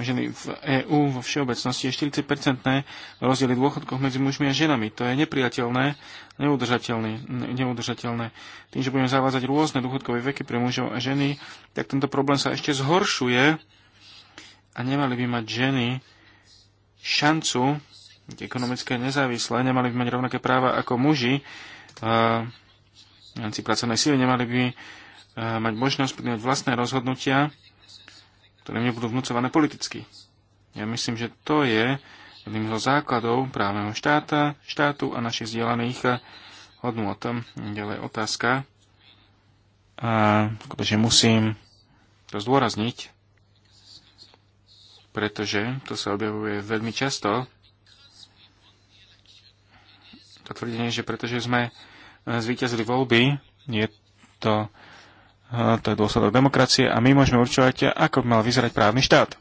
ženy v EÚ vo všeobecnosti je 40-percentné rozdiely dôchodkov medzi mužmi a ženami. To je nepriateľné, neudržateľné. neudržateľné. Tým, že budeme zavádzať rôzne dôchodkové veky pre mužov a ženy, tak tento problém sa ešte zhoršuje a nemali by mať ženy šancu ekonomické nezávislé, nemali by mať rovnaké práva ako muži v rámci pracovnej síly, nemali by mať možnosť prijať vlastné rozhodnutia ktoré mne budú vnúcované politicky. Ja myslím, že to je jedným zo základov právneho štáta, štátu a našich zdieľaných hodnôt. Ďalej otázka. A skutočne musím to zdôrazniť, pretože to sa objavuje veľmi často. To tvrdenie, že pretože sme zvíťazili voľby, je to to je dôsledok demokracie a my môžeme určovať, ako by mal vyzerať právny štát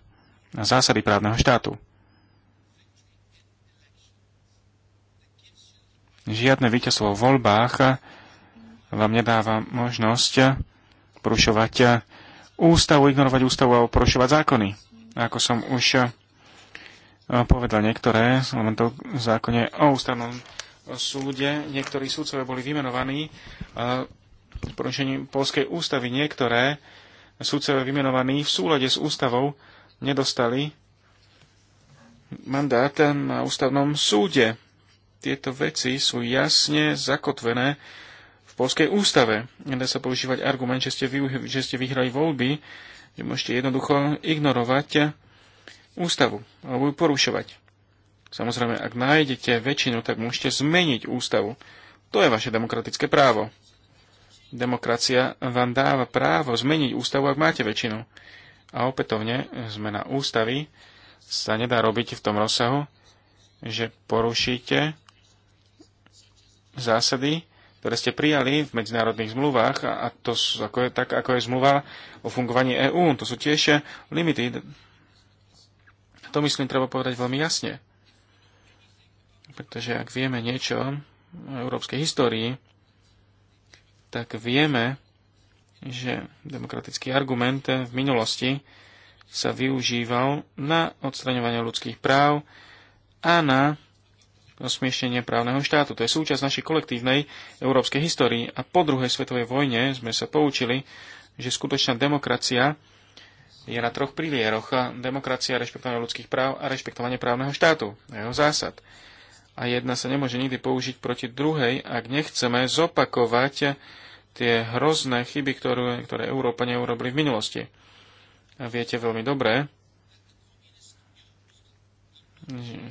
a zásady právneho štátu. Žiadne víťazstvo v voľbách vám nedáva možnosť porušovať ústavu, ignorovať ústavu a porušovať zákony. Ako som už povedal niektoré, v v zákone o ústavnom súde, niektorí súdcovia boli vymenovaní porušením Polskej ústavy niektoré sudcovia vymenovaní v súlade s ústavou nedostali mandát na ústavnom súde. Tieto veci sú jasne zakotvené v polskej ústave. Nedá sa používať argument, že ste, vy, že ste vyhrali voľby, že môžete jednoducho ignorovať ústavu alebo ju porušovať. Samozrejme, ak nájdete väčšinu, tak môžete zmeniť ústavu. To je vaše demokratické právo. Demokracia vám dáva právo zmeniť ústavu, ak máte väčšinu. A opätovne zmena ústavy sa nedá robiť v tom rozsahu, že porušíte zásady, ktoré ste prijali v medzinárodných zmluvách a to sú, ako je, tak, ako je zmluva o fungovaní EÚ. To sú tiež e, limity. To myslím treba povedať veľmi jasne. Pretože ak vieme niečo o európskej histórii, tak vieme, že demokratický argument v minulosti sa využíval na odstraňovanie ľudských práv a na osmiešenie právneho štátu. To je súčasť našej kolektívnej európskej histórii. A po druhej svetovej vojne sme sa poučili, že skutočná demokracia je na troch pilieroch. Demokracia, rešpektovanie ľudských práv a rešpektovanie právneho štátu a jeho zásad. A jedna sa nemôže nikdy použiť proti druhej, ak nechceme zopakovať tie hrozné chyby, ktoré, ktoré Európa neurobili v minulosti. A viete veľmi dobre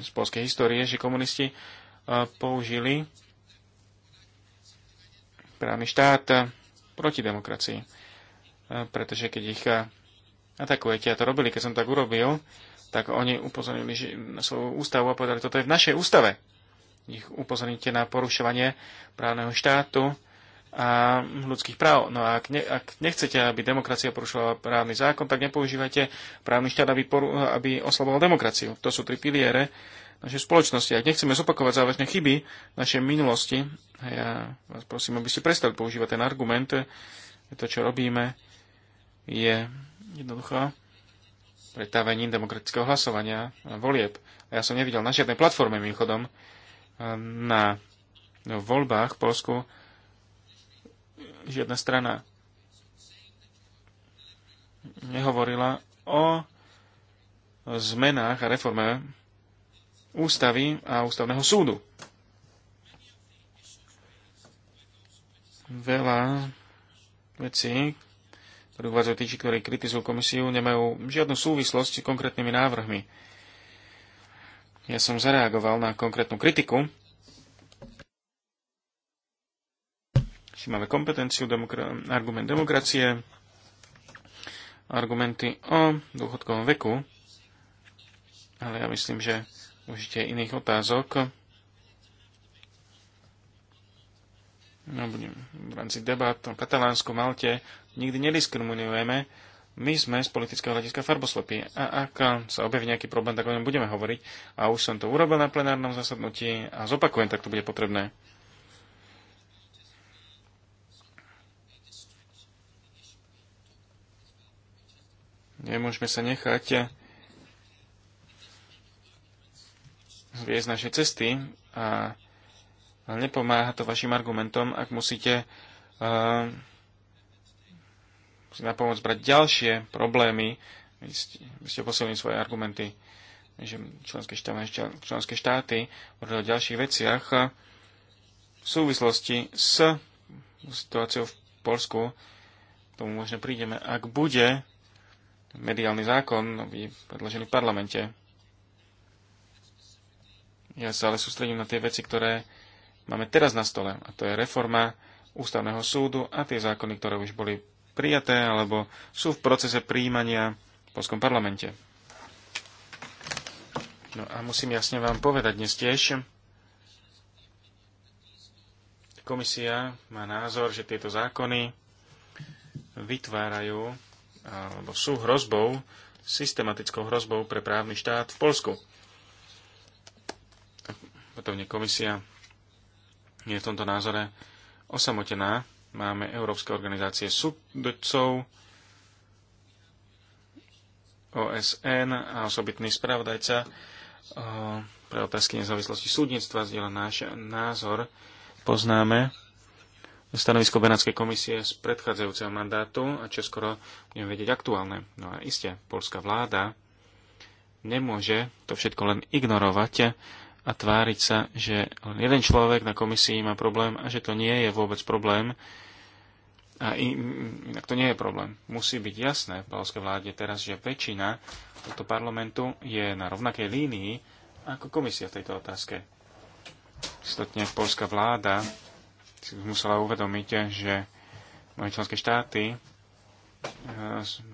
z polskej histórie, že komunisti e, použili právny štát proti demokracii. E, pretože keď ich e, atakujete, a to robili, keď som tak urobil, tak oni upozornili že na svoju ústavu a povedali, toto je v našej ústave. Ich upozorníte na porušovanie právneho štátu, a ľudských práv. No a ak, ne, ak nechcete, aby demokracia porušovala právny zákon, tak nepoužívajte právny štát, aby, poru, aby oslaboval demokraciu. To sú tri piliere našej spoločnosti. Ak nechceme zopakovať závažné chyby našej minulosti, a ja vás prosím, aby ste prestali používať ten argument, to, čo robíme, je jednoducho pretávením demokratického hlasovania a volieb. A ja som nevidel na žiadnej platforme, mimochodom, na voľbách v Polsku, žiadna strana nehovorila o zmenách a reforme ústavy a ústavného súdu. Veľa vecí, ktoré uvádzajú tí, ktorí kritizujú komisiu, nemajú žiadnu súvislosť s konkrétnymi návrhmi. Ja som zareagoval na konkrétnu kritiku, či máme kompetenciu, demokra- argument demokracie, argumenty o dôchodkovom veku, ale ja myslím, že užite iných otázok. No, v rámci debat o Katalánsku, Malte nikdy nediskriminujeme. My sme z politického hľadiska farboslepí a ak sa objaví nejaký problém, tak o ňom budeme hovoriť. A už som to urobil na plenárnom zasadnutí a zopakujem, tak to bude potrebné. Nemôžeme sa nechať eh, viesť naše cesty a nepomáha to vašim argumentom, ak musíte uh, si na pomoc brať ďalšie problémy, vy ste, vy ste svoje argumenty, že členské štáty, členské štáty o ďalších veciach eh, v súvislosti s situáciou v Polsku, tomu možno prídeme, ak bude mediálny zákon predložený v parlamente. Ja sa ale sústredím na tie veci, ktoré máme teraz na stole, a to je reforma ústavného súdu a tie zákony, ktoré už boli prijaté alebo sú v procese príjmania v Polskom parlamente. No a musím jasne vám povedať dnes tiež, komisia má názor, že tieto zákony vytvárajú alebo sú hrozbou, systematickou hrozbou pre právny štát v Polsku. Potovne komisia je v tomto názore osamotená. Máme Európske organizácie súdcov, OSN a osobitný spravodajca eh, pre otázky nezávislosti súdnictva zdieľa náš názor. Poznáme stanovisko Benátskej komisie z predchádzajúceho mandátu a čo skoro budeme vedieť aktuálne. No a iste, polská vláda nemôže to všetko len ignorovať a tváriť sa, že len jeden človek na komisii má problém a že to nie je vôbec problém. A inak to nie je problém. Musí byť jasné v polskej vláde teraz, že väčšina tohto parlamentu je na rovnakej línii ako komisia v tejto otázke. Istotne polská vláda musela uvedomiť, že mnohé členské štáty eh,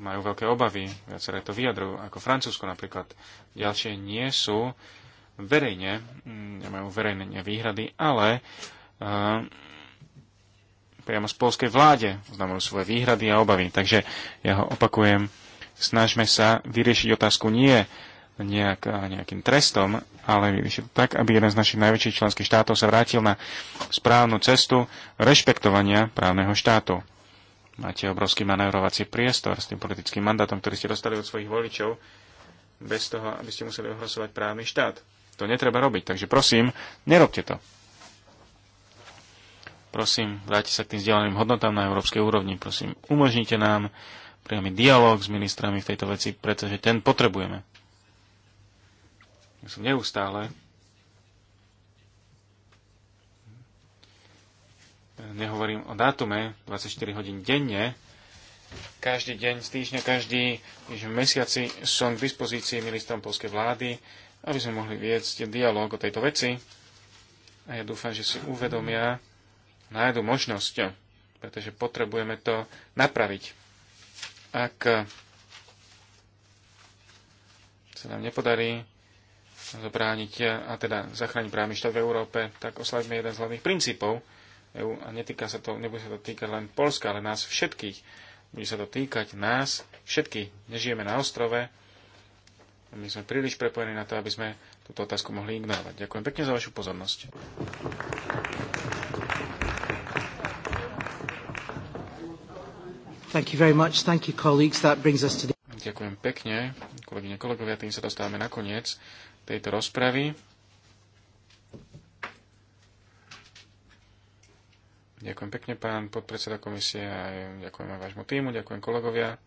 majú veľké obavy, viaceré to vyjadrujú, ako Francúzsko napríklad. Ďalšie nie sú verejne, mm, nemajú verejné výhrady, ale uh, priamo z polskej vláde oznamujú svoje výhrady a obavy. Takže ja ho opakujem, snažme sa vyriešiť otázku nie nejak, nejakým trestom, ale tak, aby jeden z našich najväčších členských štátov sa vrátil na správnu cestu rešpektovania právneho štátu. Máte obrovský manévrovací priestor s tým politickým mandátom, ktorý ste dostali od svojich voličov, bez toho, aby ste museli ohlasovať právny štát. To netreba robiť, takže prosím, nerobte to. Prosím, vráte sa k tým vzdelaným hodnotám na európskej úrovni. Prosím, umožnite nám priamy dialog s ministrami v tejto veci, pretože ten potrebujeme som neustále nehovorím o dátume, 24 hodín denne, každý deň z týždňa, každý v mesiaci som k dispozícii ministrom polskej vlády, aby sme mohli viesť dialog o tejto veci. A ja dúfam, že si uvedomia, nájdu možnosť, pretože potrebujeme to napraviť. Ak sa nám nepodarí zabrániť a teda zachrániť právny štát v Európe, tak oslavíme jeden z hlavných princípov EU a netýka sa to, nebude sa to týkať len Polska, ale nás všetkých. Bude sa to týkať nás všetkých. Nežijeme na ostrove, my sme príliš prepojení na to, aby sme túto otázku mohli ignorovať. Ďakujem pekne za vašu pozornosť. Thank you very much. Thank you, colleagues. That brings us to the... Ďakujem pekne, kolegyne, kolegovia. Tým sa dostávame na koniec tejto rozpravy. Ďakujem pekne, pán podpredseda komisie, a ďakujem aj vášmu týmu, ďakujem kolegovia.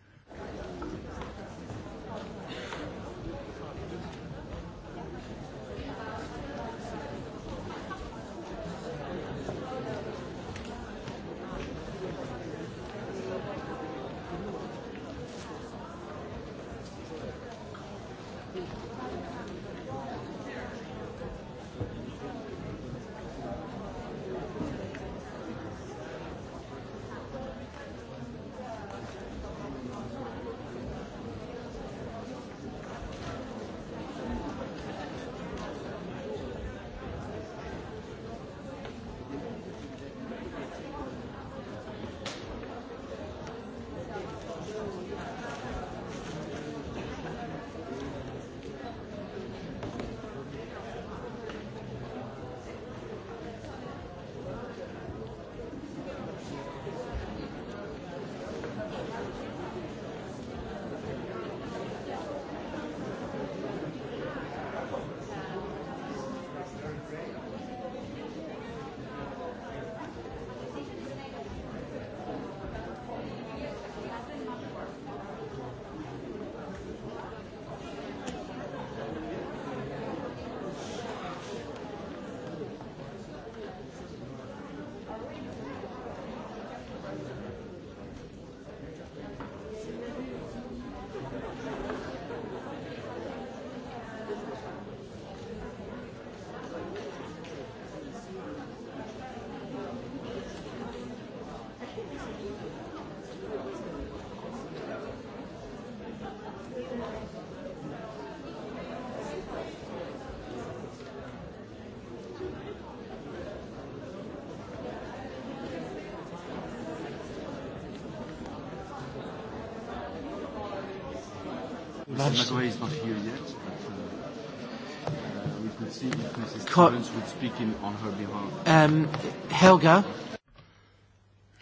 um, Helga.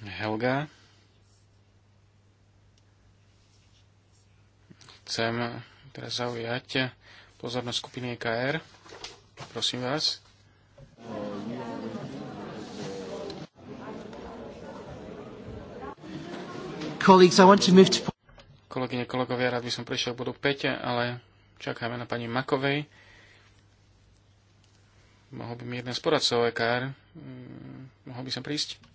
Helga. Chcem teraz zaujať pozornosť skupiny EKR. Prosím vás. Colleagues, I want to move to... Kolegyne, kolegovia, rád by som prešiel bodu 5, ale čakáme na pani Makovej mohol by mi jeden z poradcov EKR, mm, mohol by som prísť?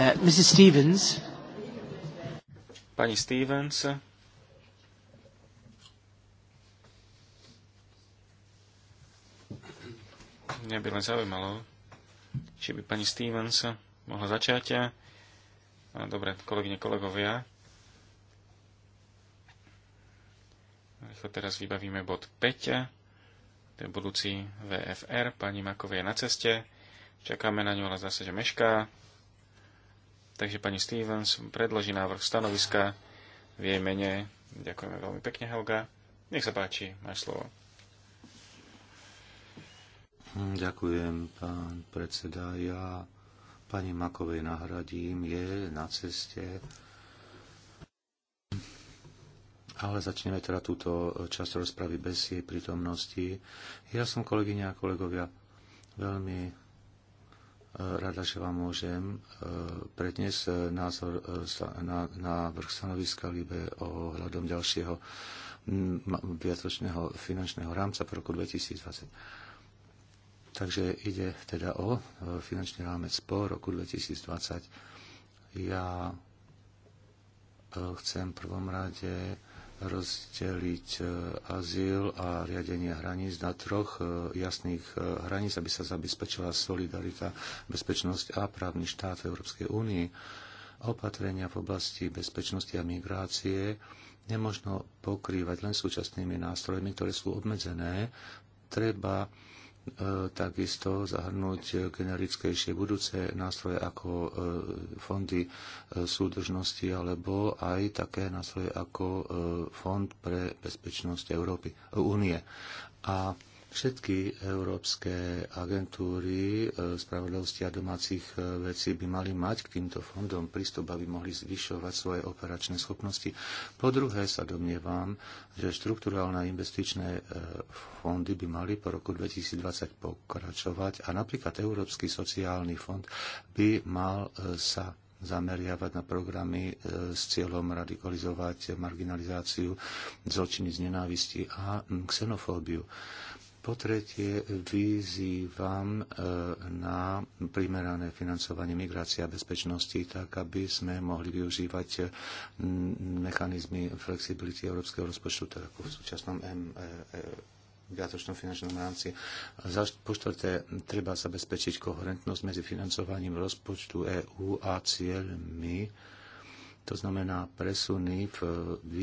Uh, pani Stevens. Mňa by len zaujímalo, či by pani Stevens mohla začať. Dobre, kolegyne, kolegovia. Rýchlo teraz vybavíme bod 5. To je budúci VFR. Pani Makovej je na ceste. Čakáme na ňu, ale zase, že mešká. Takže pani Stevens predloží návrh stanoviska v jej mene. Ďakujeme veľmi pekne, Helga. Nech sa páči, máš slovo. Ďakujem, pán predseda. Ja pani Makovej nahradím, je na ceste. Ale začneme teda túto časť rozpravy bez jej prítomnosti. Ja som, kolegyňa a kolegovia, veľmi Rada, že vám môžem e, predniesť e, názor e, na návrh stanoviska Libe ohľadom ďalšieho viacročného finančného rámca po roku 2020. Takže ide teda o finančný rámec po roku 2020. Ja chcem v prvom rade rozdeliť e, azyl a riadenie hraníc na troch e, jasných e, hraníc, aby sa zabezpečila solidarita, bezpečnosť a právny štát v Európskej únii. Opatrenia v oblasti bezpečnosti a migrácie nemožno pokrývať len súčasnými nástrojmi, ktoré sú obmedzené. Treba E, takisto zahrnúť generickejšie budúce nástroje ako e, fondy e, súdržnosti alebo aj také nástroje ako Fond pre bezpečnosť Európy, únie. A Všetky európske agentúry e, spravodlivosti a domácich e, vecí by mali mať k týmto fondom prístup, aby mohli zvyšovať svoje operačné schopnosti. Po druhé sa domnievam, že štruktúrálne investičné e, fondy by mali po roku 2020 pokračovať a napríklad Európsky sociálny fond by mal sa zameriavať na programy s cieľom radikalizovať marginalizáciu, zločiny z nenávisti a xenofóbiu. Po tretie, vyzývam e, na primerané financovanie migrácie a bezpečnosti, tak aby sme mohli využívať e, mechanizmy flexibility európskeho rozpočtu, tak ako v súčasnom e, viatočnom finančnom rámci. po štvrté, treba zabezpečiť koherentnosť medzi financovaním rozpočtu EÚ a cieľmi to znamená presuny v,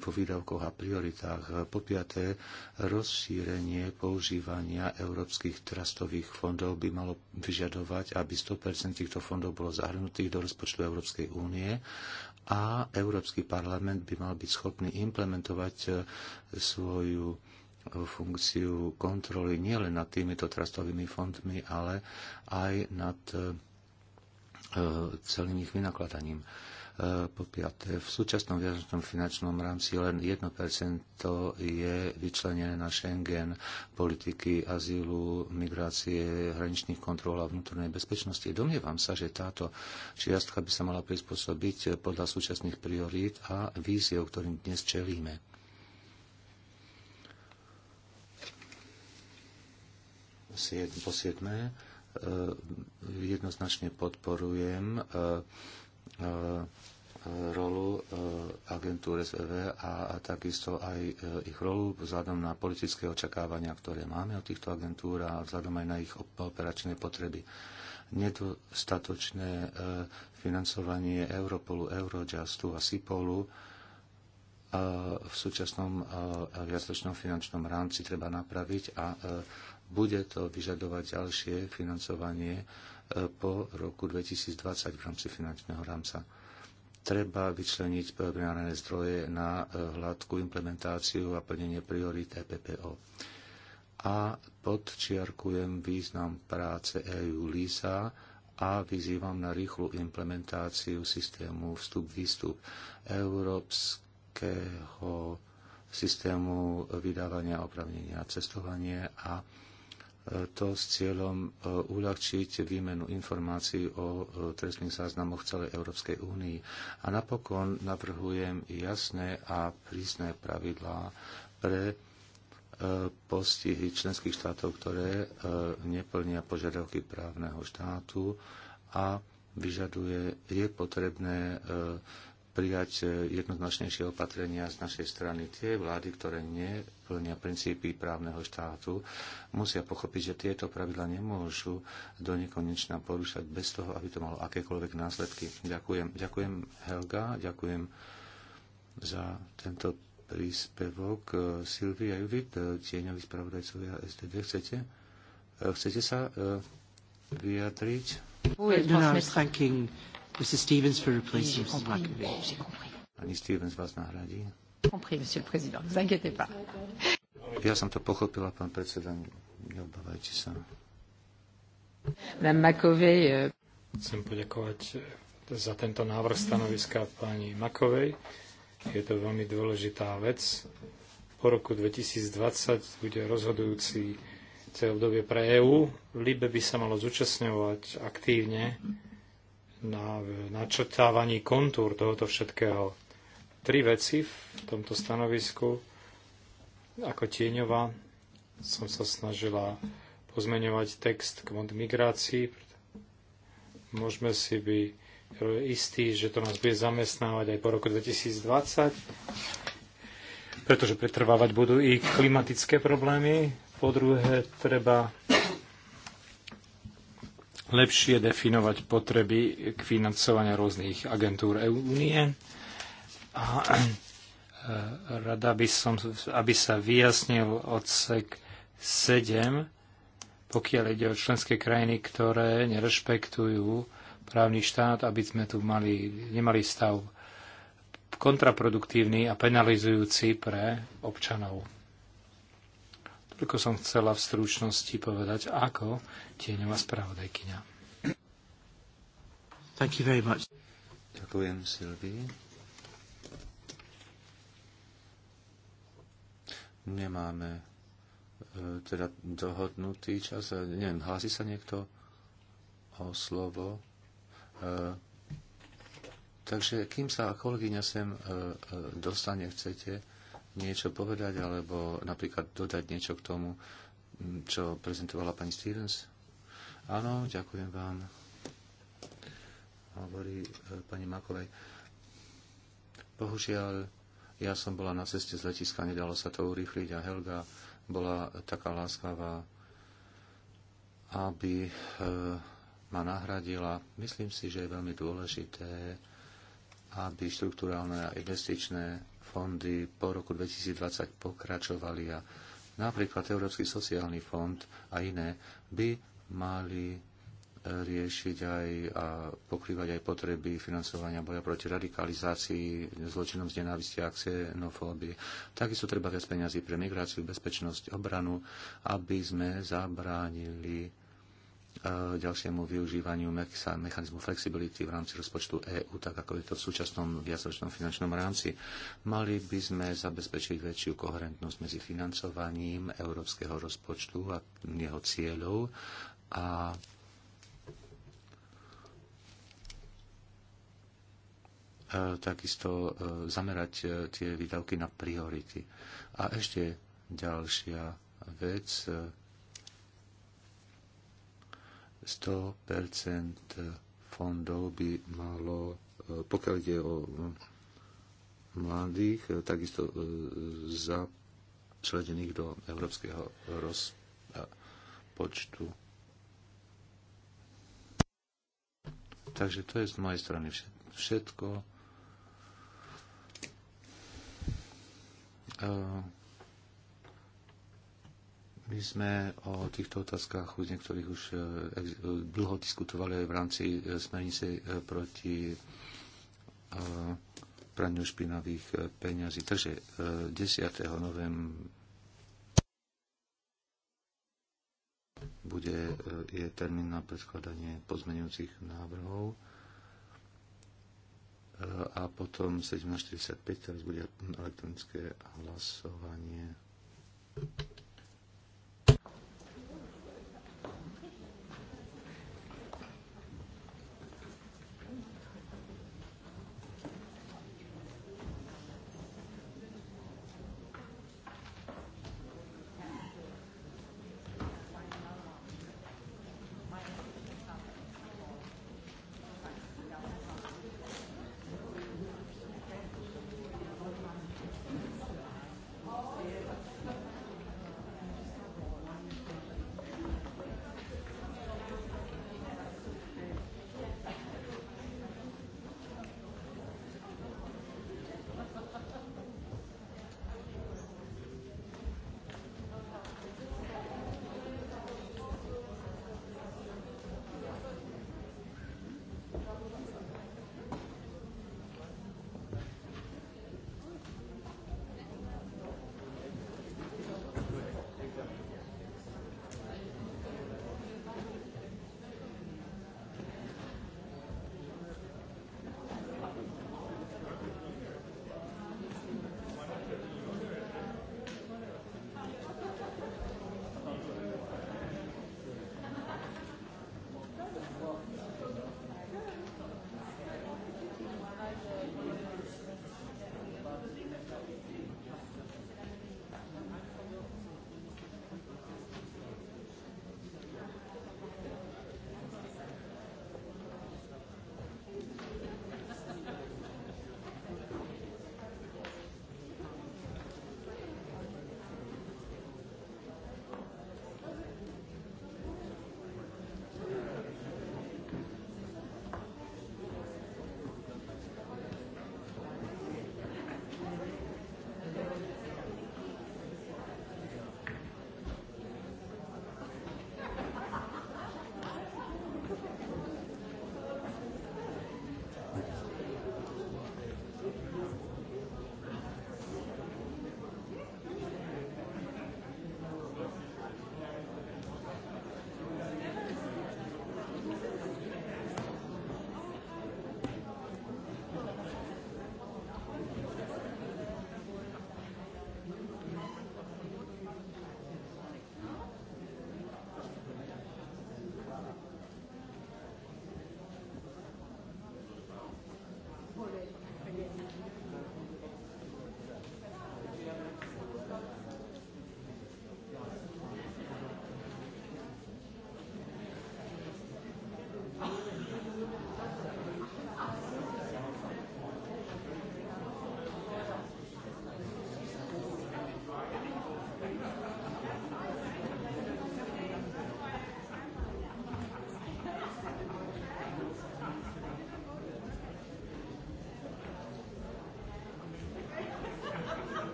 vo výdavkoch a prioritách. Po piaté, rozšírenie používania európskych trastových fondov by malo vyžadovať, aby 100% týchto fondov bolo zahrnutých do rozpočtu Európskej únie a Európsky parlament by mal byť schopný implementovať e, svoju e, funkciu kontroly nielen nad týmito trastovými fondmi, ale aj nad e, celým ich vynakladaním. Po piaté, v súčasnom viažnom finančnom rámci len 1% je vyčlenené na Schengen politiky azylu, migrácie, hraničných kontrol a vnútornej bezpečnosti. Domnievam sa, že táto čiastka by sa mala prispôsobiť podľa súčasných priorít a víziev, ktorým dnes čelíme. Po siedme, e, jednoznačne podporujem e, Eh, rolu eh, agentúry SVV e a, a takisto aj eh, ich rolu vzhľadom na politické očakávania, ktoré máme od týchto agentúr a vzhľadom aj na ich operačné potreby. Nedostatočné financovanie Europolu, Eurojustu a SIPOLu v súčasnom viacročnom finančnom rámci treba napraviť a bude to vyžadovať ďalšie financovanie po roku 2020 v rámci finančného rámca. Treba vyčleniť primárne zdroje na e, hladkú implementáciu a plnenie priorít EPPO. A podčiarkujem význam práce EU LISA a vyzývam na rýchlu implementáciu systému vstup-výstup európskeho systému vydávania opravnenia a cestovanie a to s cieľom e, uľahčiť výmenu informácií o e, trestných záznamoch v celej Európskej únii. A napokon navrhujem jasné a prísne pravidlá pre e, postihy členských štátov, ktoré neplnia požiadavky právneho štátu a vyžaduje, je potrebné prijať jednoznačnejšie opatrenia z našej strany. Tie vlády, ktoré ne plnia princípy právneho štátu, musia pochopiť, že tieto pravidla nemôžu do nekonečna porušať bez toho, aby to malo akékoľvek následky. Ďakujem. Ďakujem Helga, ďakujem za tento príspevok. E, Silvia Judit, e, tieňový spravodajcovia SDD, chcete? E, chcete sa vyjadriť? No, no, Pani Stevens vás nahradí. Ja som to pochopila, pán predseda, neobávajte sa. Eh, Chcem poďakovať eh, za tento návrh stanoviska pani Makovej. Je to veľmi dôležitá vec. Po roku 2020 bude rozhodujúci celé obdobie pre EÚ. Libe by sa malo zúčastňovať aktívne na načrtávaní kontúr tohoto všetkého tri veci v tomto stanovisku. Ako tieňová som sa snažila pozmeňovať text k migrácii. Môžeme si byť istí, že to nás bude zamestnávať aj po roku 2020, pretože pretrvávať budú i klimatické problémy. Po druhé, treba lepšie definovať potreby k financovania rôznych agentúr EÚ. E, rada by som, aby sa vyjasnil odsek 7, pokiaľ ide o členské krajiny, ktoré nerešpektujú právny štát, aby sme tu mali, nemali stav kontraproduktívny a penalizujúci pre občanov. Toľko som chcela v stručnosti povedať, ako tieňová spravodajkyňa. Thank you very much. Ďakujem, Silvii. nemáme e, teda dohodnutý čas. E, neviem, hlási sa niekto o slovo? E, takže kým sa kolegyňa sem dostane, chcete niečo povedať alebo napríklad dodať niečo k tomu, čo prezentovala pani Stevens? Áno, ďakujem vám, hovorí pani Makovej. Bohužiaľ, ja som bola na ceste z letiska, nedalo sa to urýchliť a Helga bola taká láskavá, aby e, ma nahradila. Myslím si, že je veľmi dôležité, aby štruktúrálne a investičné fondy po roku 2020 pokračovali a napríklad Európsky sociálny fond a iné by mali riešiť aj a pokrývať aj potreby financovania boja proti radikalizácii, zločinom z nenávisti a xenofóbie. Takisto treba viac peňazí pre migráciu, bezpečnosť, obranu, aby sme zabránili e, ďalšiemu využívaniu mechanizmu flexibility v rámci rozpočtu EÚ, tak ako je to v súčasnom viacročnom finančnom rámci. Mali by sme zabezpečiť väčšiu koherentnosť medzi financovaním európskeho rozpočtu a jeho cieľov a E, takisto e, zamerať e, tie výdavky na priority. A ešte ďalšia vec. 100% fondov by malo, pokiaľ ide o mladých, takisto začlenených do európskeho rozpočtu. Takže to je z mojej strany všetko Eh, my sme o týchto otázkach už niektorých už eh, eh, dlho diskutovali aj v rámci smernice proti praniu špinavých peňazí. Takže 10. novembra bude, je termín na predkladanie pozmenujúcich návrhov a potom 17.45 teraz bude elektronické hlasovanie.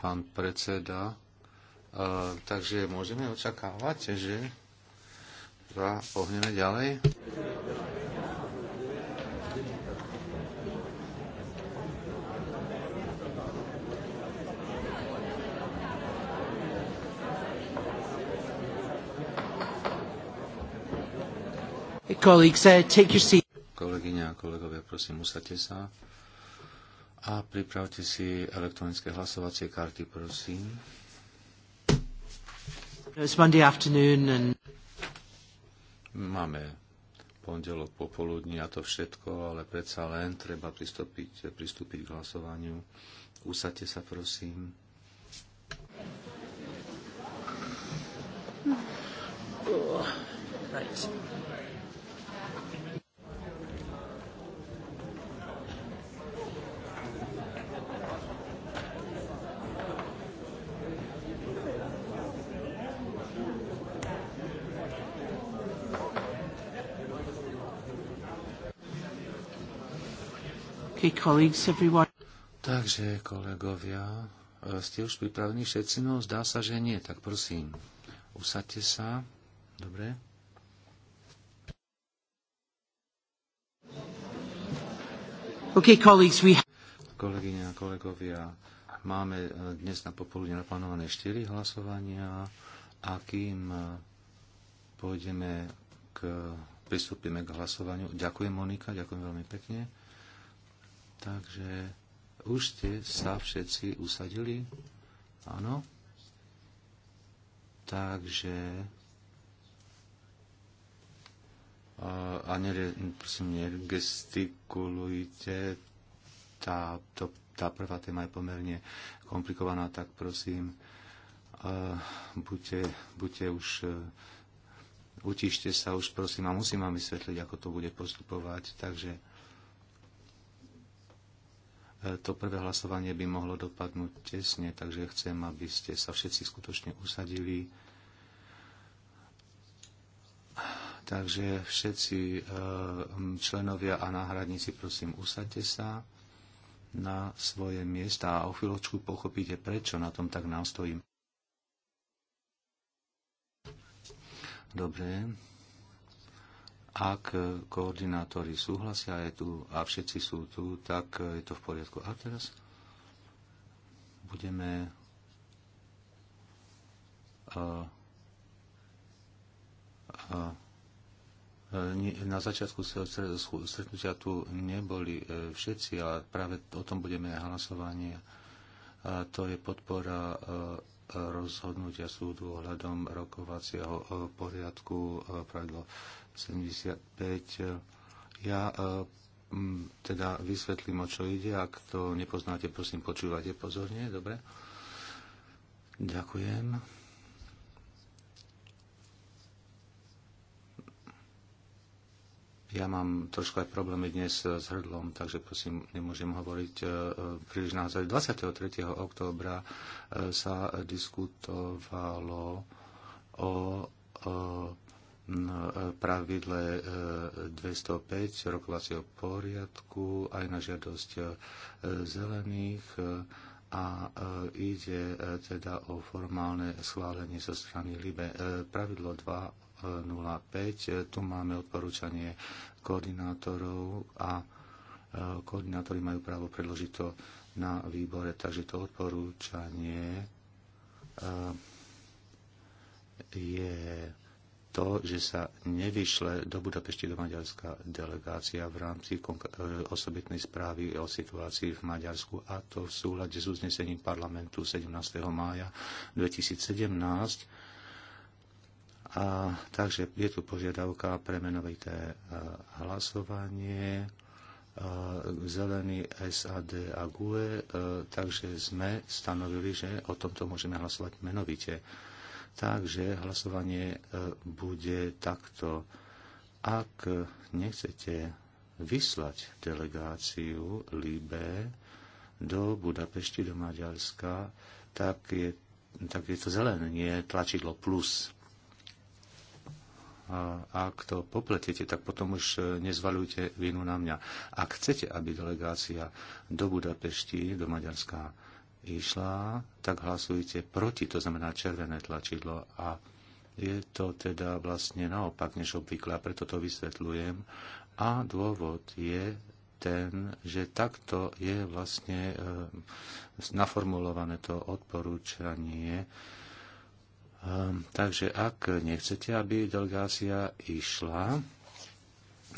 Pán predseda, takže môžeme očakávať, že dva pohneme ďalej. Uh, Kolegyňa a kolegovia, prosím, usadte sa a pripravte si elektronické hlasovacie karty, prosím. And... Máme pondelok popoludní a to všetko, ale predsa len treba pristúpiť, pristúpiť k hlasovaniu. Usadte sa, prosím. Oh, right. colleagues, everyone. Takže, kolegovia, e, ste už pripravení všetci? No, zdá sa, že nie, tak prosím, usadte sa. Dobre. Okay, colleagues, we... Kolegyne a kolegovia, máme e, dnes na popoludne naplánované 4 hlasovania a kým e, pôjdeme k, pristúpime k hlasovaniu. Ďakujem Monika, ďakujem veľmi pekne. Takže už ste sa všetci usadili? Áno? Takže a ne, prosím, negestikulujte. Tá, to, tá prvá téma je pomerne komplikovaná, tak prosím, buďte, buďte už, e, utište sa už, prosím, a musím vám vysvetliť, ako to bude postupovať. Takže to prvé hlasovanie by mohlo dopadnúť tesne, takže chcem, aby ste sa všetci skutočne usadili. Takže všetci eh, členovia a náhradníci, prosím, usadte sa na svoje miesta a o chvíľočku pochopíte, prečo na tom tak nástojím. Dobre, ak koordinátori súhlasia je tu, a všetci sú tu, tak je to v poriadku. A teraz budeme na začiatku stretnutia tu neboli e, všetci, ale práve o tom budeme hlasovanie. A to je podpora e, rozhodnutia súdu ohľadom rokovacieho e, poriadku pravidlo 75. Ja e, teda vysvetlím, o čo ide. Ak to nepoznáte, prosím, počúvate pozorne. Dobre. Ďakujem. Ja mám trošku aj problémy dnes s hrdlom, takže prosím, nemôžem hovoriť e, e, príliš naozaj. 23. októbra sa diskutovalo o E, pravidle 205 e, rokovacieho poriadku aj na žiadosť e, zelených a ide teda o formálne schválenie zo strany LIBE. Pravidlo 205, tu máme odporúčanie koordinátorov a koordinátori majú právo predložiť to na výbore, takže to odporúčanie je to, že sa nevyšle do Budapešti do Maďarska delegácia v rámci e, osobitnej správy o situácii v Maďarsku a to v súhľade s uznesením parlamentu 17. mája 2017. A, takže je tu požiadavka premenovité e, hlasovanie e, zelený SAD a GUE, takže sme stanovili, že o tomto môžeme hlasovať menovite. Takže hlasovanie e, bude takto. Ak nechcete vyslať delegáciu Libé do Budapešti, do Maďarska, tak je, tak je to nie tlačidlo plus. A ak to popletiete, tak potom už e, nezvalujte vinu na mňa. Ak chcete, aby delegácia do Budapešti, do Maďarska išla, tak hlasujte proti, to znamená červené tlačidlo a je to teda vlastne naopak než obvykle a preto to vysvetľujem. A dôvod je ten, že takto je vlastne e, naformulované to odporúčanie. E, takže ak nechcete, aby delegácia išla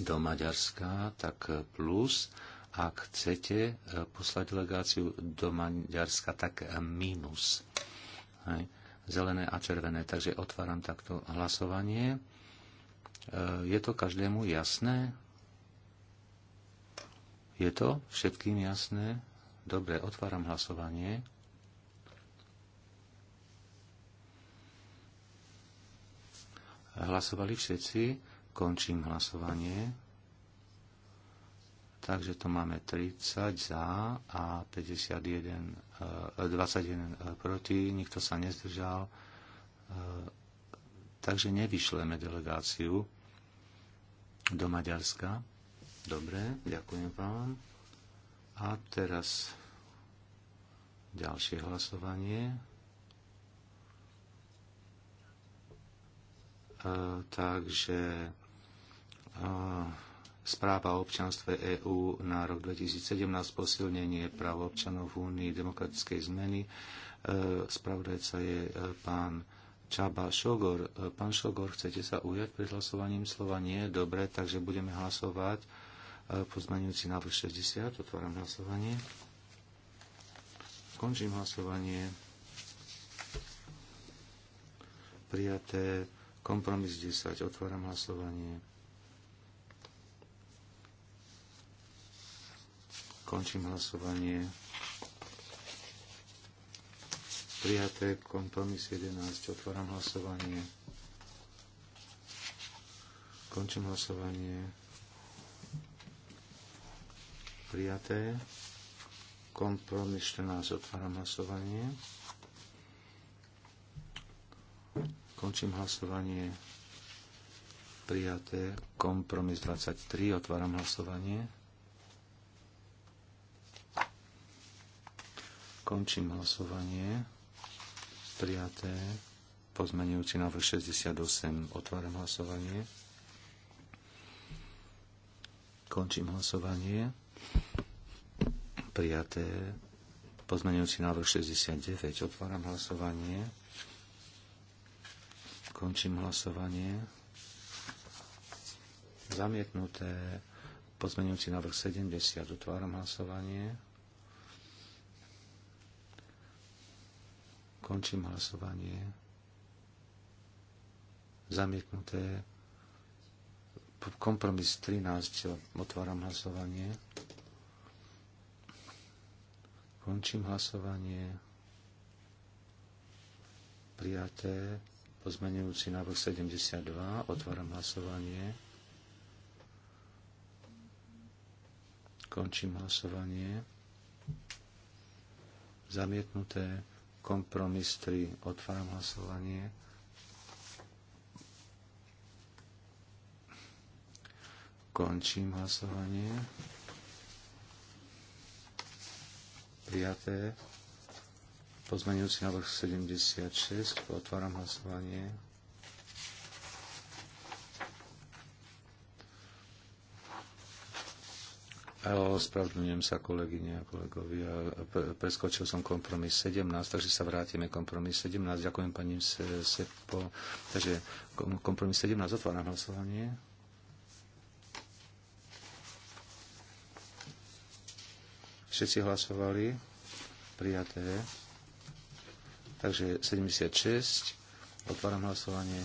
do Maďarska, tak plus ak chcete e, poslať delegáciu do Maďarska, tak minus. Hej. Zelené a červené. Takže otváram takto hlasovanie. E, je to každému jasné? Je to všetkým jasné? Dobre, otváram hlasovanie. Hlasovali všetci. Končím hlasovanie. Takže to máme 30 za a 51, 21 e, e, proti, nikto sa nezdržal. E, takže nevyšleme delegáciu do Maďarska. Dobre, ďakujem vám. A teraz ďalšie hlasovanie. Uh, takže uh, správa o občanstve EÚ na rok 2017, posilnenie práv občanov v Únii demokratickej zmeny. E, spravodajca je e, pán Čaba Šogor. E, pán Šogor, chcete sa ujať pred hlasovaním slova? Nie? Dobre, takže budeme hlasovať pozmeňujúci návrh 60. Otváram hlasovanie. Končím hlasovanie. Prijaté kompromis 10. Otváram hlasovanie. Končím hlasovanie. Prijaté kompromis 11. Otváram hlasovanie. Končím hlasovanie. Prijaté. Kompromis 14. Otváram hlasovanie. Končím hlasovanie. Prijaté. Kompromis 23. Otváram hlasovanie. Končím hlasovanie. Prijaté. Pozmenujúci návrh 68. Otváram hlasovanie. Končím hlasovanie. Prijaté. Pozmenujúci návrh 69. Otváram hlasovanie. Končím hlasovanie. Zamietnuté. Pozmenujúci návrh 70. Otváram hlasovanie. Končím hlasovanie. Zamietnuté. Kompromis 13. Otváram hlasovanie. Končím hlasovanie. Prijaté. Pozmenujúci návrh 72. Otváram hlasovanie. Končím hlasovanie. Zamietnuté Kompromis 3. Otváram hlasovanie. Končím hlasovanie. Prijaté. Pozmenujúci návrh 76. Otváram hlasovanie. Ospravedlňujem sa, kolegyne a kolegovi. Preskočil som kompromis 17, takže sa vrátime kompromis 17. Ďakujem pani Sepo. Takže kompromis 17, otváram hlasovanie. Všetci hlasovali. Prijaté. Takže 76. Otváram hlasovanie.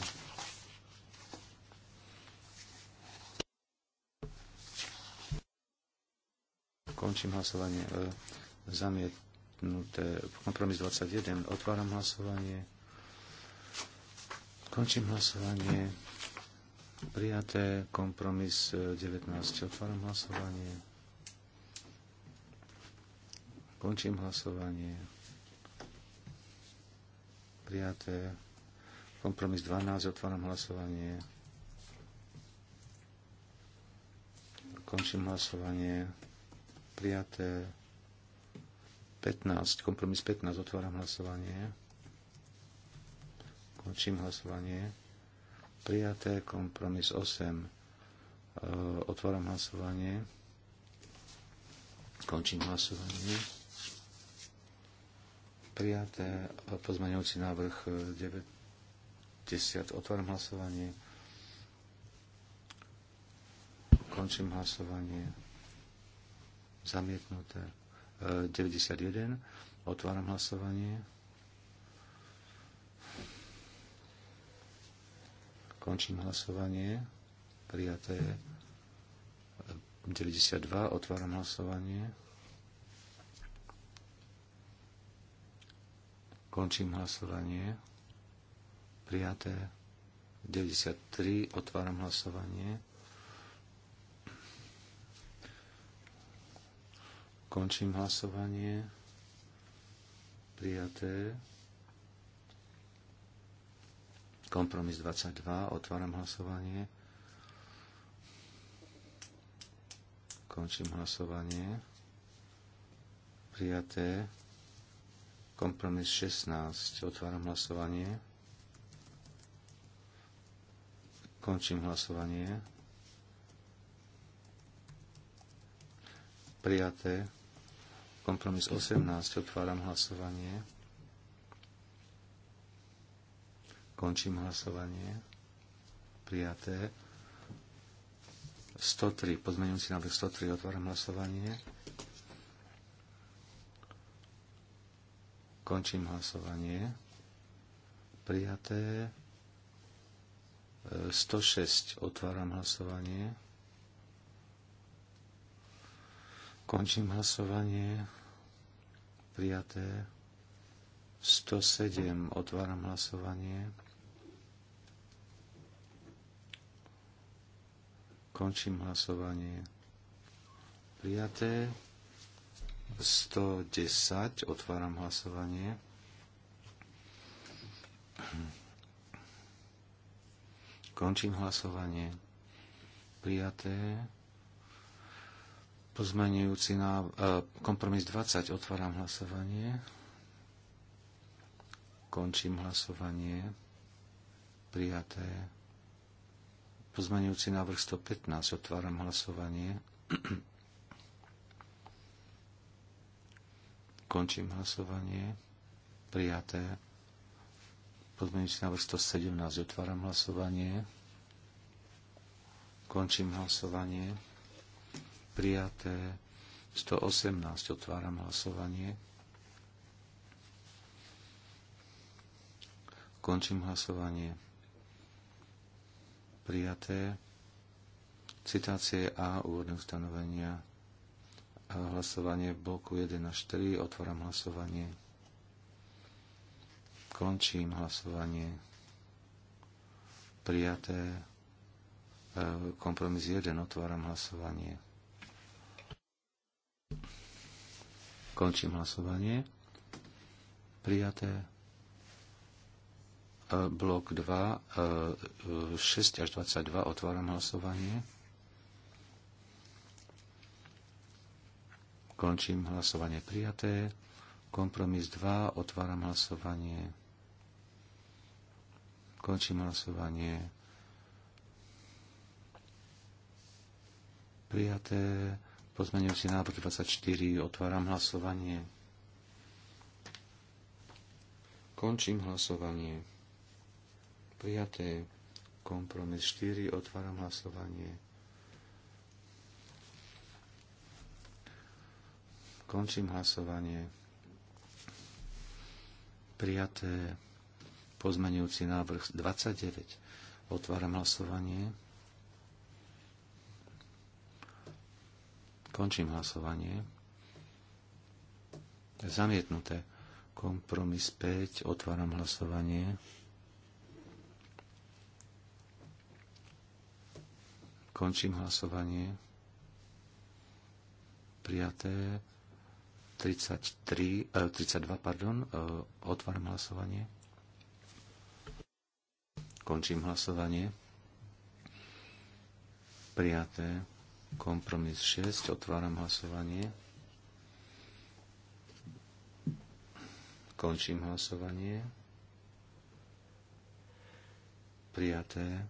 Končím hlasovanie. E, zamietnuté. Kompromis 21. Otváram hlasovanie. Končím hlasovanie. Prijaté. Kompromis 19. E, Otváram hlasovanie. Končím hlasovanie. Prijaté. Kompromis 12. Otváram hlasovanie. Končím hlasovanie prijaté 15, kompromis 15, otváram hlasovanie. Končím hlasovanie. Prijaté kompromis 8, e, otváram hlasovanie. Končím hlasovanie. Prijaté e, pozmeňujúci návrh 90, e, otváram hlasovanie. Končím hlasovanie zamietnuté. 91. E, Otváram hlasovanie. Končím hlasovanie. Prijaté 92. E, Otváram hlasovanie. Končím hlasovanie. Prijaté 93. Otváram hlasovanie. Končím hlasovanie. Prijaté. Kompromis 22. Otváram hlasovanie. Končím hlasovanie. Prijaté. Kompromis 16. Otváram hlasovanie. Končím hlasovanie. Prijaté. Kompromis 18. Otváram hlasovanie. Končím hlasovanie. Prijaté. 103. Pozmeňujúci návrh 103. Otváram hlasovanie. Končím hlasovanie. Prijaté. 106. E, otváram hlasovanie. Končím hlasovanie. Prijaté. 107. Otváram hlasovanie. Končím hlasovanie. Prijaté. 110. Otváram hlasovanie. Končím hlasovanie. Prijaté. Pozmenujúci na e, kompromis 20. Otváram hlasovanie. Končím hlasovanie. Prijaté. Pozmenujúci návrh 115. Otváram hlasovanie. Končím hlasovanie. Prijaté. Pozmenujúci návrh 117. Otváram hlasovanie. Končím hlasovanie prijaté. 118. Otváram hlasovanie. Končím hlasovanie. Prijaté. Citácie A úvodné ustanovenia. Hlasovanie v bloku 1 až 4. Otváram hlasovanie. Končím hlasovanie. Prijaté. E, kompromis 1. Otváram hlasovanie. Končím hlasovanie. Prijaté e, blok 2, 6 e, e, až 22, otváram hlasovanie. Končím hlasovanie prijaté. Kompromis 2, otváram hlasovanie. Končím hlasovanie. Prijaté Pozmenujúci návrh 24. Otváram hlasovanie. Končím hlasovanie. Prijaté. Kompromis 4. Otváram hlasovanie. Končím hlasovanie. Prijaté. Pozmenujúci návrh 29. Otváram hlasovanie. Končím hlasovanie. Zamietnuté. Kompromis 5. Otváram hlasovanie. Končím hlasovanie. Prijaté. 33, eh, 32, pardon, eh, otváram hlasovanie. Končím hlasovanie. Prijaté. Kompromis 6. Otváram hlasovanie. Končím hlasovanie. Prijaté.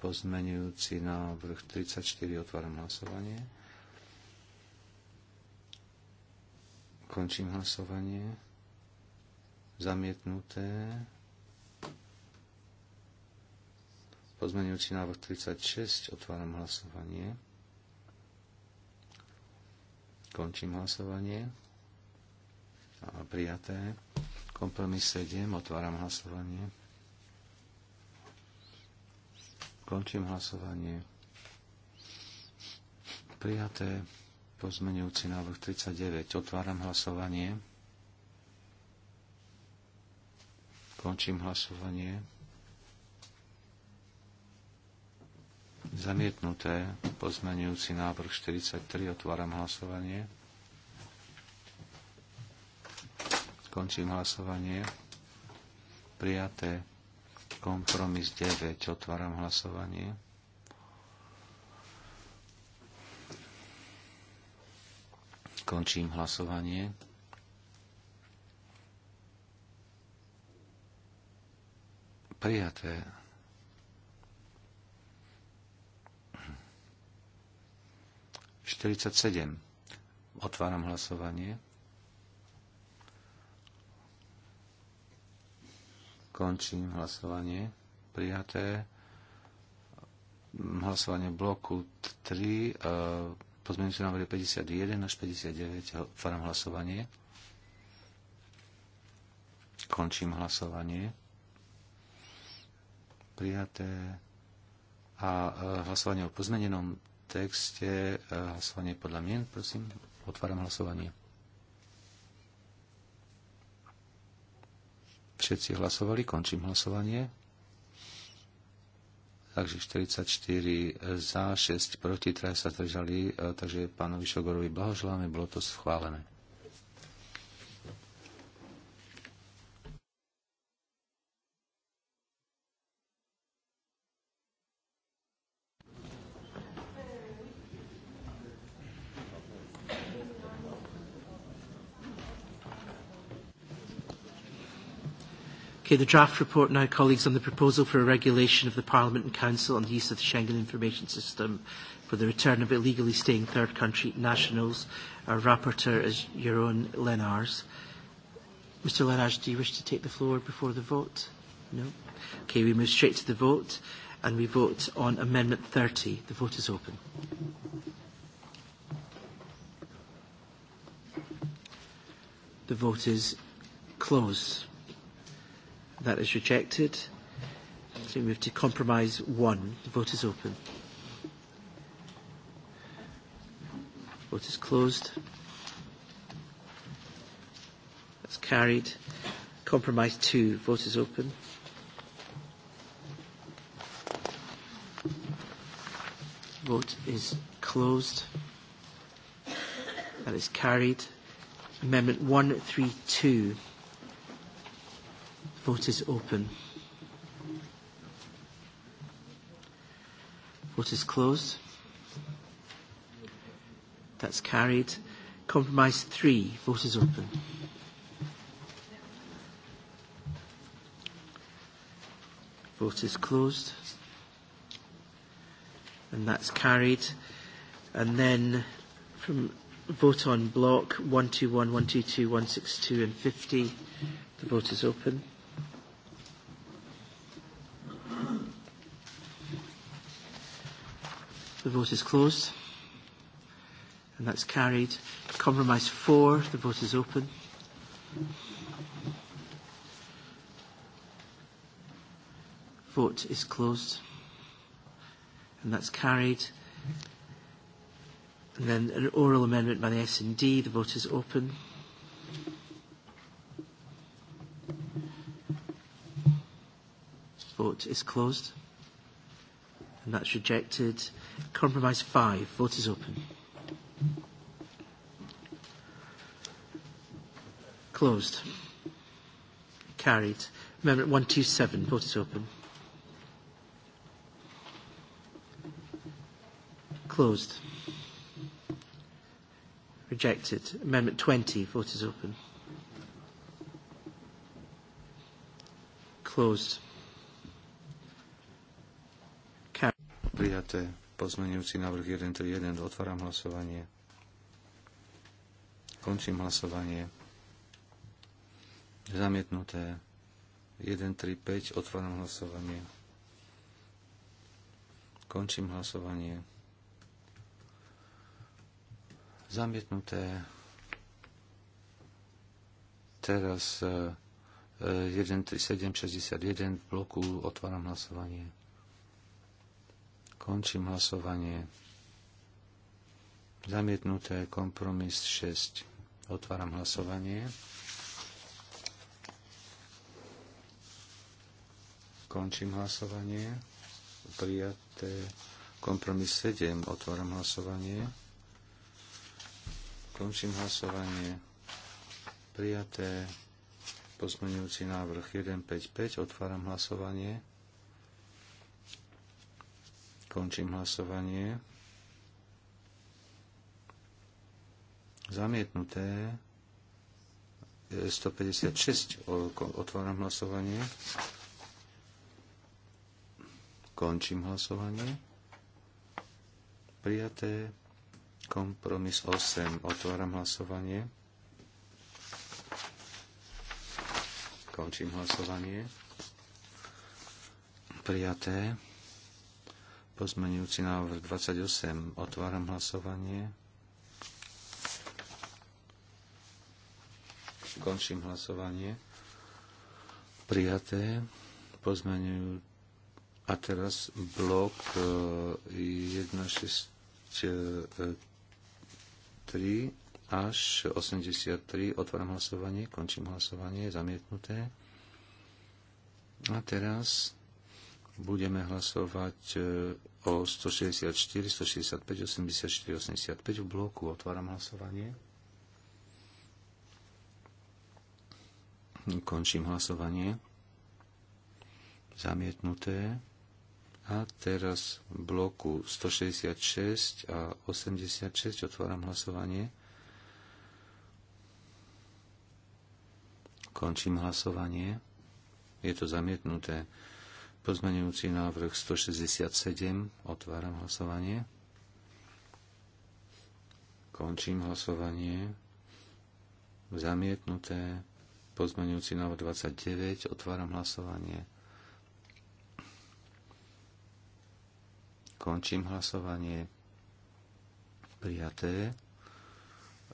Pozmenujúci návrh 34. Otváram hlasovanie. Končím hlasovanie. Zamietnuté. Pozmenujúci návrh 36. Otváram hlasovanie. Končím hlasovanie. A prijaté. Kompromis 7. Otváram hlasovanie. Končím hlasovanie. Prijaté. Pozmenujúci návrh 39. Otváram hlasovanie. Končím hlasovanie Zamietnuté. Pozmenujúci návrh 43. Otváram hlasovanie. Končím hlasovanie. Prijaté. Kompromis 9. Otváram hlasovanie. Končím hlasovanie. Prijaté. 47. Otváram hlasovanie. Končím hlasovanie. Prijaté. Hlasovanie bloku 3. E, Pozmeňujúci návrh 51 až 59. Otváram hlasovanie. Končím hlasovanie. Prijaté. A e, hlasovanie o pozmenenom texte eh, hlasovanie podľa mien. Prosím, otváram hlasovanie. Všetci hlasovali, končím hlasovanie. Takže 44 eh, za, 6 proti, 3 sa držali, eh, takže pánovi Šogorovi blahoželáme, bolo to schválené. Okay, the draft report now, colleagues, on the proposal for a regulation of the Parliament and Council on the use of the Schengen Information System for the return of illegally staying third country nationals. Our rapporteur is own Lenars. Mr Lenars, do you wish to take the floor before the vote? No? Okay, we move straight to the vote and we vote on Amendment 30. The vote is open. The vote is closed. That is rejected. So we move to compromise one. The vote is open. Vote is closed. That's carried. Compromise two. Vote is open. Vote is closed. That is carried. Amendment 132. Vote is open. Vote is closed. That's carried. Compromise three. Vote is open. Vote is closed. And that's carried. And then from vote on block 121, 122, 162 and 50. The vote is open. The vote is closed. And that's carried. Compromise four. The vote is open. Vote is closed. And that's carried. And then an oral amendment by the S&D. The vote is open. Vote is closed. And that's rejected. Compromise 5. Vote is open. Closed. Carried. Amendment 127. Vote is open. Closed. Rejected. Amendment 20. Vote is open. Closed. Carried. Prijaté. Pozmenujúci návrh 131. Otváram hlasovanie. Končím hlasovanie. Zamietnuté. 135. Otváram hlasovanie. Končím hlasovanie. Zamietnuté. Teraz 13761 eh, v bloku otváram hlasovanie. Končím hlasovanie. Zamietnuté kompromis 6. Otváram hlasovanie. Končím hlasovanie. Prijaté kompromis 7. Otváram hlasovanie. Končím hlasovanie. Prijaté pozmenujúci návrh 155. Otváram hlasovanie. Končím hlasovanie. Zamietnuté. 156. Otváram hlasovanie. Končím hlasovanie. Prijaté. Kompromis 8. Otváram hlasovanie. Končím hlasovanie. Prijaté. Pozmenujúci návrh 28. Otváram hlasovanie. Končím hlasovanie. Prijaté. Pozmenujú a teraz blok 163 eh, eh, až 83. Otváram hlasovanie, končím hlasovanie, zamietnuté. A teraz budeme hlasovať e, o 164, 165, 84, 85 v bloku. Otváram hlasovanie. Končím hlasovanie. Zamietnuté. A teraz v bloku 166 a 86 otváram hlasovanie. Končím hlasovanie. Je to zamietnuté. Pozmenujúci návrh 167. Otváram hlasovanie. Končím hlasovanie. Zamietnuté. Pozmenujúci návrh 29. Otváram hlasovanie. Končím hlasovanie. Prijaté.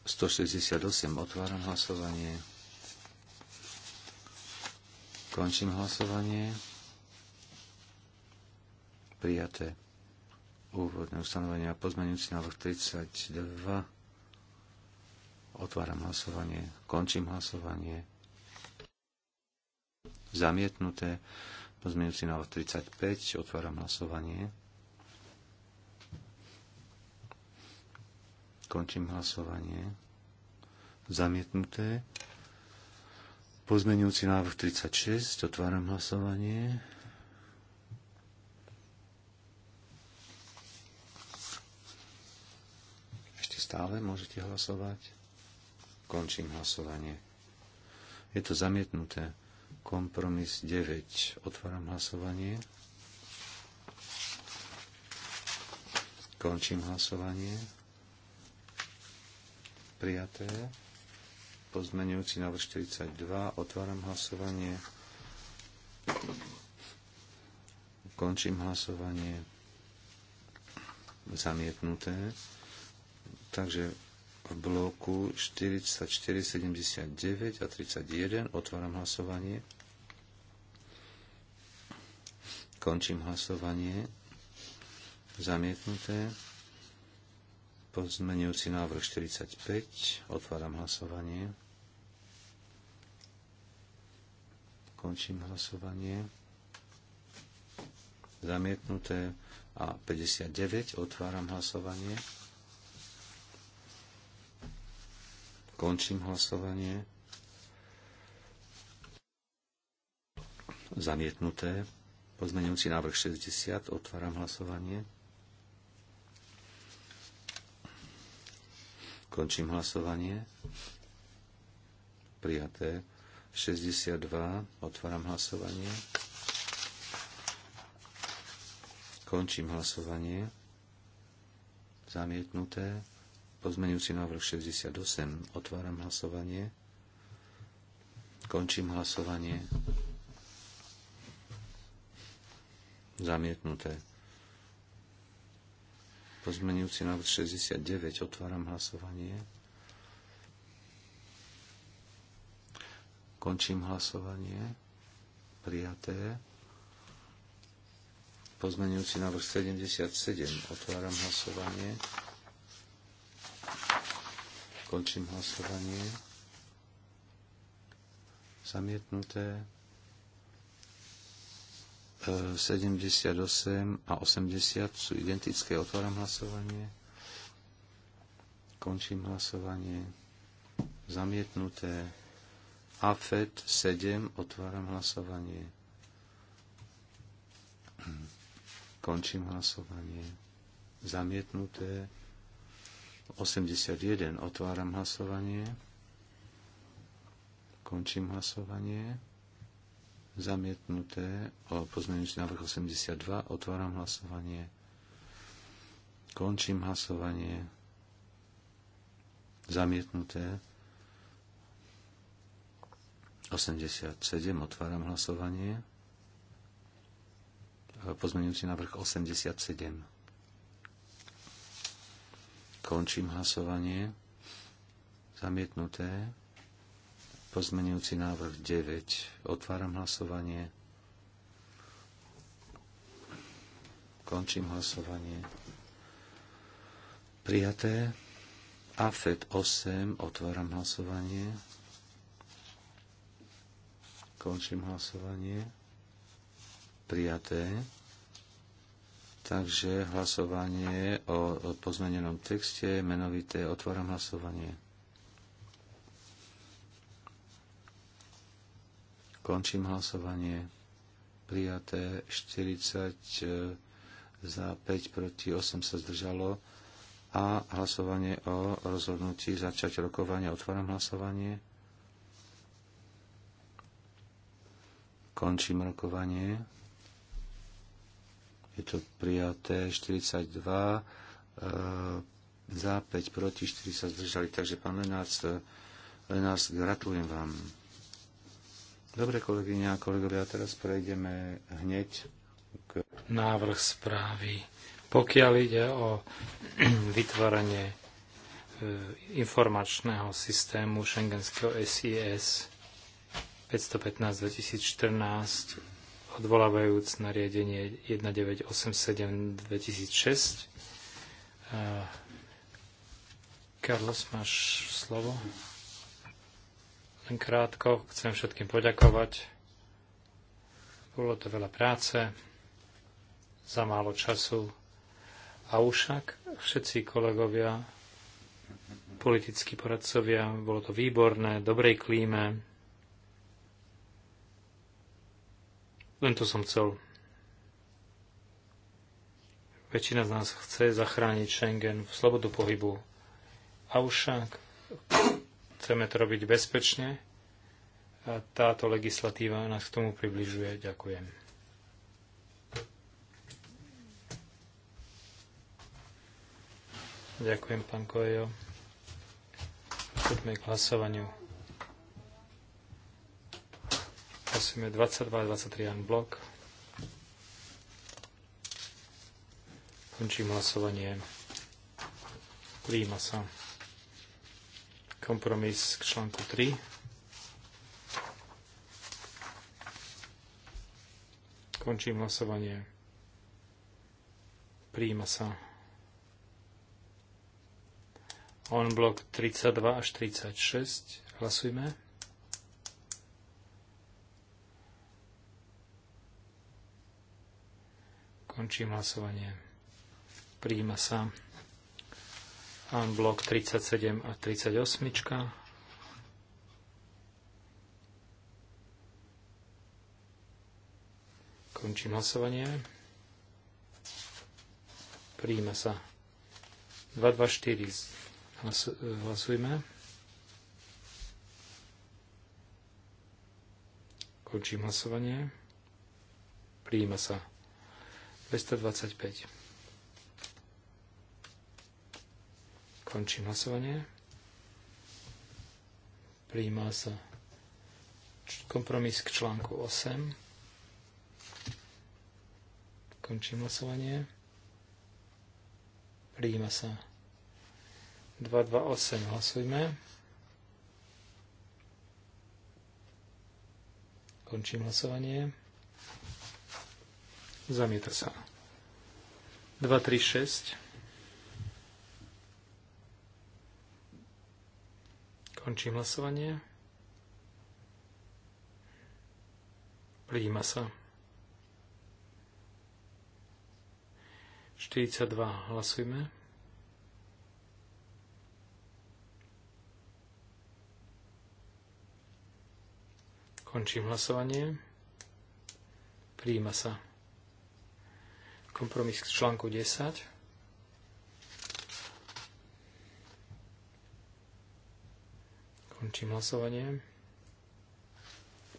168. Otváram hlasovanie. Končím hlasovanie prijaté úvodné ustanovenia pozmenujúci návrh 32. Otváram hlasovanie, končím hlasovanie. Zamietnuté pozmenujúci návrh 35. Otváram hlasovanie. Končím hlasovanie. Zamietnuté. Pozmenujúci návrh 36. Otváram hlasovanie. stále môžete hlasovať. Končím hlasovanie. Je to zamietnuté. Kompromis 9. Otváram hlasovanie. Končím hlasovanie. Prijaté. Pozmenujúci návrh 42. Otváram hlasovanie. Končím hlasovanie. Zamietnuté. Takže v bloku 44, 79 a 31 otváram hlasovanie. Končím hlasovanie. Zamietnuté. Pozmenujúci návrh 45. Otváram hlasovanie. Končím hlasovanie. Zamietnuté. A 59. Otváram hlasovanie. Končím hlasovanie. Zamietnuté. Pozmenujúci návrh 60. Otváram hlasovanie. Končím hlasovanie. Prijaté. 62. Otváram hlasovanie. Končím hlasovanie. Zamietnuté pozmeňujúci návrh 68. Otváram hlasovanie. Končím hlasovanie. Zamietnuté. Pozmeňujúci návrh 69. Otváram hlasovanie. Končím hlasovanie. Prijaté. Pozmeňujúci návrh 77. Otváram hlasovanie. Končím hlasovanie. Zamietnuté. 78 e, a 80 sú identické. Otváram hlasovanie. Končím hlasovanie. Zamietnuté. AFED 7. Otváram hlasovanie. Končím hlasovanie. Zamietnuté. 81. Otváram hlasovanie. Končím hlasovanie. Zamietnuté. o Pozmeňujúci návrh 82. Otváram hlasovanie. Končím hlasovanie. Zamietnuté. 87. Otváram hlasovanie. Pozmeňujúci návrh 87. Končím hlasovanie. Zamietnuté. Pozmenujúci návrh 9. Otváram hlasovanie. Končím hlasovanie. Prijaté. AFED 8. Otváram hlasovanie. Končím hlasovanie. Prijaté. Takže hlasovanie o pozmenenom texte, menovité, otváram hlasovanie. Končím hlasovanie. Prijaté 40 e, za 5 proti 8 sa zdržalo a hlasovanie o rozhodnutí začať rokovanie. Otváram hlasovanie. Končím rokovanie je to prijaté 42 e, za 5 proti 4 sa zdržali. Takže pán Lenárs, e, Lenárs, gratulujem vám. Dobre, kolegyňa a kolegovia, teraz prejdeme hneď k... Návrh správy. Pokiaľ ide o vytvorenie e, informačného systému šengenského SIS 515 2014 odvolávajúc nariadenie 1987-2006. Carlos, máš slovo? Len krátko, chcem všetkým poďakovať. Bolo to veľa práce, za málo času. A ušak všetci kolegovia, politickí poradcovia, bolo to výborné, dobrej klíme, Len to som chcel. Väčšina z nás chce zachrániť Schengen v slobodu pohybu. A už však chceme to robiť bezpečne a táto legislatíva nás k tomu približuje. Ďakujem. Ďakujem, pán Kojo. Poďme k hlasovaniu. Prosíme 22 a 23 en blok. Končím hlasovanie. Príjima sa. Kompromis k článku 3. Končím hlasovanie. Príjima sa. On blok 32 až 36. Hlasujme. Končím hlasovanie. Príjima sa blok 37 a 38. Končím hlasovanie. Príjima sa 224. hlasujme. Končím hlasovanie. Príjima sa 225. Končím hlasovanie. Prijímá sa kompromis k článku 8. Končím hlasovanie. Prijíma sa 228. Hlasujme. Končím hlasovanie. Zamieta sa. 2, 3, 6. Končím hlasovanie. Príjima sa. 42. Hlasujme. Končím hlasovanie. Príjima sa kompromis k článku 10. Končím hlasovanie.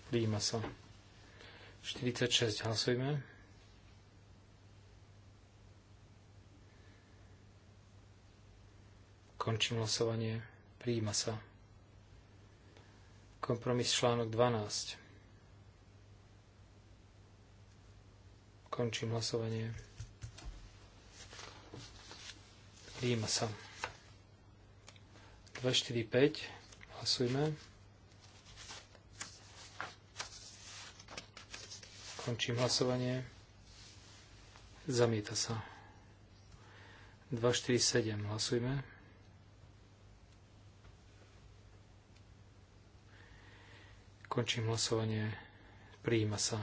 Príjima sa. 46 hlasujme. Končím hlasovanie. Príjima sa. Kompromis článok 12. Končím hlasovanie. Príjima sa. 2, 4, 5. Hlasujme. Končím hlasovanie. Zamieta sa. 2, 4, 7. Hlasujme. Končím hlasovanie. Príjima sa.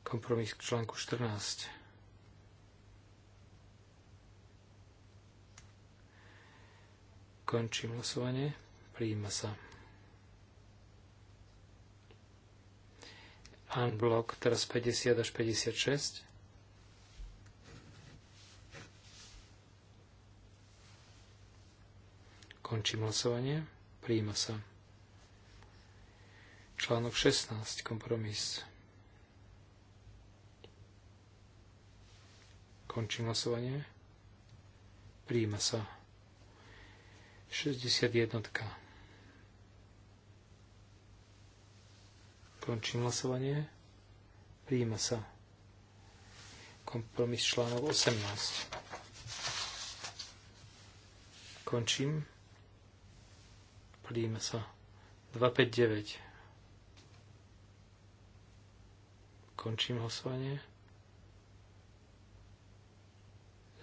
Kompromis k článku 14. Končím hlasovanie. Prijíma sa. Unblock, teraz 50 až 56. Končím hlasovanie. Prijíma sa. Článok 16. Kompromis. Končím hlasovanie. Prijíma sa. 61. Končím hlasovanie. Príjima sa. Kompromis článok 18. Končím. Príjima sa. 259. Končím hlasovanie.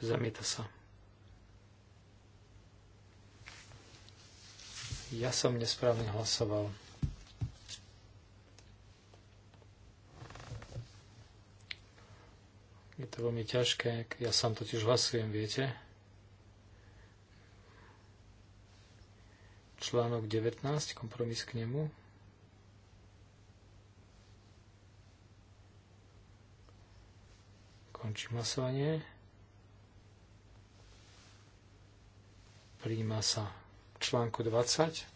Zamieta sa. Ja som nesprávne hlasoval. Je to veľmi ťažké. Ja sám totiž hlasujem, viete. Článok 19, kompromis k nemu. Končím hlasovanie. Príjma sa článku 20.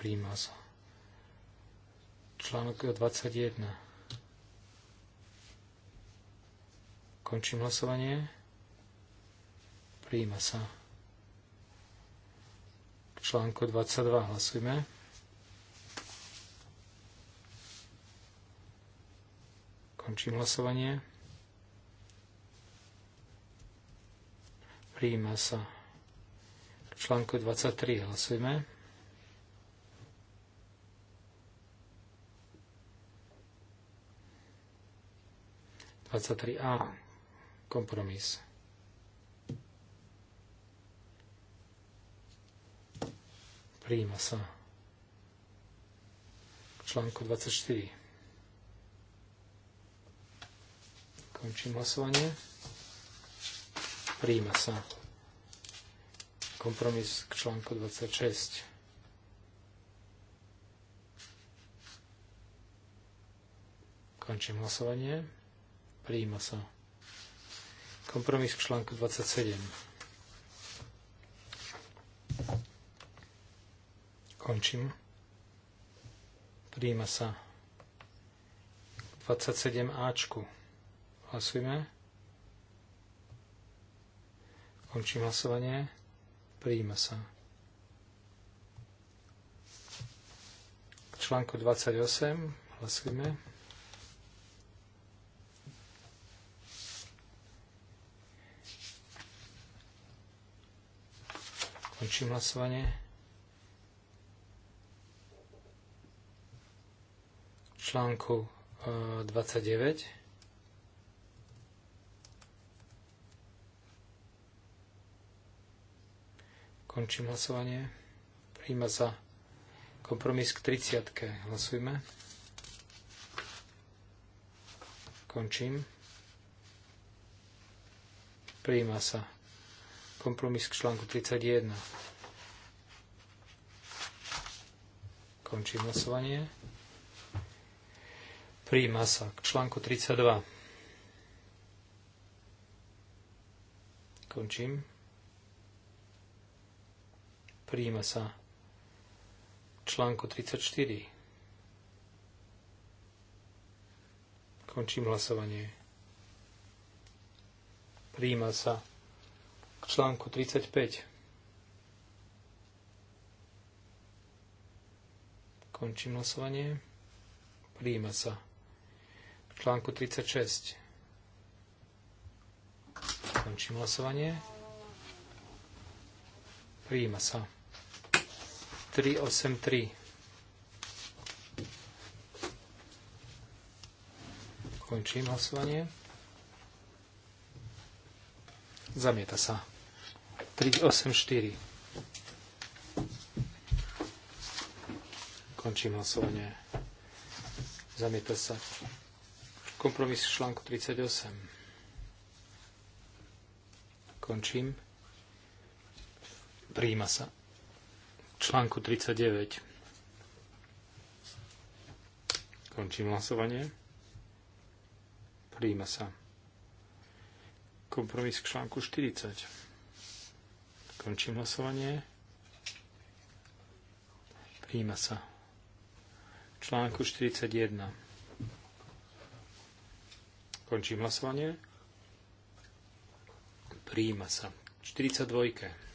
Príjma Článok 21. Končím hlasovanie. Príjma sa. K článku 22 hlasujme. Končím hlasovanie. Príjima sa. K článku 23 hlasujme. a kompromis. Príjima sa. K článku 24. Končím hlasovanie. Príjma sa. Kompromis k článku 26. Končím hlasovanie. Príjma sa. Kompromis k článku 27. Končím. Príjma sa. 27 Ačku. Hlasujeme. Končím hlasovanie. Prijíma sa. K článku 28 hlasujeme. Končím hlasovanie. článku 29 e, Končím hlasovanie. Prijíma sa kompromis k 30. Hlasujme. Končím. Prijíma sa kompromis k článku 31. Končím hlasovanie. Prijíma sa k článku 32. Končím. Príjima sa článku 34. Končím hlasovanie. Príjima sa k článku 35. Končím hlasovanie. Príjima sa k článku 36. Končím hlasovanie. Príjima sa. 383. Končím hlasovanie. Zamieta sa. 384. Končím hlasovanie. Zamieta sa. Kompromis článku 38. Končím. Príjima sa článku 39. Končím hlasovanie. Príjima sa. Kompromis k článku 40. Končím hlasovanie. Príjima sa. Článku 41. Končím hlasovanie. Príjima sa. 42.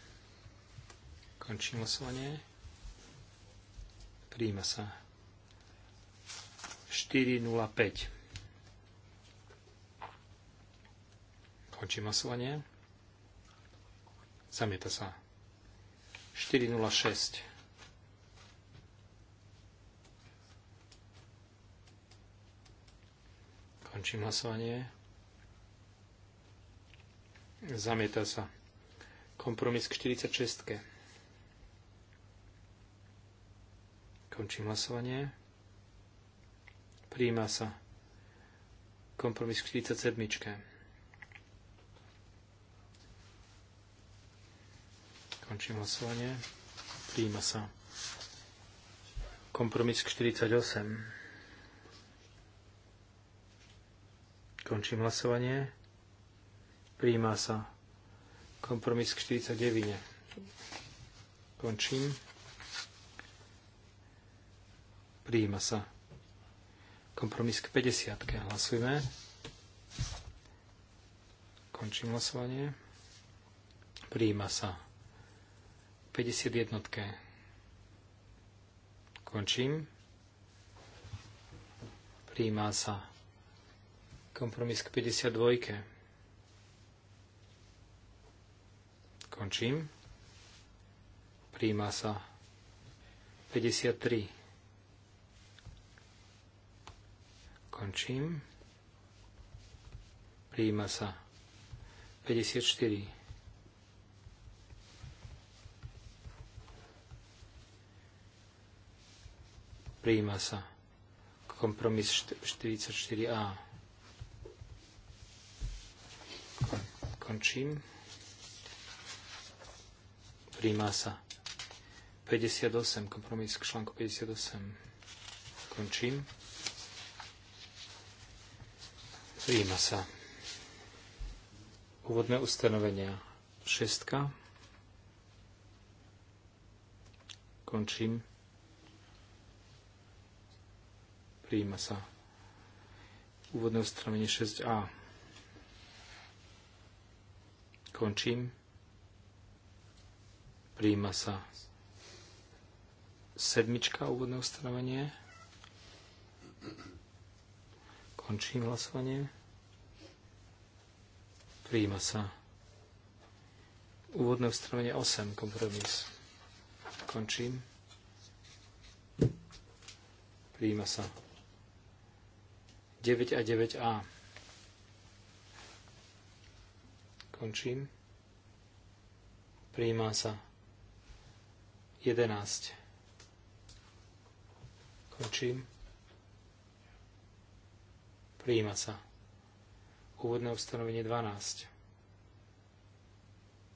Končím hlasovanie. Príjma sa. 4.05. Končím hlasovanie. Zamieta sa. 406. Končím hlasovanie. Zamieta sa. Kompromis k 46. Končím hlasovanie. Príjima sa kompromis k 47. Končím hlasovanie. Príjima sa kompromis k 48. Končím hlasovanie. Príjma sa kompromis k 49. Končím. Prijíma sa. Kompromis k 50. -ke. Hlasujme. Končím hlasovanie. Prijíma sa. 51. Končím. Prijíma sa. Kompromis k 52. Končím. Prijíma sa. 53. Končím. Prijíma sa. 54. Prijíma sa. Kompromis 44a. Končím. Prijíma sa. 58. Kompromis k článku 58. Končím. Príjima sa. Úvodné ustanovenia. 6. Končím. Príjima sa. Úvodné ustanovenie 6a. Končím. Príjima sa. Sedmička úvodné ustanovenie. Končím hlasovanie. Príjima sa. Úvodné ustanovenie 8, kompromis. Končím. Príjima sa. 9 a 9a. Končím. Príjima sa. 11. Končím. Príjima sa úvodné ustanovenie 12.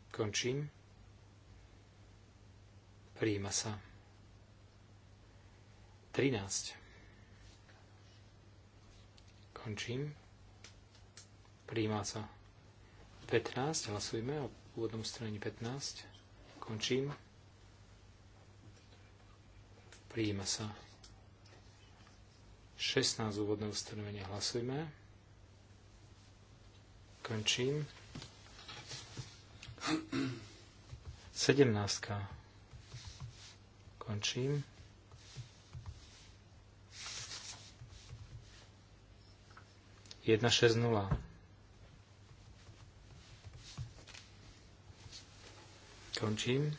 Končím. Príjima sa. 13. Končím. Príjima sa. 15. Hlasujme o úvodnom ustanovení 15. Končím. Príjima sa. 16. Úvodné ustanovenie hlasujme. Končím. 17. Končím. Jedna šesť nula. Končím.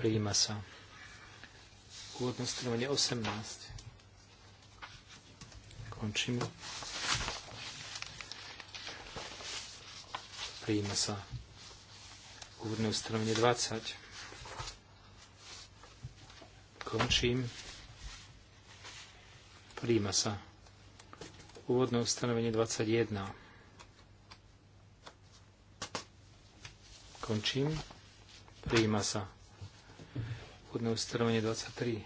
Prijíma sa. Úvodné stanovenie 18. Končím. Príjme sa úvodné ustanovenie 20. Končím. Príjme sa. Úvodné ustanovenie 21. Končím. Príjma sa. Úvodné ustanovenie 23.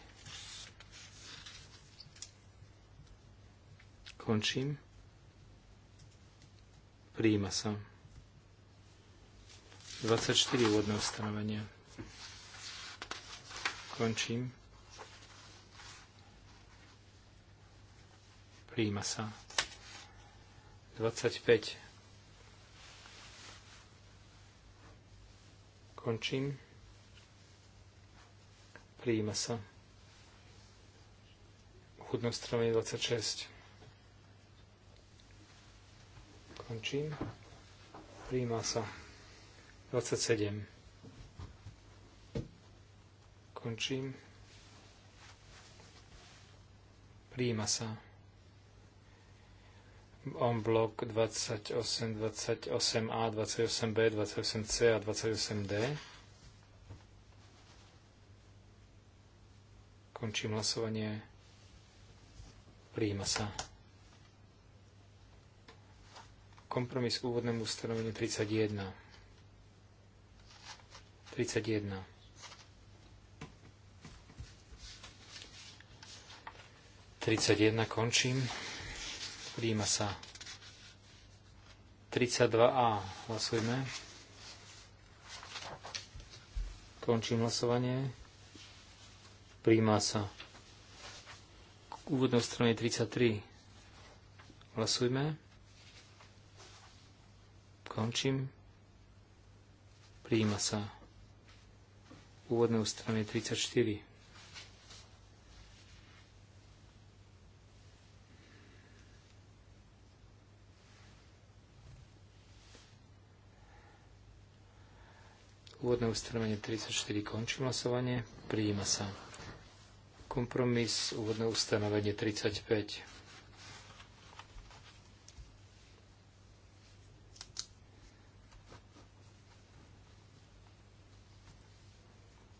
Končím. Príjima sa. 24 úvodné ustanovenia. Končím. Príjima sa. 25. Končím. Príjima sa. Chudnosť 26. Končím. Príjma sa. 27. Končím. Príjma sa. On blok 28, 28a, 28b, 28c a 28d. Končím hlasovanie. Príjma sa. Kompromis k úvodnému ustanoveniu 31. 31. Tridsaťjedna končím. Príjima sa. 32A. Hlasujme. Končím hlasovanie. Príjima sa. K úvodnou strane 33. Hlasujme. Končím. Prijíma sa. Úvodné ustanovenie 34. Úvodné ustanovenie 34. Končím hlasovanie. Prijíma sa. Kompromis. Úvodné ustanovenie 35.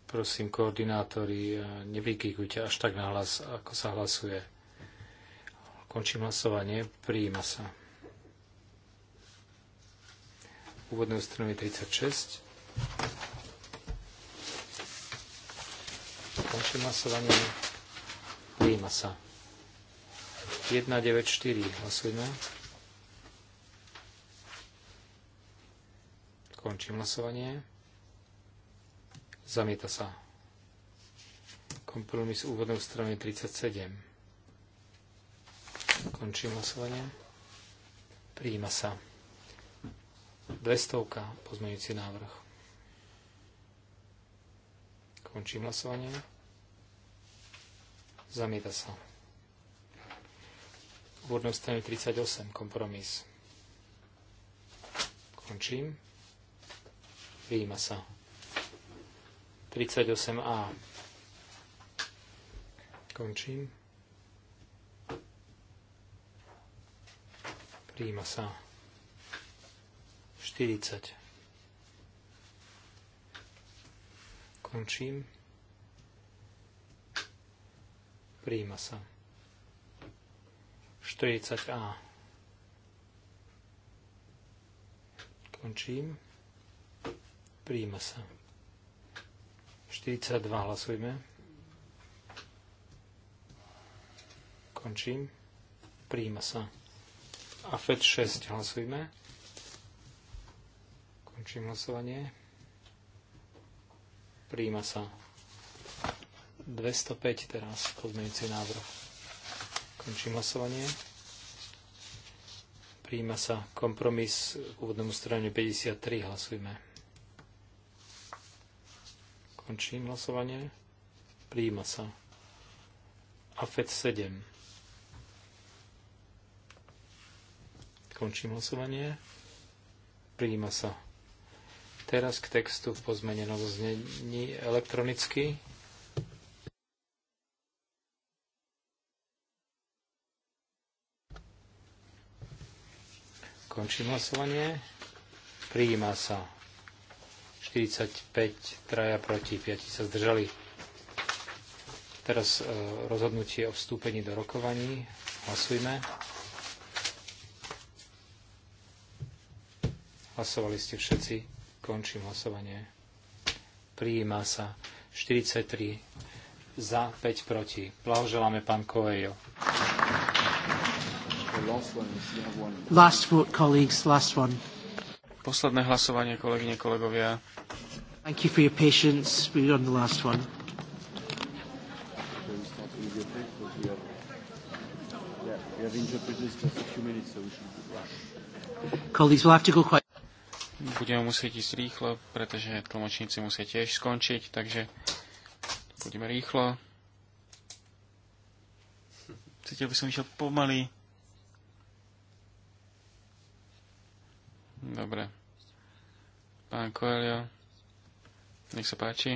Prosím, koordinátori, e, nevykýkujte až tak nahlas, ako sa hlasuje. Končím hlasovanie. Prijíma sa. Úvodné ustanovenie 36. Končím hlasovanie. Prijíma sa. 194. hlasujeme. Končím hlasovanie. Zamieta sa. Kompromis úvodnou strany 37. Končím hlasovanie. Prijíma sa. 200. Pozmeňujúci návrh. Končím hlasovanie. Zamieta sa. Úvodnou strany 38. Kompromis. Končím. Prijíma sa. 38a. Končím. Príjima sa 40. Končím. Príjima sa 40a. Končím. Príjima sa 42 hlasujme. Končím. Príjima sa. A FED 6 hlasujme. Končím hlasovanie. Príjima sa. 205 teraz pozmeňujúci návrh. Končím hlasovanie. Príjima sa kompromis k úvodnému strane 53. Hlasujme. Končím hlasovanie. Príjima sa. AFED 7. Končím hlasovanie. Príjima sa. Teraz k textu v pozmenenom znení elektronicky. Končím hlasovanie. Príjima sa. 45, traja proti, 5 sa zdržali. Teraz e, rozhodnutie o vstúpení do rokovaní. Hlasujme. Hlasovali ste všetci. Končím hlasovanie. Prijíma sa 43 za, 5 proti. Blahoželáme pán Kovejo. Last vote, colleagues, last one posledné hlasovanie, kolegyne, kolegovia. Thank you for your patience. We're on the last one. Budeme musieť ísť rýchlo, pretože tlmočníci musia tiež skončiť, takže budeme rýchlo. Cítil by som išiel pomaly. Dobre. Pán Coelho, nech sa páči.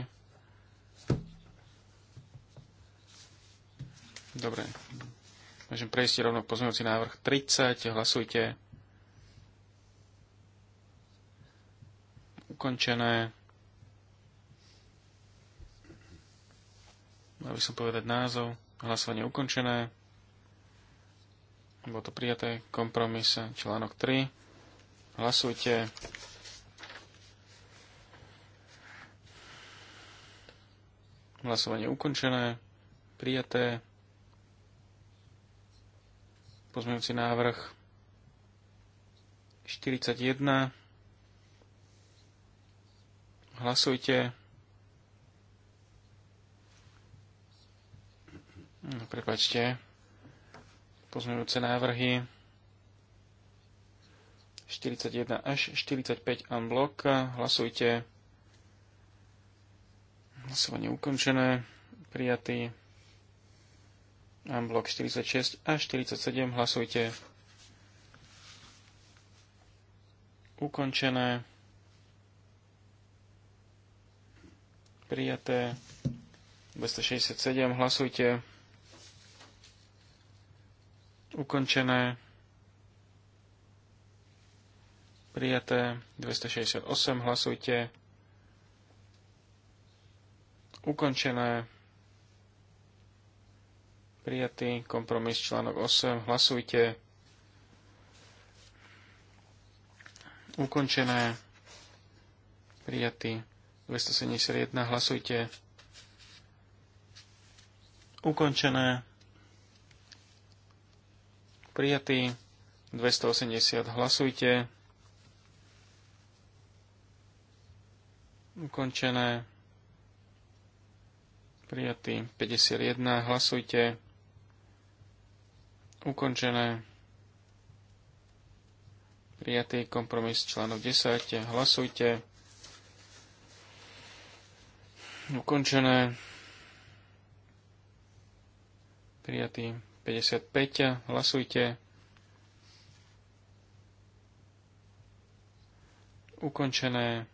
Dobre. Môžem prejsť rovno pozmeňujúci návrh 30. Hlasujte. Ukončené. Mal by som povedať názov. Hlasovanie ukončené. Bolo to prijaté. Kompromis. Článok 3. Hlasujte. Hlasovanie ukončené. Prijaté. Pozmeňujúci návrh 41. Hlasujte. Hm, prepačte. Pozmeňujúce návrhy 41 až 45 unblock. Hlasujte. Hlasovanie ukončené. Prijatý. Unblock 46 až 47. Hlasujte. Ukončené. Prijaté. 267. Hlasujte. Ukončené prijaté. 268 hlasujte. Ukončené. Prijatý kompromis článok 8. Hlasujte. Ukončené. Prijatý 271. Hlasujte. Ukončené. Prijatý 280. Hlasujte. ukončené. Prijatý 51. Hlasujte. Ukončené. Prijatý kompromis článok 10. Hlasujte. Ukončené. Prijatý 55. Hlasujte. Ukončené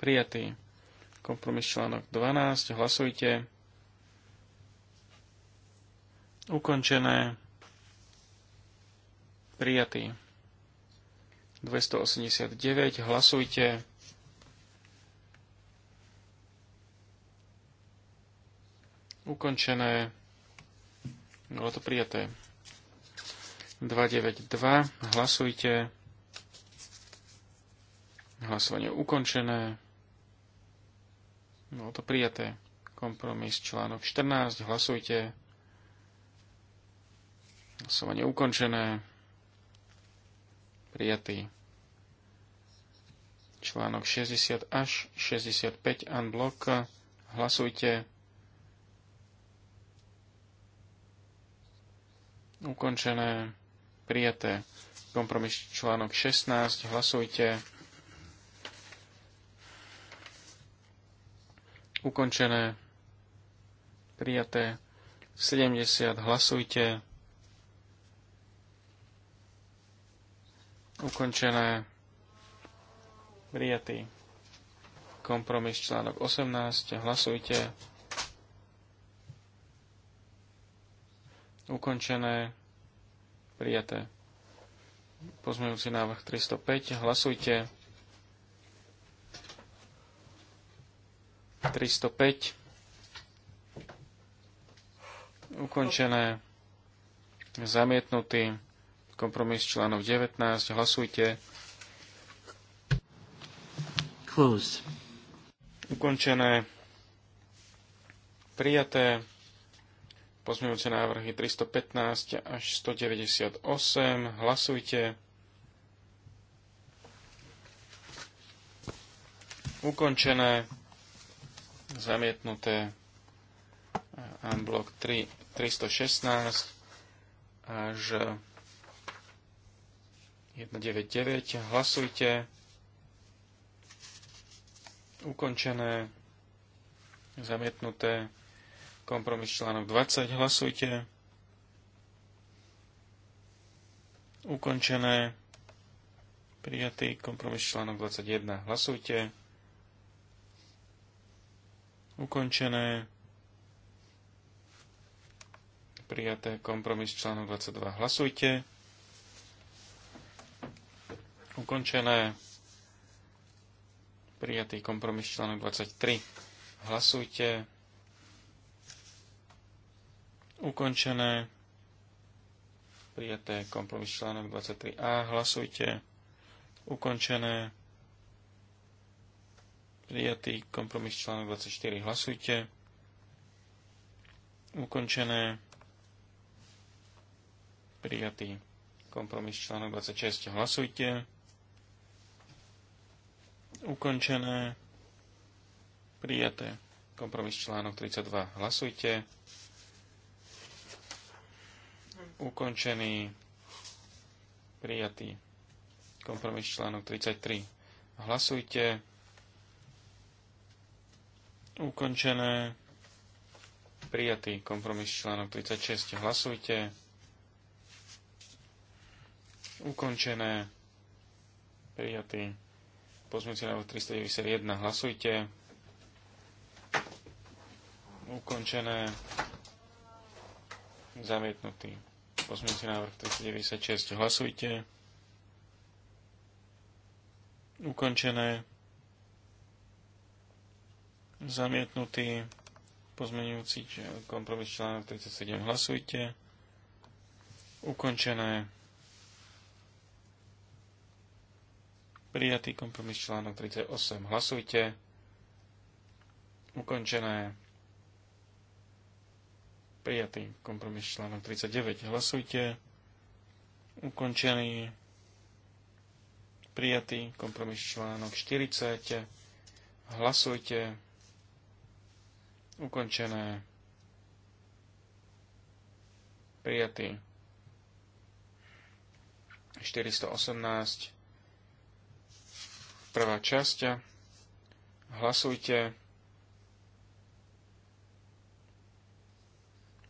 prijatý. Kompromis článok 12, hlasujte. Ukončené. Prijatý. 289, hlasujte. Ukončené. Bolo to prijaté. 292. Hlasujte. Hlasovanie ukončené. Bolo no, to prijaté. Kompromis článok 14. Hlasujte. Hlasovanie ukončené. Prijatý. Článok 60 až 65 unblock. Hlasujte. Ukončené. Prijaté. Kompromis článok 16. Hlasujte. ukončené, prijaté 70, hlasujte, ukončené, prijatý kompromis článok 18, hlasujte, ukončené, prijaté. pozmeňujúci návrh 305, hlasujte. 305 ukončené, zamietnutý, kompromis článok 19, hlasujte. Closed. Ukončené, prijaté, pozmeňujúce návrhy 315 až 198, hlasujte. Ukončené zamietnuté blok 3, 316 až 199. Hlasujte. Ukončené. Zamietnuté. Kompromis článok 20. Hlasujte. Ukončené. Prijatý kompromis článok 21. Hlasujte ukončené. Prijaté kompromis článok 22. Hlasujte. Ukončené. Prijatý kompromis článok 23. Hlasujte. Ukončené. Prijaté kompromis článok 23a. Hlasujte. Ukončené Prijatý kompromis článok 24. Hlasujte. Ukončené. Prijatý kompromis článok 26. Hlasujte. Ukončené. Prijaté. Kompromis článok 32. Hlasujte. Ukončený. Prijatý. Kompromis článok 33. Hlasujte. Ukončené. Prijatý kompromis článok 36. Hlasujte. Ukončené. Prijatý. si návrh 391. Hlasujte. Ukončené. Zamietnutý. si návrh 396. Hlasujte. Ukončené Zamietnutý pozmenujúci kompromis článok 37. Hlasujte. Ukončené. Prijatý kompromis článok 38. Hlasujte. Ukončené. Prijatý kompromis článok 39. Hlasujte. Ukončený. Prijatý kompromis článok 40. Hlasujte ukončené, prijatý 418, prvá časť, hlasujte,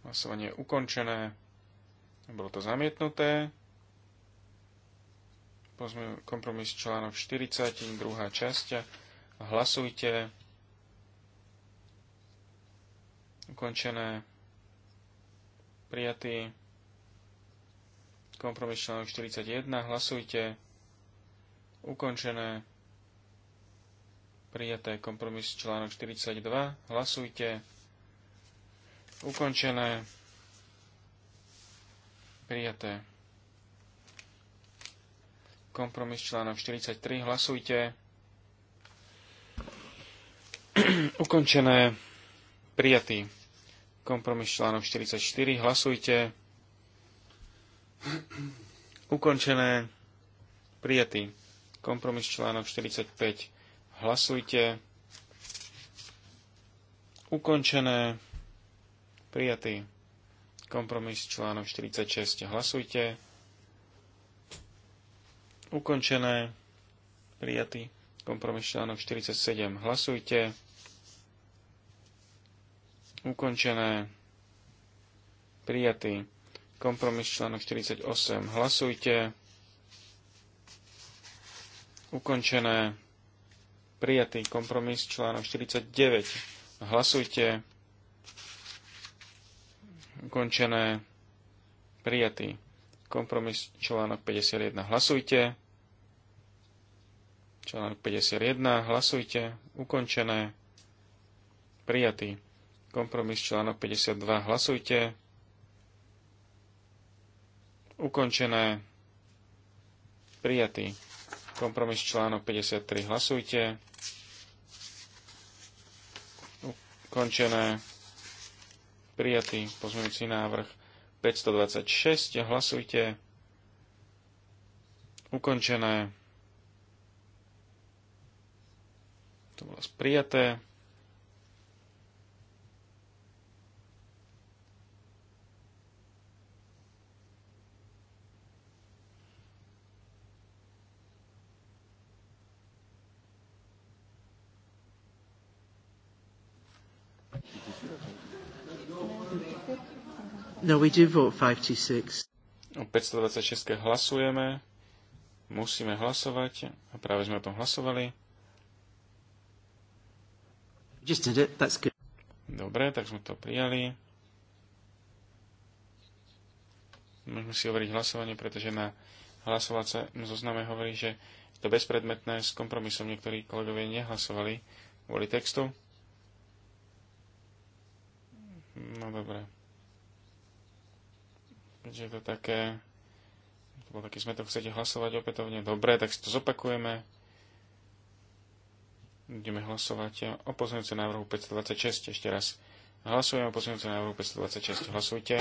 hlasovanie je ukončené, bolo to zamietnuté, kompromis článok 40, druhá časť, hlasujte, ukončené, prijatý, kompromis článok 41, hlasujte, ukončené, prijaté, kompromis článok 42, hlasujte, ukončené, prijaté. Kompromis článok 43. Hlasujte. Ukončené. Prijatý kompromis článok 44. Hlasujte. Ukončené. Prijatý. Kompromis článok 45. Hlasujte. Ukončené. Prijatý. Kompromis článok 46. Hlasujte. Ukončené. Prijatý. Kompromis článok 47. Hlasujte ukončené, prijatý kompromis článok 48. Hlasujte. Ukončené, prijatý kompromis článok 49. Hlasujte. Ukončené, prijatý kompromis článok 51. Hlasujte. Článok 51. Hlasujte. Ukončené. Prijatý Kompromis článok 52. Hlasujte. Ukončené. Prijatý. Kompromis článok 53. Hlasujte. Ukončené. Prijatý pozmeňujúci návrh 526. Hlasujte. Ukončené. To bolo prijaté. No, we do vote 526. O 526 hlasujeme. Musíme hlasovať. A práve sme o tom hlasovali. Just did it. That's good. Dobre, tak sme to prijali. Môžeme si overiť hlasovanie, pretože na hlasovace zozname hovorí, že je to bezpredmetné s kompromisom. Niektorí kolegovia nehlasovali kvôli textu. No dobre keďže je to také, to bol taký smetok, chcete hlasovať opätovne, dobre, tak si to zopakujeme. Budeme hlasovať o pozmeňujúcom návrhu 526 ešte raz. Hlasujeme o pozmeňujúcom návrhu 526. Hlasujte.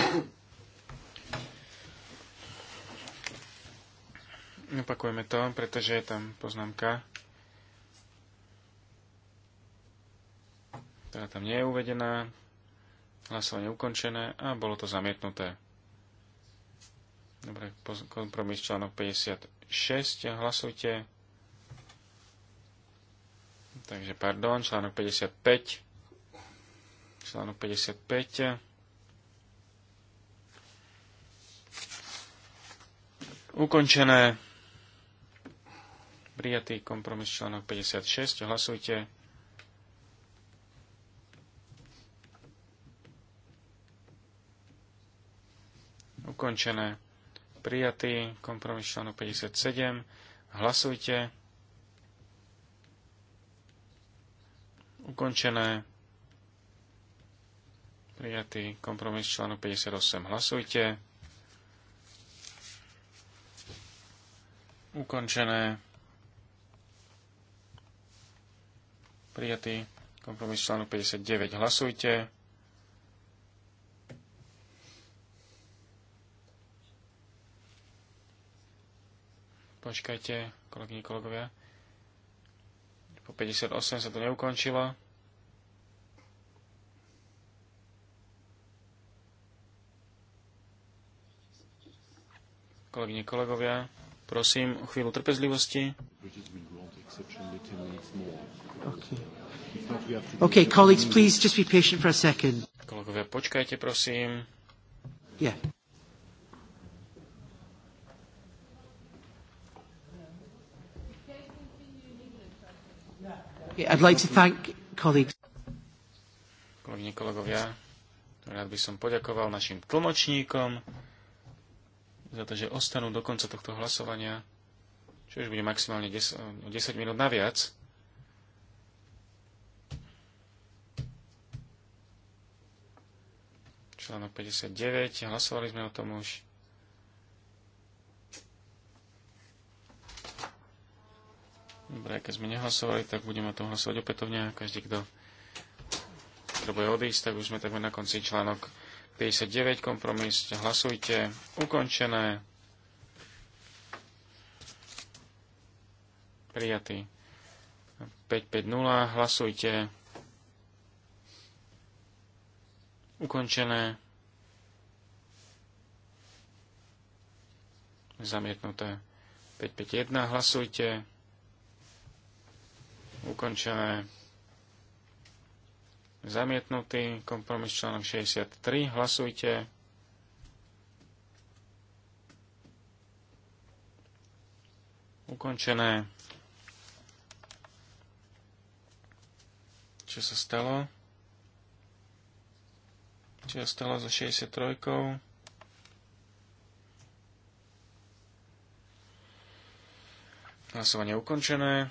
Opakujeme to, pretože je tam poznámka, ktorá tam nie je uvedená. Hlasovanie ukončené a bolo to zamietnuté. Dobre, kompromis článok 56. Hlasujte. Takže, pardon, článok 55. Článok 55. Ukončené. Prijatý kompromis článok 56. Hlasujte. Ukončené prijatý, kompromis článok 57. Hlasujte. Ukončené. Prijatý kompromis článok 58. Hlasujte. Ukončené. Prijatý kompromis článok 59. Hlasujte. počkajte, kolegyne, kolegovia. Po 58 sa to neukončilo. Kolegyne, kolegovia, prosím o chvíľu trpezlivosti. Okay. okay, colleagues, please just be patient for a second. Kolegovia, počkajte, prosím. Yeah. I'd like to thank colleagues. Kolegyne, kolegovia, rád by som poďakoval našim tlmočníkom za to, že ostanú do konca tohto hlasovania, čo už bude maximálne 10, 10 eh, minút naviac. Článok 59, hlasovali sme o tom už. Dobre, keď sme nehlasovali, tak budeme o tom hlasovať opätovne každý, kto potrebuje odísť, tak už sme takmer na konci článok 59, kompromis, hlasujte, ukončené, prijatý. 550, hlasujte, ukončené, zamietnuté. 5-5-1, hlasujte, ukončené. Zamietnutý kompromis článok 63. Hlasujte. Ukončené. Čo sa stalo? Čo sa stalo so 63? -kou? Hlasovanie ukončené.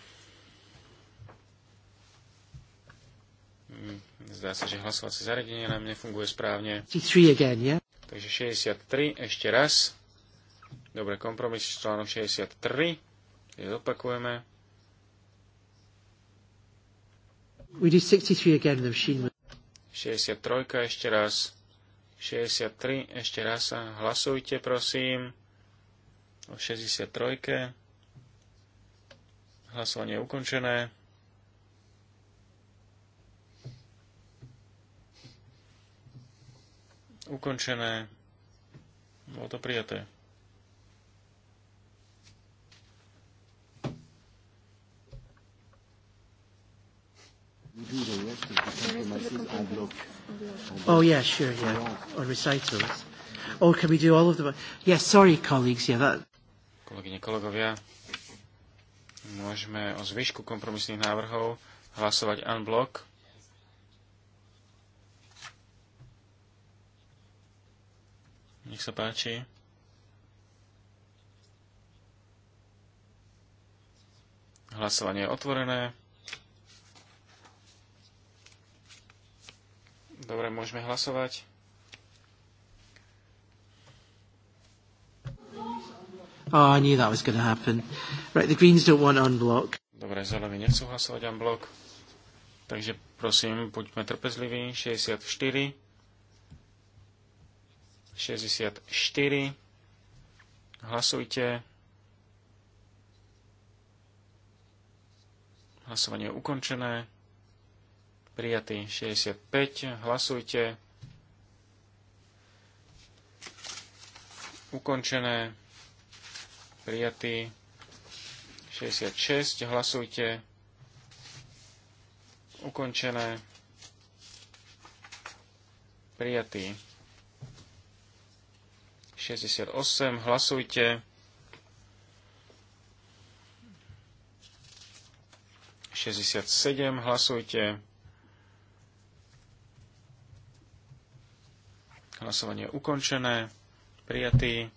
Mm, zdá sa, že hlasovacie zariadenie nám nefunguje správne. Takže 63 ešte raz. Dobre, kompromis článok 63. Zopakujeme. We do 63 again, the machine. 63 ešte raz. 63 ešte raz. Hlasujte, prosím. O 63. Hlasovanie je ukončené. ukončené. Bolo to prijaté. Oh yeah, sure, yeah. Or recitals. Oh, can we do all of them? Yeah, sorry, colleagues, yeah, that... Kolegyne, kolegovia, môžeme o zvyšku kompromisných návrhov hlasovať unblock. Nech sa páči. Hlasovanie je otvorené. Dobre, môžeme hlasovať. Oh, I knew that was going to happen. Right, the Greens don't want unblock. Dobre, zelení nechcú hlasovať unblock. Takže prosím, buďme trpezliví. 64. 64. Hlasujte. Hlasovanie je ukončené. Prijatý 65. Hlasujte. Ukončené. Prijatý 66. Hlasujte. Ukončené. Prijatý 68. Hlasujte. 67. Hlasujte. Hlasovanie je ukončené. Prijatý.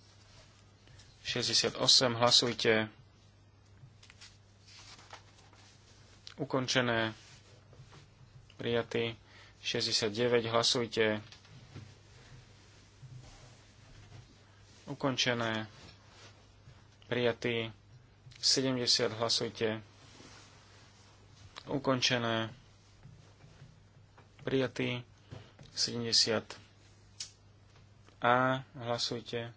68. Hlasujte. Ukončené. Prijatý. 69. Hlasujte. ukončené, prijatý, 70 hlasujte, ukončené, prijatý, 70 a hlasujte,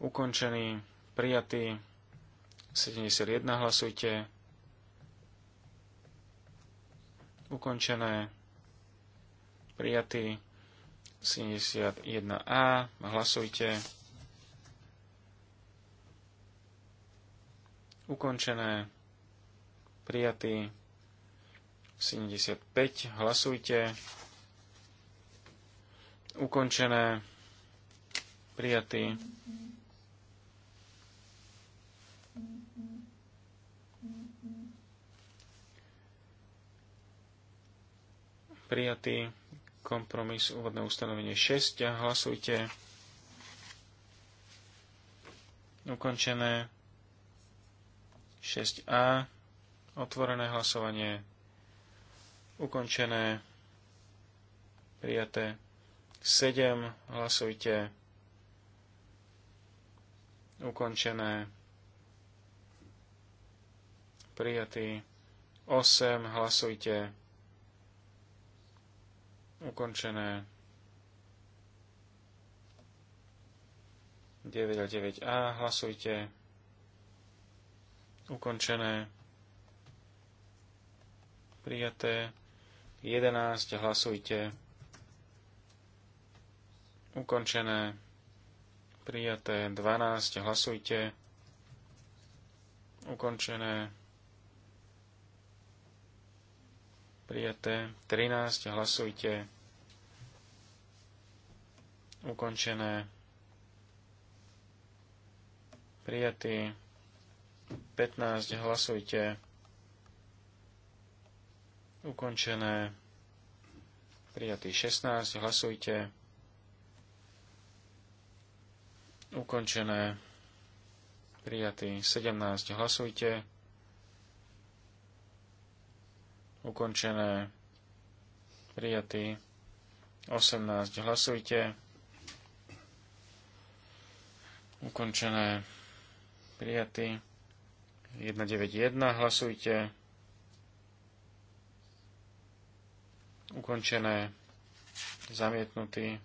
ukončený, prijatý, 71 hlasujte, ukončené, prijatý, 71A. Hlasujte. Ukončené. Prijatý. 75. Hlasujte. Ukončené. Prijatý. Prijatý kompromis, úvodné ustanovenie 6 a hlasujte. Ukončené 6a, otvorené hlasovanie, ukončené, prijaté 7, hlasujte, ukončené, prijatý 8, hlasujte, ukončené 9 a 9a, hlasujte ukončené prijaté 11, hlasujte ukončené prijaté 12, hlasujte ukončené prijaté. 13, hlasujte. Ukončené. Prijatý. 15, hlasujte. Ukončené. Prijatý 16, hlasujte. Ukončené. Prijatý 17, hlasujte ukončené, prijatý, 18, hlasujte, ukončené, prijatý, 191, hlasujte, ukončené, zamietnutý,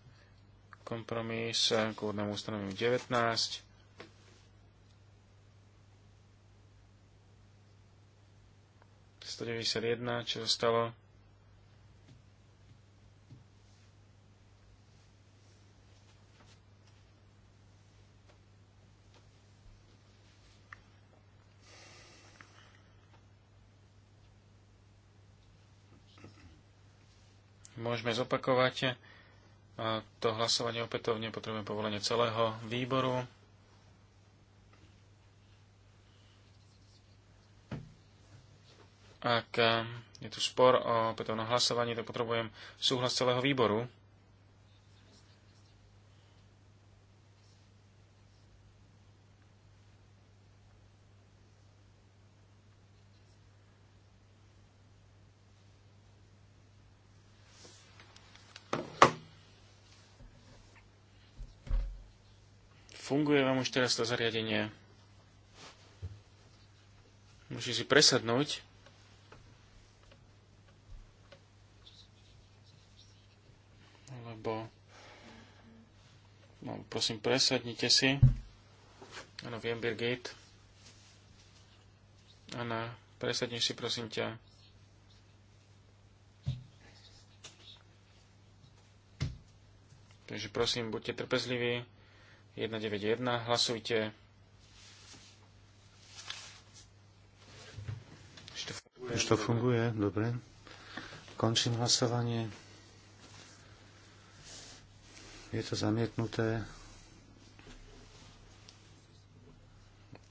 kompromis k úvodnému ustanoveniu 19, 191, čo zostalo. Môžeme zopakovať to hlasovanie opätovne, potrebujeme povolenie celého výboru. Ak eh, je tu spor o opätovné hlasovanie, tak potrebujem súhlas celého výboru. Funguje vám už teraz to zariadenie. Musí si presadnúť. prosím, presadnite si. Áno, viem, Birgit. Áno, presadni si, prosím ťa. Takže prosím, buďte trpezliví. 191, hlasujte. Už to funguje, dobre. Končím hlasovanie. Je to zamietnuté.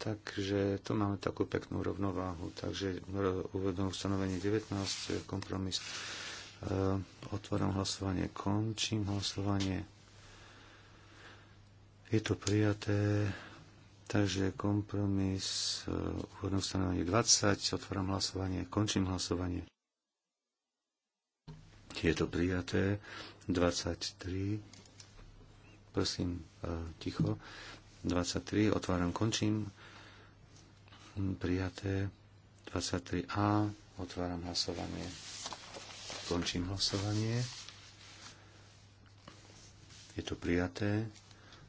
Takže tu máme takú peknú rovnováhu. Takže uvedom e, ustanovenie 19, e, kompromis. E, otváram hlasovanie, končím hlasovanie. Je to prijaté. Takže kompromis, úvodné ustanovenie 20, otváram hlasovanie, končím hlasovanie. Je to prijaté. 23, prosím, ticho. 23, otváram, končím prijaté. 23A, otváram hlasovanie. Končím hlasovanie. Je to prijaté.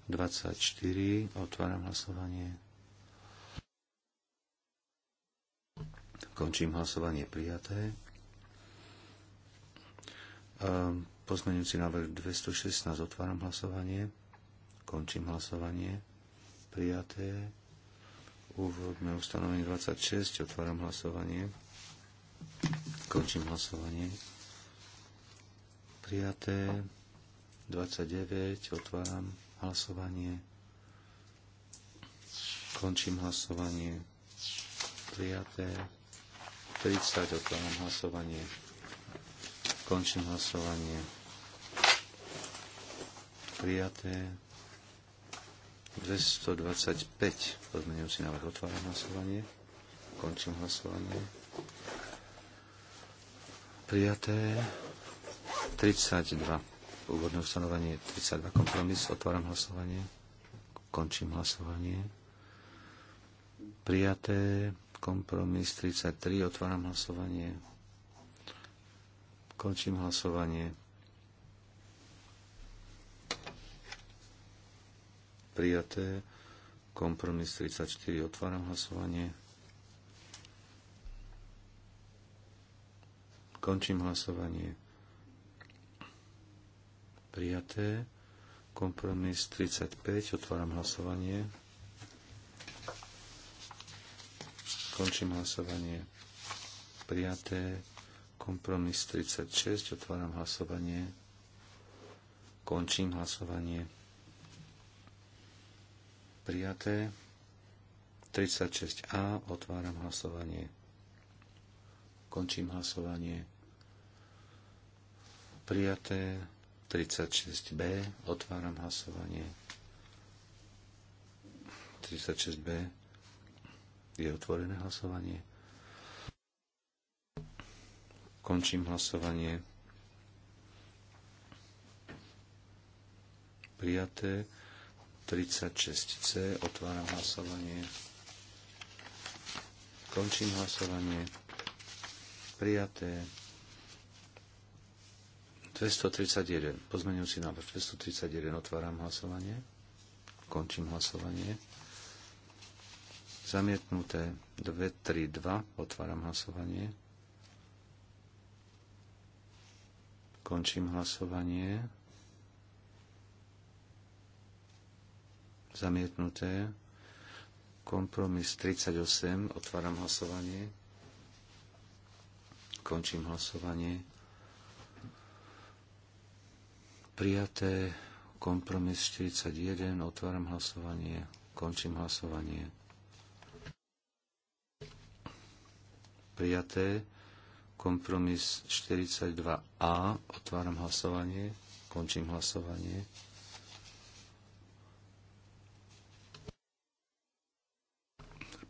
24, otváram hlasovanie. Končím hlasovanie prijaté. Ehm, Pozmenujúci návrh 216, otváram hlasovanie. Končím hlasovanie. Prijaté úvodné ustanovenie 26. Otváram hlasovanie. Končím hlasovanie. Prijaté. 29. Otváram hlasovanie. Končím hlasovanie. Prijaté. 30. Otváram hlasovanie. Končím hlasovanie. Prijaté. 225 si návrh. Otváram hlasovanie. Končím hlasovanie. Prijaté 32. Úvodné ustanovenie 32. Kompromis. Otváram hlasovanie. Končím hlasovanie. Prijaté kompromis 33. Otváram hlasovanie. Končím hlasovanie. prijaté. Kompromis 34. Otváram hlasovanie. Končím hlasovanie. Prijaté. Kompromis 35. Otváram hlasovanie. Končím hlasovanie. Prijaté. Kompromis 36. Otváram hlasovanie. Končím hlasovanie prijaté. 36a, otváram hlasovanie. Končím hlasovanie. Prijaté. 36b, otváram hlasovanie. 36b je otvorené hlasovanie. Končím hlasovanie. Prijaté. 36C. Otváram hlasovanie. Končím hlasovanie. Prijaté. 231. Pozmenujúci návrh 231. Otváram hlasovanie. Končím hlasovanie. Zamietnuté 232. Otváram hlasovanie. Končím hlasovanie. zamietnuté. Kompromis 38, otváram hlasovanie. Končím hlasovanie. Prijaté kompromis 41, otváram hlasovanie. Končím hlasovanie. Prijaté kompromis 42a, otváram hlasovanie. Končím hlasovanie.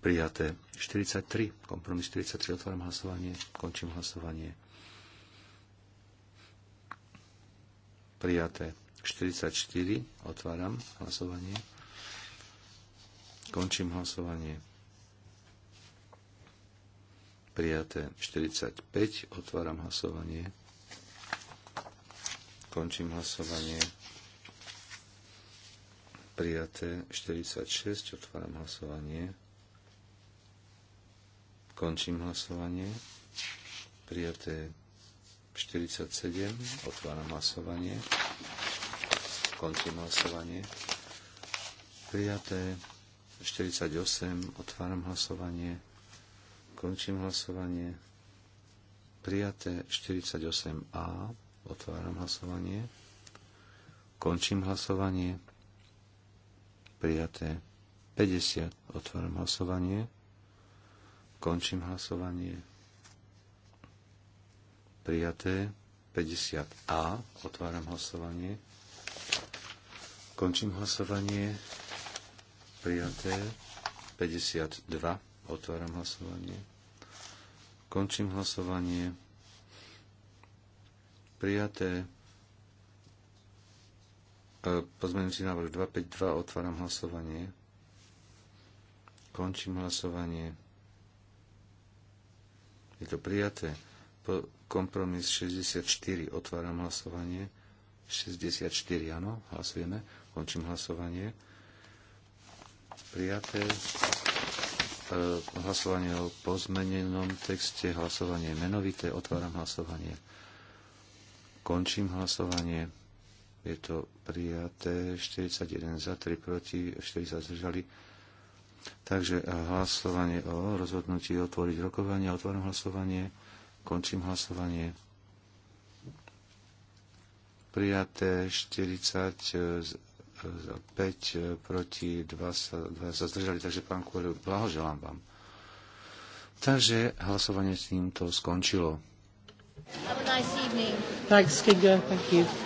prijaté. 43, kompromis 43, otváram hlasovanie, končím hlasovanie. Prijaté. 44, otváram hlasovanie, končím hlasovanie. Prijaté. 45, otváram hlasovanie, končím hlasovanie. Prijaté 46, otváram hlasovanie. Končím hlasovanie. Prijaté 47. Otváram hlasovanie. Končím hlasovanie. Prijaté 48. Otváram hlasovanie. Končím hlasovanie. Prijaté 48a. Otváram hlasovanie. Končím hlasovanie. Prijaté 50. Otváram hlasovanie. Končím hlasovanie. Prijaté 50A. Otváram hlasovanie. Končím hlasovanie. Prijaté 52. Otváram hlasovanie. Končím hlasovanie. Prijaté e, Pozmeňujúci návrh 252, otváram hlasovanie. Končím hlasovanie. Je to prijaté. Po kompromis 64. Otváram hlasovanie. 64, áno. Hlasujeme. Končím hlasovanie. Prijaté. E, hlasovanie o pozmenenom texte. Hlasovanie menovité. Otváram hlasovanie. Končím hlasovanie. Je to prijaté. 41 za, 3 proti, 40 zdržali Takže eh, hlasovanie o rozhodnutí otvoriť rokovanie. otvorím hlasovanie. Končím hlasovanie. Prijaté 40 eh, eh, za 5 proti 2 sa, 2 sa zdržali. Takže pán Kôľu, blahoželám vám. Takže hlasovanie s týmto skončilo. Have a nice evening. Thanks, Kinga. Thank you.